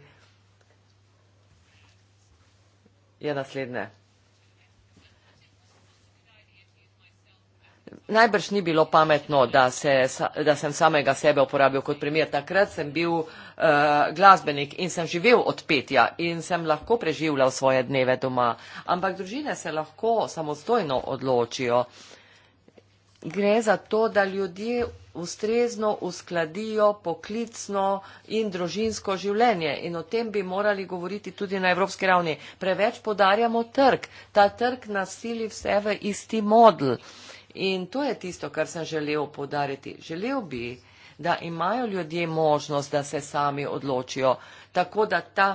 je naslednje. Najbrž ni bilo pametno, da, se, da sem samega sebe uporabil kot primer. Takrat sem bil uh, glasbenik in sem živel od petja in sem lahko preživljal svoje dneve doma. Ampak družine se lahko samostojno odločijo. Gre za to, da ljudje ustrezno uskladijo poklicno in družinsko življenje. In o tem bi morali govoriti tudi na evropski ravni. Preveč podarjamo trg. Ta trg nas sili vse v isti model. In to je tisto, kar sem želel podariti. Želel bi, da imajo ljudje možnost, da se sami odločijo, tako da ta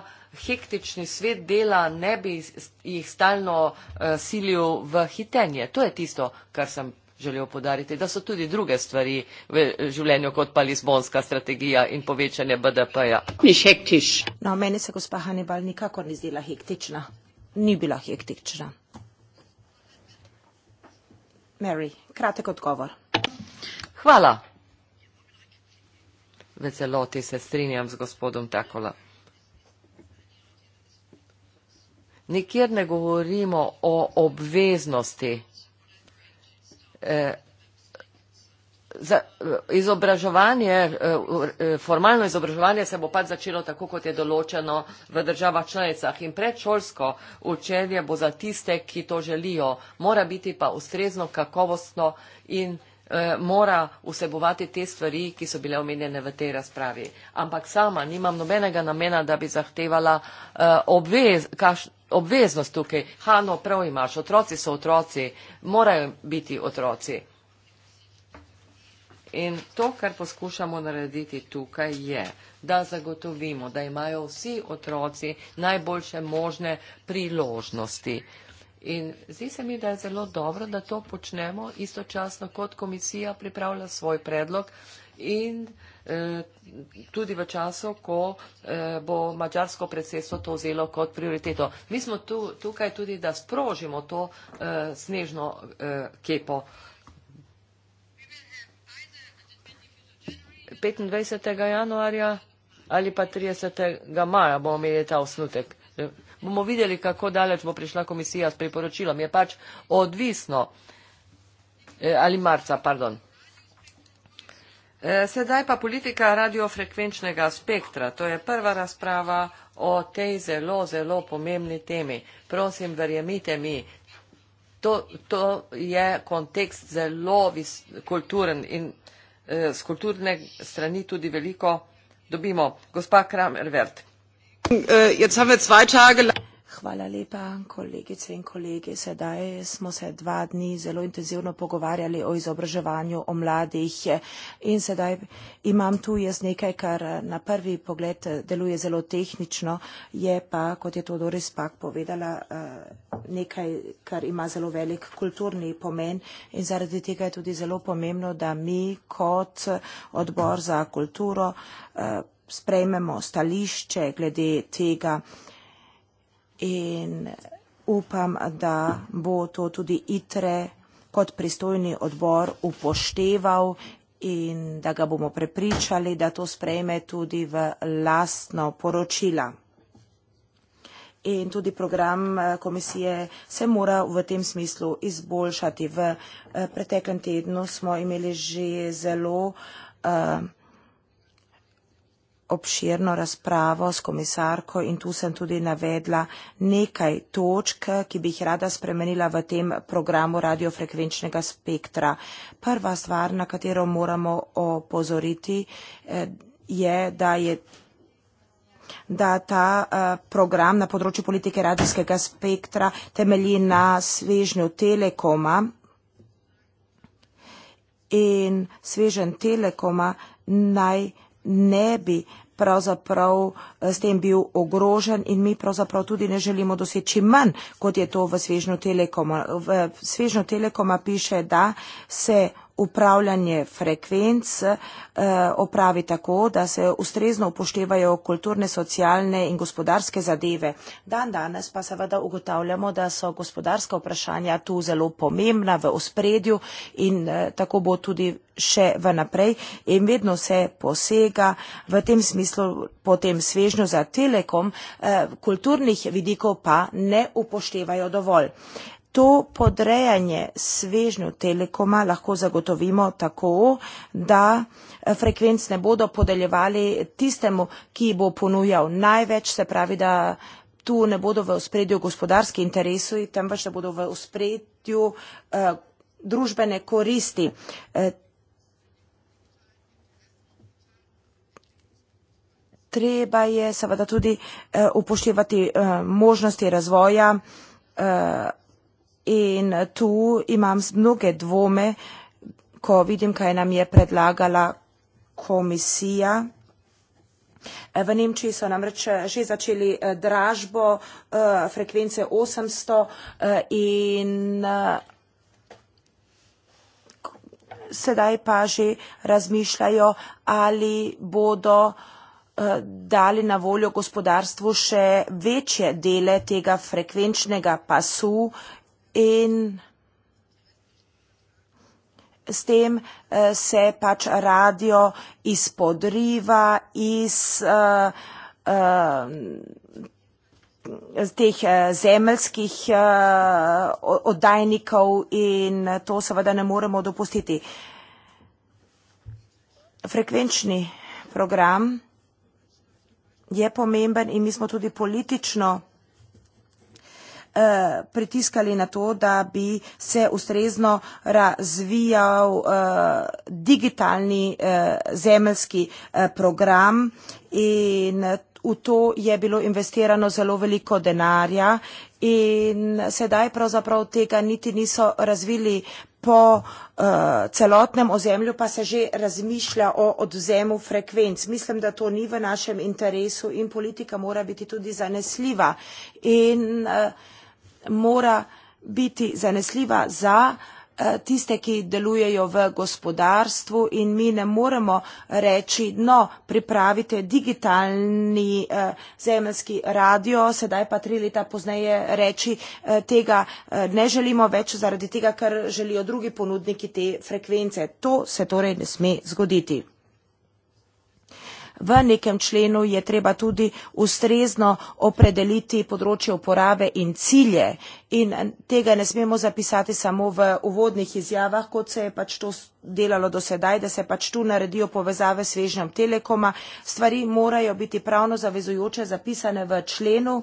hektični svet dela ne bi jih stalno uh, silil v hitenje. To je tisto, kar sem želel podariti, da so tudi druge stvari v življenju kot pa Lizbonska strategija in povečanje BDP-ja. Niš hektiš. No, meni se gospa Hannibal nikakor ni zdela hektična. Ni bila hektična. Mary, kratek odgovor. Hvala. V celoti se strinjam z gospodom Takola. Nikjer ne govorimo o obveznosti izobraževanje, formalno izobraževanje se bo pač začelo tako, kot je določeno v državah članicah in predšolsko učenje bo za tiste, ki to želijo, mora biti pa ustrezno, kakovostno in e, mora vsebovati te stvari, ki so bile omenjene v tej razpravi. Ampak sama nimam nobenega namena, da bi zahtevala e, obvez, kaš, obveznost tukaj. Hano, prav imaš, otroci so otroci, morajo biti otroci. In to, kar poskušamo narediti tukaj, je, da zagotovimo, da imajo vsi otroci najboljše možne priložnosti. In zdi se mi, da je zelo dobro, da to počnemo istočasno, kot komisija pripravlja svoj predlog in eh, tudi v času, ko eh, bo mačarsko predsedstvo to vzelo kot prioriteto. Mi smo tu, tukaj tudi, da sprožimo to eh, snežno kepo. 25. januarja ali pa 30. maja bomo imeli ta osnutek. Bomo videli, kako daleč bo prišla komisija s priporočilom. Je pač odvisno, ali marca, pardon. Eh, sedaj pa politika radiofrekvenčnega spektra. To je prva razprava o tej zelo, zelo pomembni temi. Prosim, verjemite mi, to, to je kontekst zelo vis, kulturen in eh, z kulturne strani tudi veliko dobimo. Gospa Kramervert. Eh, jetzt haben wir zwei Tage lang Hvala lepa, kolegice in kolegi. Sedaj smo se dva dni zelo intenzivno pogovarjali o izobraževanju o mladih in sedaj imam tu jaz nekaj, kar na prvi pogled deluje zelo tehnično, je pa, kot je to Doris Pak povedala, eh, nekaj, kar ima zelo velik kulturni pomen in zaradi tega je tudi zelo pomembno, da mi kot odbor za kulturo eh, sprejmemo stališče glede tega in upam, da bo to tudi ITRE kot pristojni odbor upošteval in da ga bomo prepričali, da to sprejme tudi v lastno poročila. In tudi program eh, komisije se mora v tem smislu izboljšati. V eh, preteklem tednu smo imeli že zelo uh, obširno razpravo s komisarko in tu sem tudi navedla nekaj točk, ki bi jih rada spremenila v tem programu radiofrekvenčnega spektra. Prva stvar, na katero moramo opozoriti, eh, je, da je da ta eh, program na področju politike radijskega spektra temelji na svežnju telekoma in svežen telekoma naj ne bi pravzaprav eh, s tem bil ogrožen in mi pravzaprav tudi ne želimo doseči manj, kot je to v svežnju telekoma. V svežnju telekoma piše, da se upravljanje frekvenc eh, opravi tako, da se ustrezno upoštevajo kulturne, socialne in gospodarske zadeve. Dan danes pa seveda ugotavljamo, da so gospodarska vprašanja tu zelo pomembna v ospredju in eh, tako bo tudi še v naprej in vedno se posega v tem smislu potem svežnjo za telekom, eh, kulturnih vidikov pa ne upoštevajo dovolj. To podrejanje svežnju telekoma lahko zagotovimo tako, da eh, frekvenc ne bodo podeljevali tistemu, ki bo ponujal največ, se pravi, da tu ne bodo v ospredju gospodarski interesi, temveč da bodo v ospredju eh, družbene koristi. Eh, treba je seveda tudi eh, upoštevati možnosti razvoja In tu imam mnoge dvome, ko vidim, kaj nam je predlagala komisija. E, v Nemčiji so namreč eh, že začeli eh, dražbo eh, frekvence 800 in sedaj pa že razmišljajo, ali bodo dali na voljo gospodarstvu še večje dele tega frekvenčnega pasu in s tem eh, se pač radio izpodriva iz uh, uh, teh zemljskih oddajnikov in to seveda ne moremo dopustiti. Frekvenčni program je pomemben in mi smo tudi politično Eh, pritiskali na to, da bi se ustrezno razvijal eh, digitalni eh, zemeljski program in v to je bilo investirano zelo veliko denarja in sedaj pravzaprav tega niti niso razvili po celotnem ozemlju, pa se že razmišlja o odvzemu frekvenc. Mislim, da to ni v našem interesu in politika mora biti tudi zanesljiva. In, uh, mora biti zanesljiva za eh, tiste, ki delujejo v gospodarstvu in mi ne moremo reči, no, pripravite digitalni eh, zemljski radio, sedaj pa tri leta pozneje reči, eh, tega eh, ne želimo več zaradi tega, ker želijo drugi ponudniki te frekvence. To se torej ne sme zgoditi. V nekem členu je treba tudi ustrezno opredeliti področje uporabe in cilje in eh, tega ne smemo zapisati samo v uvodnih izjavah, kot se je pač to delalo do sedaj, da se pač tu naredijo povezave s svežnjem telekoma. Stvari morajo biti pravno zavezujoče zapisane v členu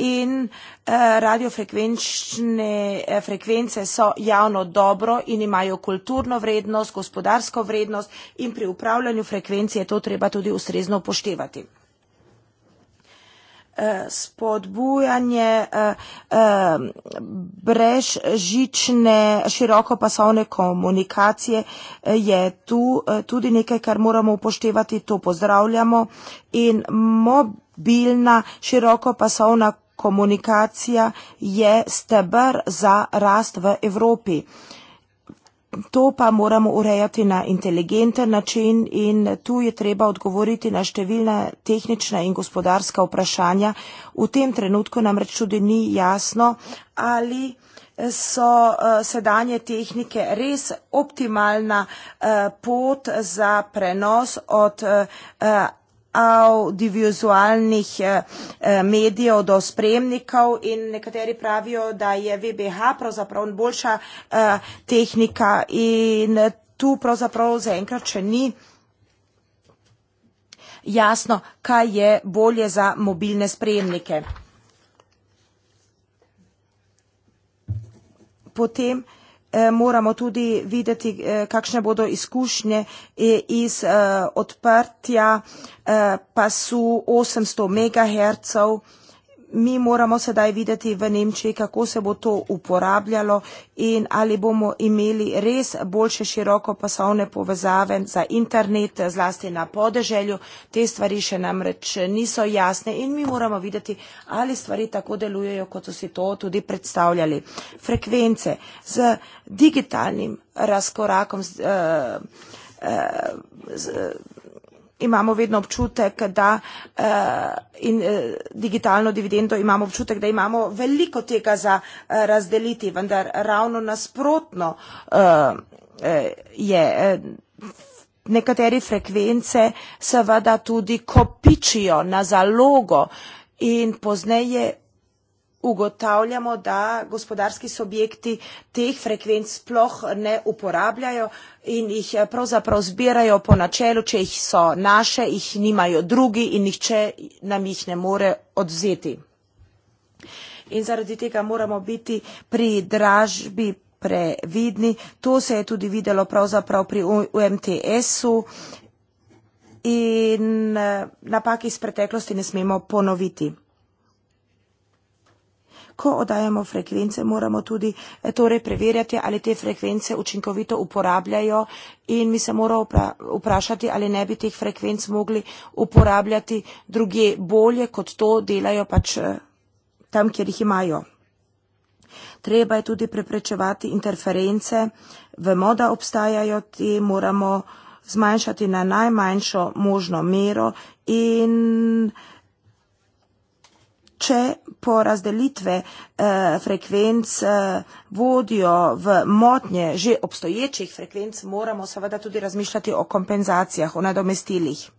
in eh, radiofrekvenčne eh, frekvence so javno dobro in imajo kulturno vrednost, gospodarsko vrednost in pri upravljanju frekvenc je to treba tudi ustrezno upoštevati eh, spodbujanje brežžične širokopasovne komunikacije je tu tudi nekaj, kar moramo upoštevati, to pozdravljamo in mobilna širokopasovna komunikacija je stebr za rast v Evropi. To pa moramo urejati na inteligenten način in tu je treba odgovoriti na številna tehnična in gospodarska vprašanja. V tem trenutku namreč tudi ni jasno, ali so eh, sedanje tehnike res optimalna eh, pot za prenos od eh, audiovizualnih eh, eh, medijev do spremnikov in nekateri pravijo, da je VBH pravzaprav boljša eh, tehnika in tu pravzaprav zaenkrat še ni jasno, kaj je bolje za mobilne spremnike. Potem E, moramo tudi videti, e, kakšne bodo izkušnje e, iz odprtja pasu 800 MHz mi moramo sedaj videti v Nemčiji, kako se bo to uporabljalo in ali bomo imeli res boljše široko pasovne povezave za internet, zlasti na podeželju. Te stvari še namreč niso jasne in mi moramo videti, ali stvari tako delujejo, kot so si to tudi predstavljali. Frekvence z digitalnim razkorakom. Z, uh, z, Imamo vedno občutek, da eh, in eh, digitalno dividendo imamo občutek, da imamo veliko tega za eh, razdeliti, vendar ravno nasprotno je nekateri frekvence seveda tudi kopičijo na zalogo in pozneje ugotavljamo, da gospodarski subjekti teh frekvenc sploh ne uporabljajo, in jih eh, pravzaprav zbirajo po načelu, če jih so naše, jih nimajo drugi in nihče nam jih ne more odzeti. In zaradi tega moramo biti pri dražbi previdni. To se je tudi videlo pravzaprav pri UMTS-u in eh, napak iz preteklosti ne smemo ponoviti ko oddajamo frekvence, moramo tudi eh, torej preverjati, ali te frekvence učinkovito uporabljajo in mi se moramo vprašati, ali ne bi teh frekvenc mogli uporabljati druge bolje, kot to delajo pač eh, tam, kjer jih imajo. Treba je tudi preprečevati interference, vemo, da obstajajo, te moramo zmanjšati na najmanjšo možno mero in če eh, frekvenc eh, vodijo v motnje že obstoječih frekvenc, moramo seveda tudi razmišljati o kompenzacijah, o nadomestilih.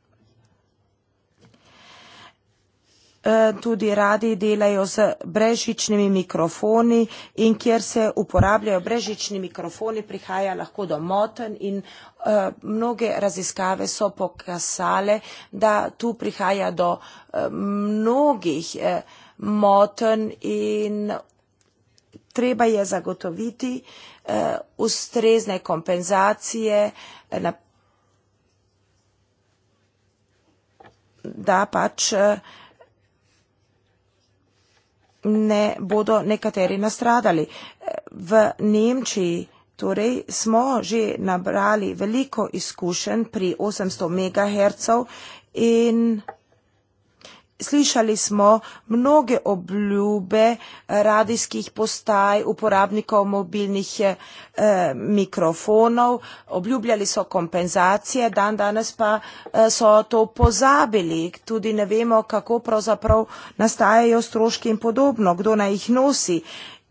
Eh, tudi radi delajo z brežičnimi mikrofoni in kjer se uporabljajo brežični mikrofoni, prihaja lahko do moten in eh, mnoge raziskave so pokazale, da tu prihaja do eh, mnogih moten in treba je zagotoviti ustrezne kompenzacije na da pač ne bodo nekateri nastradali. V Nemčiji torej smo že nabrali veliko izkušenj pri 800 MHz in Slišali smo mnoge obljube radijskih postaj, uporabnikov mobilnih eh, mikrofonov, obljubljali so kompenzacije, dan danes pa eh, so to pozabili. Tudi ne vemo, kako pravzaprav nastajajo stroški in podobno, kdo naj jih nosi.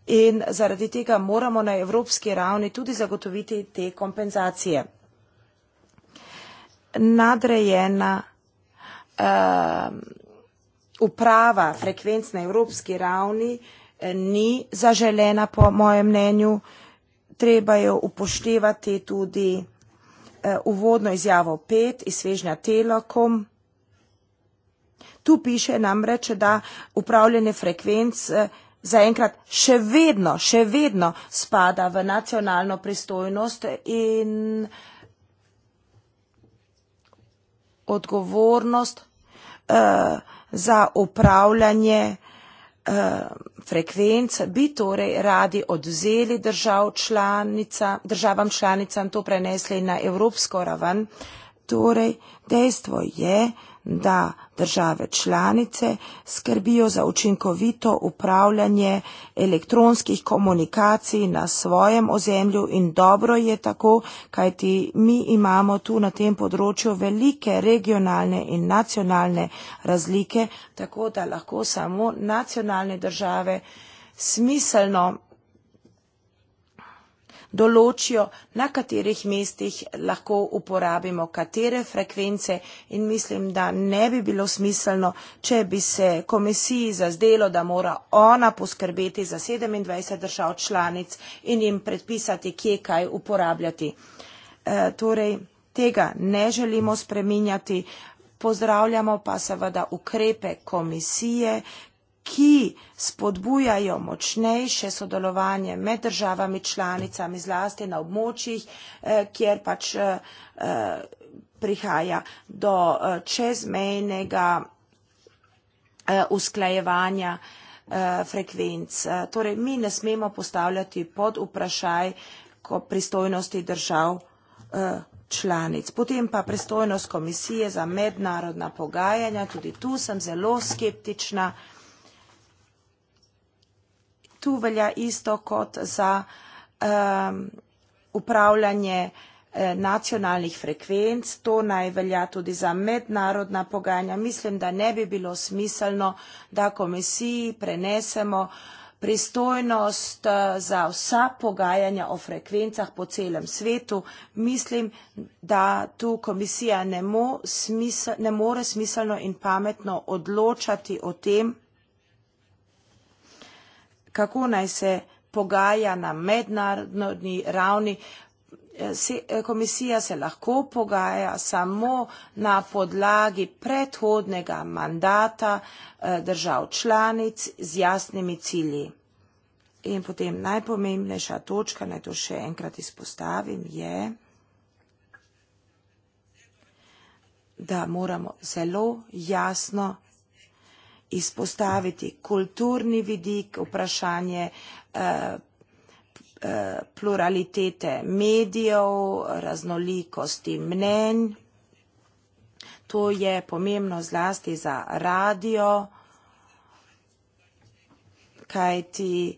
In zaradi tega moramo na evropski ravni tudi zagotoviti te kompenzacije. Nadrejena. Eh, uprava frekvenc na evropski ravni eh, ni zaželena, po mojem mnenju. Treba jo upoštevati tudi eh, uvodno izjavo 5 iz svežnja Telekom. Tu piše namreč, da upravljanje frekvenc eh, zaenkrat še vedno, še vedno spada v nacionalno pristojnost in odgovornost uh, za upravljanje eh, frekvenc bi torej radi oduzeli držav članica, državam članicam to prenesli na evropsko raven. Torej, dejstvo je, da države članice skrbijo za učinkovito upravljanje elektronskih komunikacij na svojem ozemlju in dobro je tako, kajti mi imamo tu na tem področju velike regionalne in nacionalne razlike, tako da lahko samo nacionalne države smiselno določijo, na katerih mestih lahko uporabimo katere frekvence in mislim, da ne bi bilo smiselno, če bi se komisiji zazdelo, da mora ona poskrbeti za 27 držav članic in jim predpisati, kje kaj uporabljati. E, torej, tega ne želimo spreminjati. Pozdravljamo pa seveda ukrepe komisije, ki spodbujajo močnejše sodelovanje med državami članicami, zlasti na območjih, eh, kjer pač eh, eh, prihaja do čezmejnega usklajevanja frekvenc. Torej, mi ne smemo postavljati pod vprašaj pristojnosti držav članic. Potem pa pristojnost komisije za mednarodna pogajanja, tudi tu sem zelo skeptična. Tu velja isto kot za um, upravljanje eh, nacionalnih frekvenc, to naj velja tudi za mednarodna pogajanja. Mislim, da ne bi bilo smiselno, da komisiji prenesemo pristojnost eh, za vsa pogajanja o frekvencah po celem svetu. Mislim, da tu komisija ne, mo, smisel, ne more smiselno in pametno odločati o tem, kako naj se pogaja na mednarodni ravni. Eh, eh, komisija se lahko pogaja samo na podlagi predhodnega mandata eh, držav članic z jasnimi cilji. In potem najpomembnejša točka, naj to še enkrat izpostavim, je, da moramo zelo jasno izpostaviti kulturni vidik, vprašanje eh, eh, pluralitete medijev, raznolikosti mnenj. To je pomembno zlasti za radio, kajti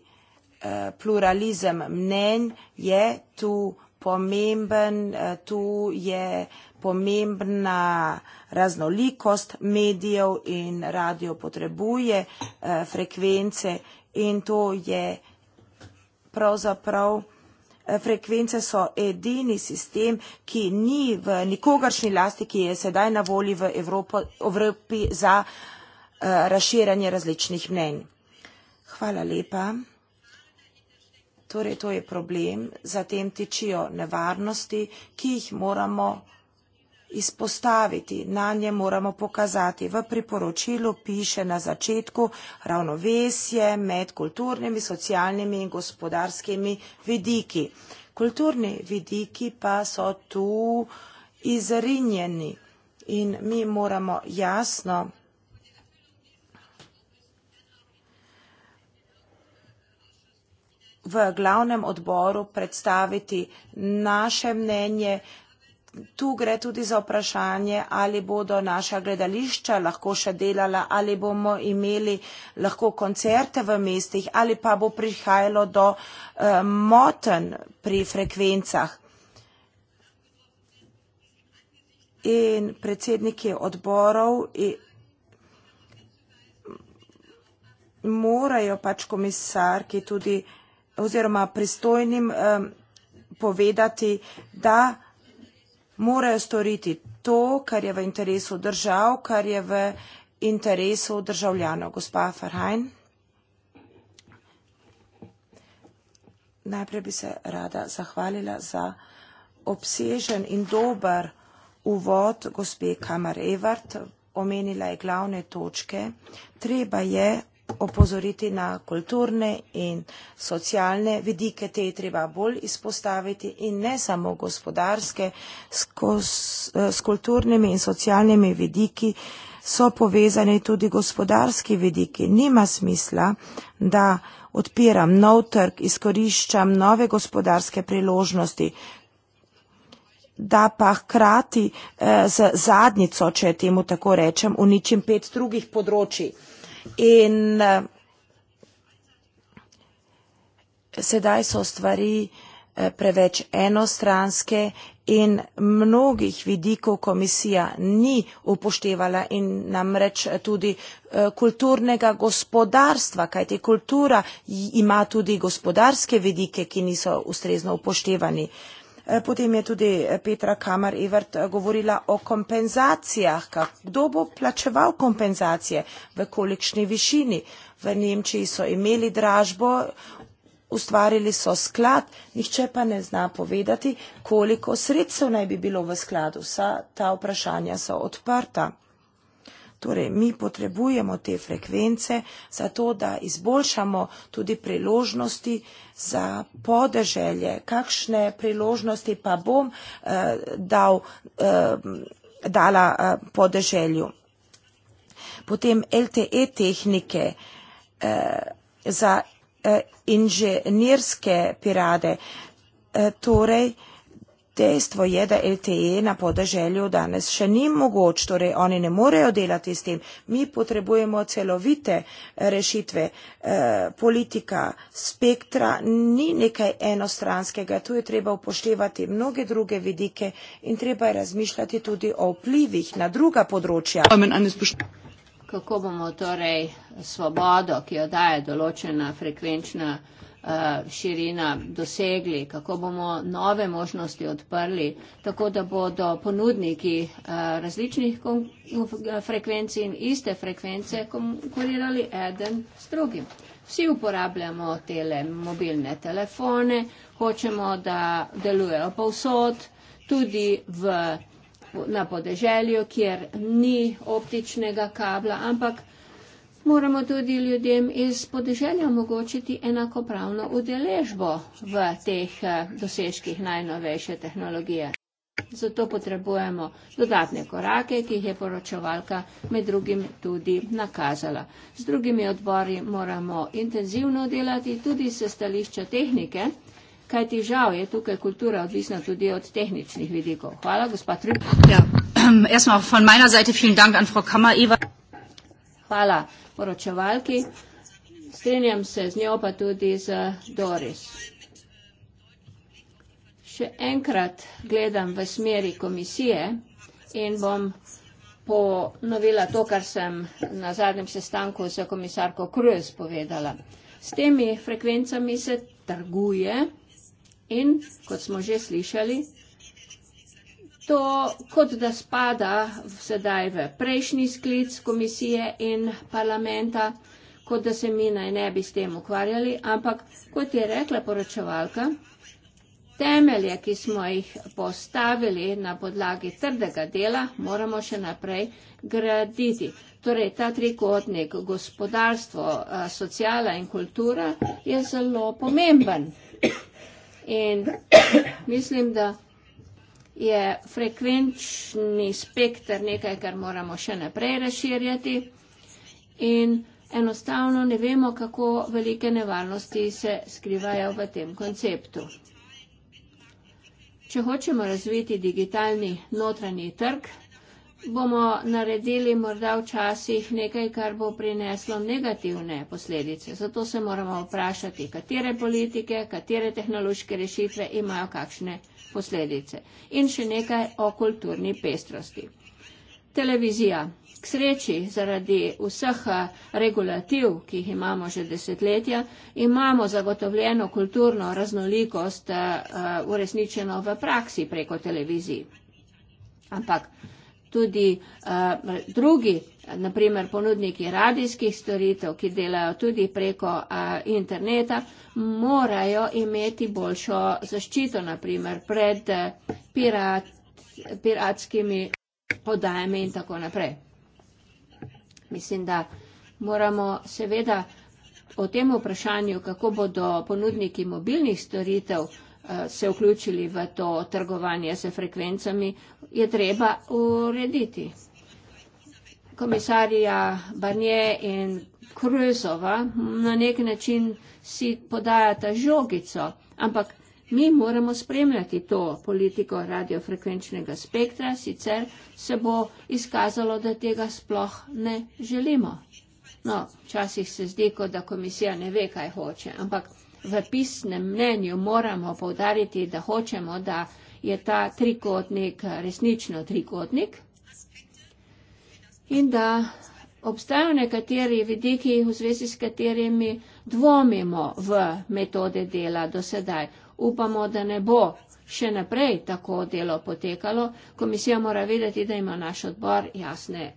eh, pluralizem mnenj je tu pomemben, tu je pomembna raznolikost medijev in radio potrebuje eh, frekvence in to je pravzaprav eh, frekvence so edini sistem, ki ni v nikogaršni lasti, ki je sedaj na voli v Evropo, Evropi za eh, razširanje različnih mnenj. Hvala lepa. Torej, to je problem, zatem tičijo nevarnosti, ki jih moramo izpostaviti, na nje moramo pokazati. V priporočilu piše na začetku ravnovesje med kulturnimi, socialnimi in gospodarskimi vidiki. Kulturni vidiki pa so tu izrinjeni in mi moramo jasno v glavnem odboru predstaviti naše mnenje, tu gre tudi za vprašanje, ali bodo naša gledališča lahko še delala, ali bomo imeli lahko koncerte v mestih, ali pa bo prihajalo do eh, moten pri frekvencah. In predsedniki odborov morajo pač komisarki tudi oziroma pristojnim eh, povedati, da morajo storiti to, kar je v interesu držav, kar je v interesu državljanov. Gospa Farhajn. Najprej bi se rada zahvalila za obsežen in dober uvod gospe Kamar Evert. Omenila je glavne točke. Treba je opozoriti na kulturne in socialne vidike, te je treba bolj izpostaviti in ne samo gospodarske, s eh, kulturnimi in socialnimi vidiki so povezani tudi gospodarski vidiki. Nima smisla, da odpiram nov trg, izkoriščam nove gospodarske priložnosti, da pa hkrati eh, z zadnjico, če temu tako rečem, uničim pet drugih področji. In eh, sedaj so stvari eh, preveč enostranske in mnogih vidikov komisija ni upoštevala in namreč tudi eh, kulturnega gospodarstva, kajti kultura ima tudi gospodarske vidike, ki niso ustrezno upoštevani. Potem je tudi eh, Petra Kamar Evert eh, govorila o kompenzacijah. Kdo bo plačeval kompenzacije, v kolikšni višini? V Nemčiji so imeli dražbo, ustvarili so sklad, nihče pa ne zna povedati, koliko sredstev naj bi bilo v skladu. Vsa ta vprašanja so odprta. Torej, mi potrebujemo te frekvence zato, da izboljšamo tudi priložnosti za podeželje. Kakšne priložnosti pa bom eh, dal, eh, dala eh, podeželju? Potem LTE tehnike eh, za eh, inženirske pirade. Eh, torej, eh, Dejstvo je, da LTE na podeželju danes še ni mogoč, torej oni ne morejo delati s tem. Mi potrebujemo celovite eh, rešitve. E, politika spektra ni nekaj enostranskega, tu je treba upoštevati mnoge druge vidike in treba je razmišljati tudi o vplivih na druga področja. Kako bomo torej svobodo, ki jo daje določena frekvenčna Eh, širina dosegli, kako bomo nove možnosti odprli, tako da bodo ponudniki eh, različnih frekvenc in iste frekvence konkurirali eden s drugim. Vsi uporabljamo tele mobilne telefone, hočemo, da delujejo povsod, tudi v, na podeželju, kjer ni optičnega kabla, ampak moramo tudi ljudem iz podeželja omogočiti enakopravno udeležbo v teh eh, dosežkih najnovejše tehnologije. Zato potrebujemo dodatne korake, ki jih je poročevalka med drugim tudi nakazala. Z drugimi odbori moramo intenzivno delati tudi se stališča tehnike, kajti žal je tukaj kultura odvisna tudi od tehničnih vidikov. Hvala, gospa Trip. Ja, Hvala poročevalki. Strenjam se z njo pa tudi z Doris. Še enkrat gledam v smeri komisije in bom ponovila to, kar sem na zadnjem sestanku z komisarko Kruz povedala. S temi frekvencami se trguje in, kot smo že slišali, to kot da spada sedaj v prejšnji sklic komisije in parlamenta, kot da se mi naj ne bi s tem ukvarjali, ampak kot je rekla poročevalka, temelje, ki smo jih postavili na podlagi trdega dela, moramo še naprej graditi. Torej, ta trikotnik gospodarstvo, eh, sociala in kultura je zelo pomemben. In mislim, da je frekvenčni spektr nekaj, kar moramo še naprej razširjati in enostavno ne vemo, kako velike nevarnosti se skrivajo v tem konceptu. Če hočemo razviti digitalni notranji trg, bomo naredili morda včasih nekaj, kar bo prineslo negativne posledice. Zato se moramo vprašati, katere politike, katere tehnološke rešitve imajo kakšne posledice. In še nekaj o kulturni pestrosti. Televizija. K sreči zaradi vseh eh, regulativ, ki jih imamo že desetletja, imamo zagotovljeno kulturno raznolikost eh, eh, uresničeno v praksi preko televizij. Ampak tudi drugi naprimer ponudniki radijskih storitev, ki delajo tudi preko a, interneta, morajo imeti boljšo zaščito, naprimer pred eh, pirat, piratskimi podajami in tako naprej. Mislim, da moramo seveda o tem vprašanju, kako bodo ponudniki mobilnih storitev eh, se vključili v to trgovanje s frekvencami, je treba urediti komisarja Barnier in Kruzova na no nek način si podajata žogico, ampak mi moramo spremljati to politiko radiofrekvenčnega spektra, sicer se bo izkazalo, da tega sploh ne želimo. No, včasih se zdi, kot da komisija ne ve, kaj hoče, ampak v pisnem mnenju moramo povdariti, da hočemo, da je ta trikotnik resnično trikotnik, in da obstajajo nekateri vidiki, v zvezi s katerimi dvomimo v metode dela do sedaj. Upamo, da ne bo še naprej tako delo potekalo. Komisija mora vedeti, da ima naš odbor jasne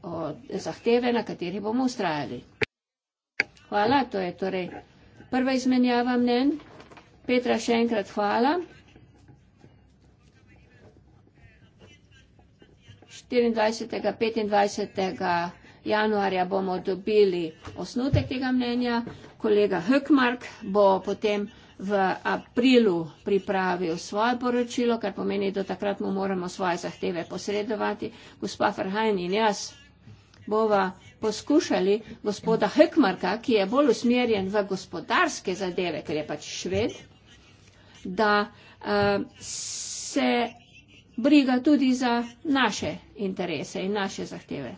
zahteve, na kateri bomo ustrajali. Hvala, to je torej prva izmenjava mnen. Petra, še enkrat hvala. 24. in 25. januarja bomo dobili osnutek tega mnenja. Kolega Hökmark bo potem v aprilu pripravil svoje poročilo, kar pomeni, da takrat mu moramo svoje zahteve posredovati. Gospa Ferhajn in jaz bova poskušali gospoda Hökmarka, ki je bolj usmerjen v gospodarske zadeve, ker je pač šved, da uh, se briga tudi za naše interese in naše zahteve.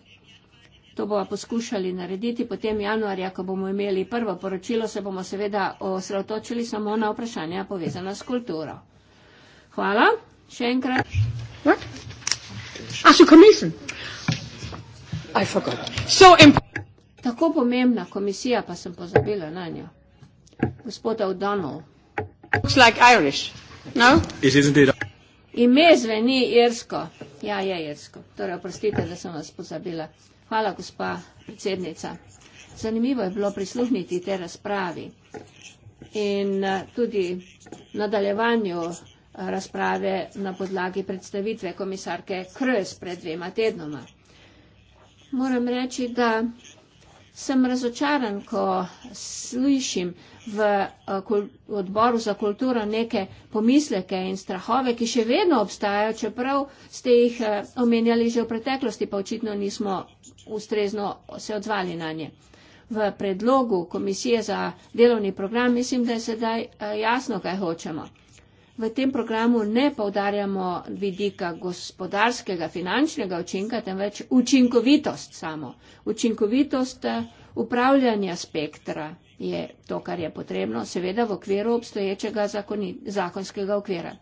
To bomo poskušali narediti potem januarja, ko bomo imeli prvo poročilo, se bomo seveda osredotočili samo na vprašanja povezana s kulturo. Hvala. Še enkrat. Ah, so Tako pomembna komisija, pa sem pozabila na njo. Gospod O'Donnell. Looks like Irish. No? It isn't it. Ime zveni irsko. Ja, je irsko. Torej, oprostite, da sem vas pozabila. Hvala, gospa predsednica. Zanimivo je bilo prisluhniti te razpravi in eh, tudi nadaljevanju eh, razprave na podlagi predstavitve komisarke Kröz pred dvema tednoma. Moram reči, da sem razočaran, ko slišim, Eh, v odboru za kulturo neke pomisleke in strahove, ki še vedno obstajajo, čeprav ste jih eh, omenjali že v preteklosti, pa očitno nismo ustrezno se odzvali na nje. V predlogu Komisije za delovni program mislim, da je sedaj eh, jasno, kaj hočemo. V tem programu ne povdarjamo vidika gospodarskega, finančnega učinka, temveč učinkovitost samo. Učinkovitost upravljanja spektra je to, kar je potrebno, seveda v okviru obstoječega zakoni, zakonskega okvira.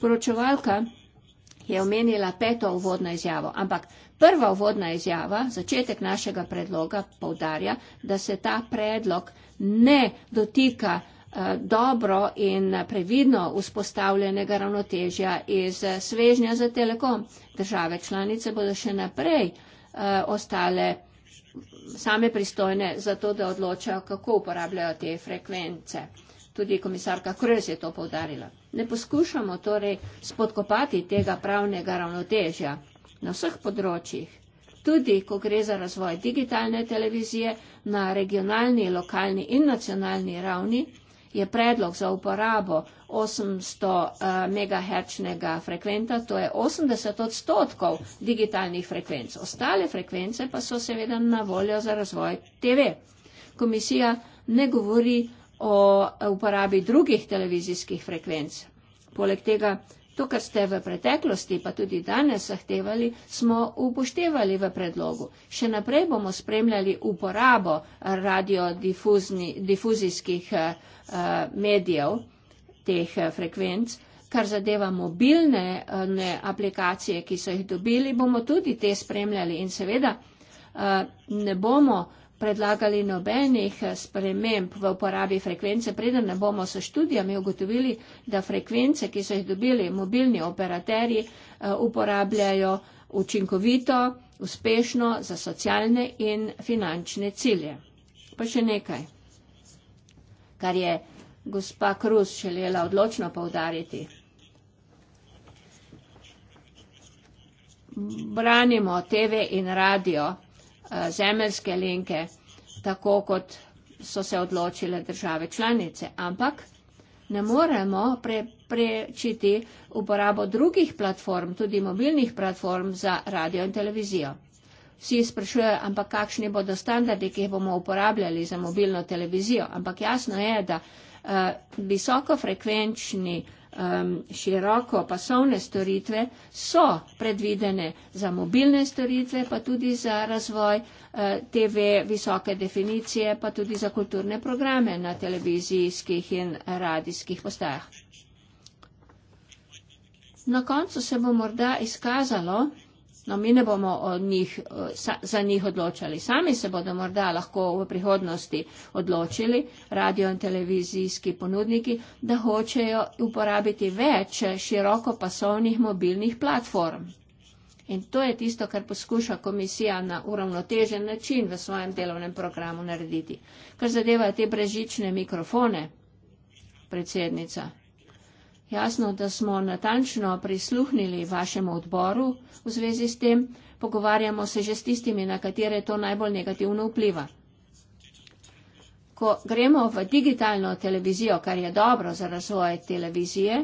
Poročevalka je omenila peto uvodno izjavo, ampak prva uvodna izjava, začetek našega predloga, povdarja, da se ta predlog ne dotika eh, dobro in previdno vzpostavljenega ravnotežja iz svežnja za telekom. Države članice bodo še naprej eh, ostale same pristojne za to, da odločajo, kako uporabljajo te frekvence. Tudi komisarka Kröz je to povdarila. Ne poskušamo torej spodkopati tega pravnega ravnotežja na vseh področjih, tudi ko gre za razvoj digitalne televizije na regionalni, lokalni in nacionalni ravni, je predlog za uporabo 800 eh, MHz frekventa, to je 80 odstotkov digitalnih frekvenc. Ostale frekvence pa so seveda na voljo za razvoj TV. Komisija ne govori o uporabi drugih televizijskih frekvenc. Poleg tega To, kar ste v preteklosti, pa tudi danes zahtevali, smo upoštevali v predlogu. Še naprej bomo spremljali uporabo radiodifuzijskih eh, eh, medijev teh eh, frekvenc. Kar zadeva mobilne eh, aplikacije, ki so jih dobili, bomo tudi te spremljali in seveda eh, ne bomo predlagali nobenih sprememb v uporabi frekvence, preden ne bomo s študijami ugotovili, da frekvence, ki so jih dobili mobilni operaterji, uporabljajo učinkovito, uspešno za socialne in finančne cilje. Pa še nekaj, kar je gospa Kruz želela odločno povdariti. Branimo TV in radio, eh, zemeljske linke, tako kot so se odločile države članice, ampak ne moremo preprečiti uporabo drugih platform, tudi mobilnih platform za radio in televizijo. Vsi sprašujejo, ampak kakšni bodo standardi, ki jih bomo uporabljali za mobilno televizijo. Ampak jasno je, da Eh, visokofrekvenčni um, široko pasovne storitve so predvidene za mobilne storitve, pa tudi za razvoj uh, eh, TV visoke definicije, pa tudi za kulturne programe na televizijskih in radijskih postajah. Na koncu se bo morda izkazalo, No, mi ne bomo od njih, e, sa, za njih odločali. Sami se bodo morda lahko v prihodnosti odločili, radio in televizijski ponudniki, da hočejo uporabiti več širokopasovnih mobilnih platform. In to je tisto, kar poskuša komisija na uravnotežen način v svojem delovnem programu narediti. Kar zadeva te brežične mikrofone, predsednica. Jasno, da smo natančno prisluhnili vašemu odboru v zvezi s tem, pogovarjamo se že s tistimi, na katere to najbolj negativno vpliva. Ko gremo v digitalno televizijo, kar je dobro za razvoj televizije,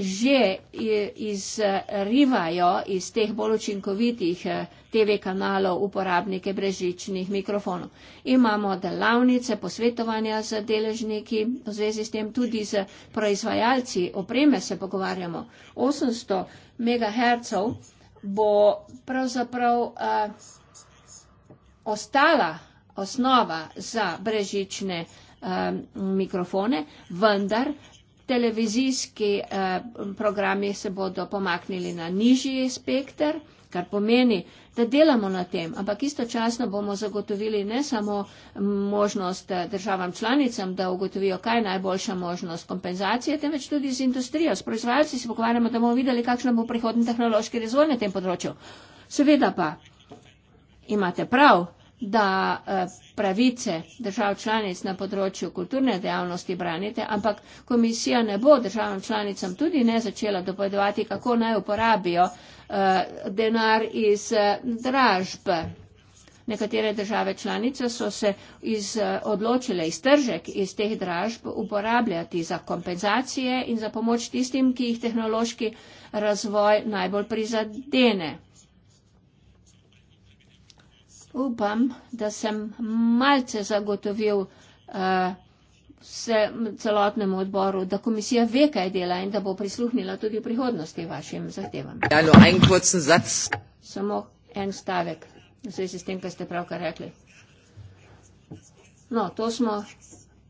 že izrivajo iz teh bolj učinkovitih eh, TV kanalov uporabnike brezžičnih mikrofonov. Imamo delavnice, posvetovanja z deležniki, v zvezi s tem tudi z proizvajalci opreme se pogovarjamo. 800 MHz bo pravzaprav eh, ostala osnova za brežične eh, mikrofone, vendar Televizijski eh, programi se bodo pomaknili na nižji spekter, kar pomeni, da delamo na tem, ampak istočasno bomo zagotovili ne samo možnost eh, državam članicam, da ugotovijo, kaj je najboljša možnost kompenzacije, temveč tudi z industrijo, s proizvajalci se pogovarjamo, da bomo videli, kakšen bo prihodni tehnološki razvoj na tem področju. Seveda pa imate prav, da e, pravice držav članic na področju kulturne dejavnosti branite, ampak komisija ne bo državam članicam tudi ne začela dopovedovati, kako naj uporabijo e, denar iz e, dražb. Nekatere države članice so se iz, odločile iztržek iz teh dražb uporabljati za kompenzacije in za pomoč tistim, ki jih tehnološki razvoj najbolj prizadene. Upam, da sem malce zagotovil uh, se, celotnemu odboru, da komisija ve, kaj dela in da bo prisluhnila tudi v prihodnosti vašim zahtevam. Ja, no, en kurzen zac. Samo en stavek v zvezi s tem, kar ste pravkar rekli. No, to smo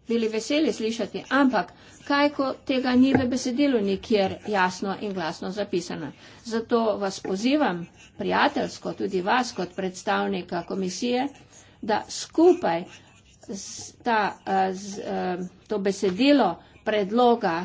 bili veseli slišati, ampak kaj, ko tega ni v besedilu nikjer jasno in glasno zapisano. Zato vas pozivam, prijateljsko tudi vas kot predstavnika komisije, da skupaj ta, eh, z, eh, to besedilo predloga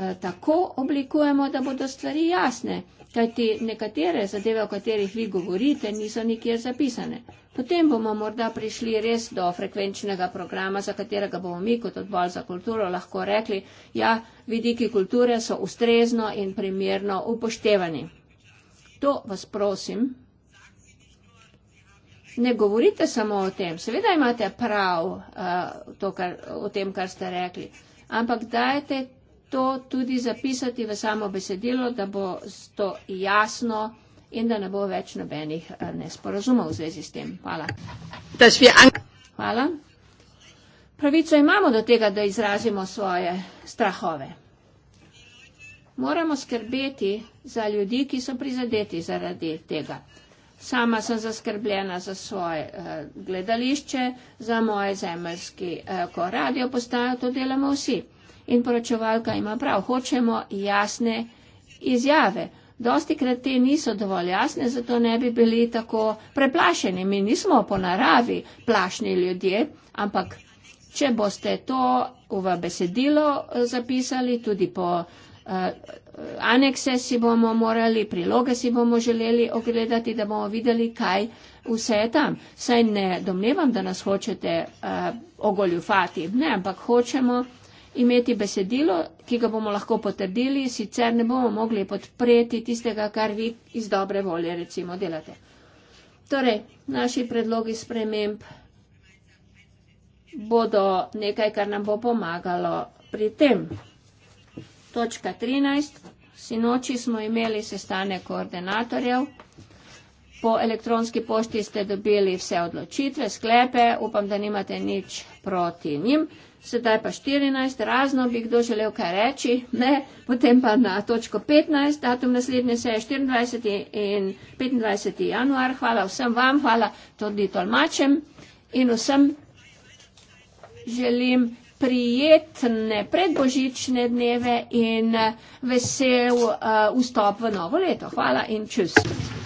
eh, tako oblikujemo, da bodo stvari jasne, kajti nekatere zadeve, o katerih vi govorite, niso nikjer zapisane. Potem bomo morda prišli res do frekvenčnega programa, za katerega bomo mi kot odbor za kulturo lahko rekli, ja, vidiki kulture so ustrezno in primerno upoštevani. To vas prosim. Ne govorite samo o tem. Seveda imate prav uh, to, kar, o tem, kar ste rekli. Ampak dajte to tudi zapisati v samo besedilo, da bo to jasno in da ne bo več nobenih uh, nesporazumov v zvezi s tem. Hvala. Hvala. Pravico imamo do tega, da izrazimo svoje strahove. Moramo skrbeti, za ljudi, ki so prizadeti zaradi tega. Sama sem zaskrbljena za svoje uh, gledališče, za moje zemljski uh, eh, ko radio postajo, to delamo vsi. In poročevalka ima prav, hočemo jasne izjave. Dosti krat te niso dovolj jasne, zato ne bi bili tako preplašeni. Mi nismo po naravi plašni ljudje, ampak če boste to v besedilo eh, zapisali, tudi po uh, anekse si bomo morali, priloge si bomo želeli ogledati, da bomo videli, kaj vse je tam. Saj ne domnevam, da nas hočete uh, ogoljufati, ne, ampak hočemo imeti besedilo, ki ga bomo lahko potrdili, sicer ne bomo mogli podpreti tistega, kar vi iz dobre volje recimo delate. Torej, naši predlogi sprememb bodo nekaj, kar nam bo pomagalo pri tem. Točka 13. Sinoči smo imeli sestane koordinatorjev. Po elektronski pošti ste dobili vse odločitve, sklepe, upam, da nimate nič proti njim. Sedaj pa 14, razno bi kdo želel kaj reči, ne, potem pa na točko 15, datum naslednje je 24 in 25. januar. Hvala vsem vam, hvala tudi tolmačem in vsem želim prijetne predbožične dneve in vesel uh, vstop v novo leto. Hvala in čust.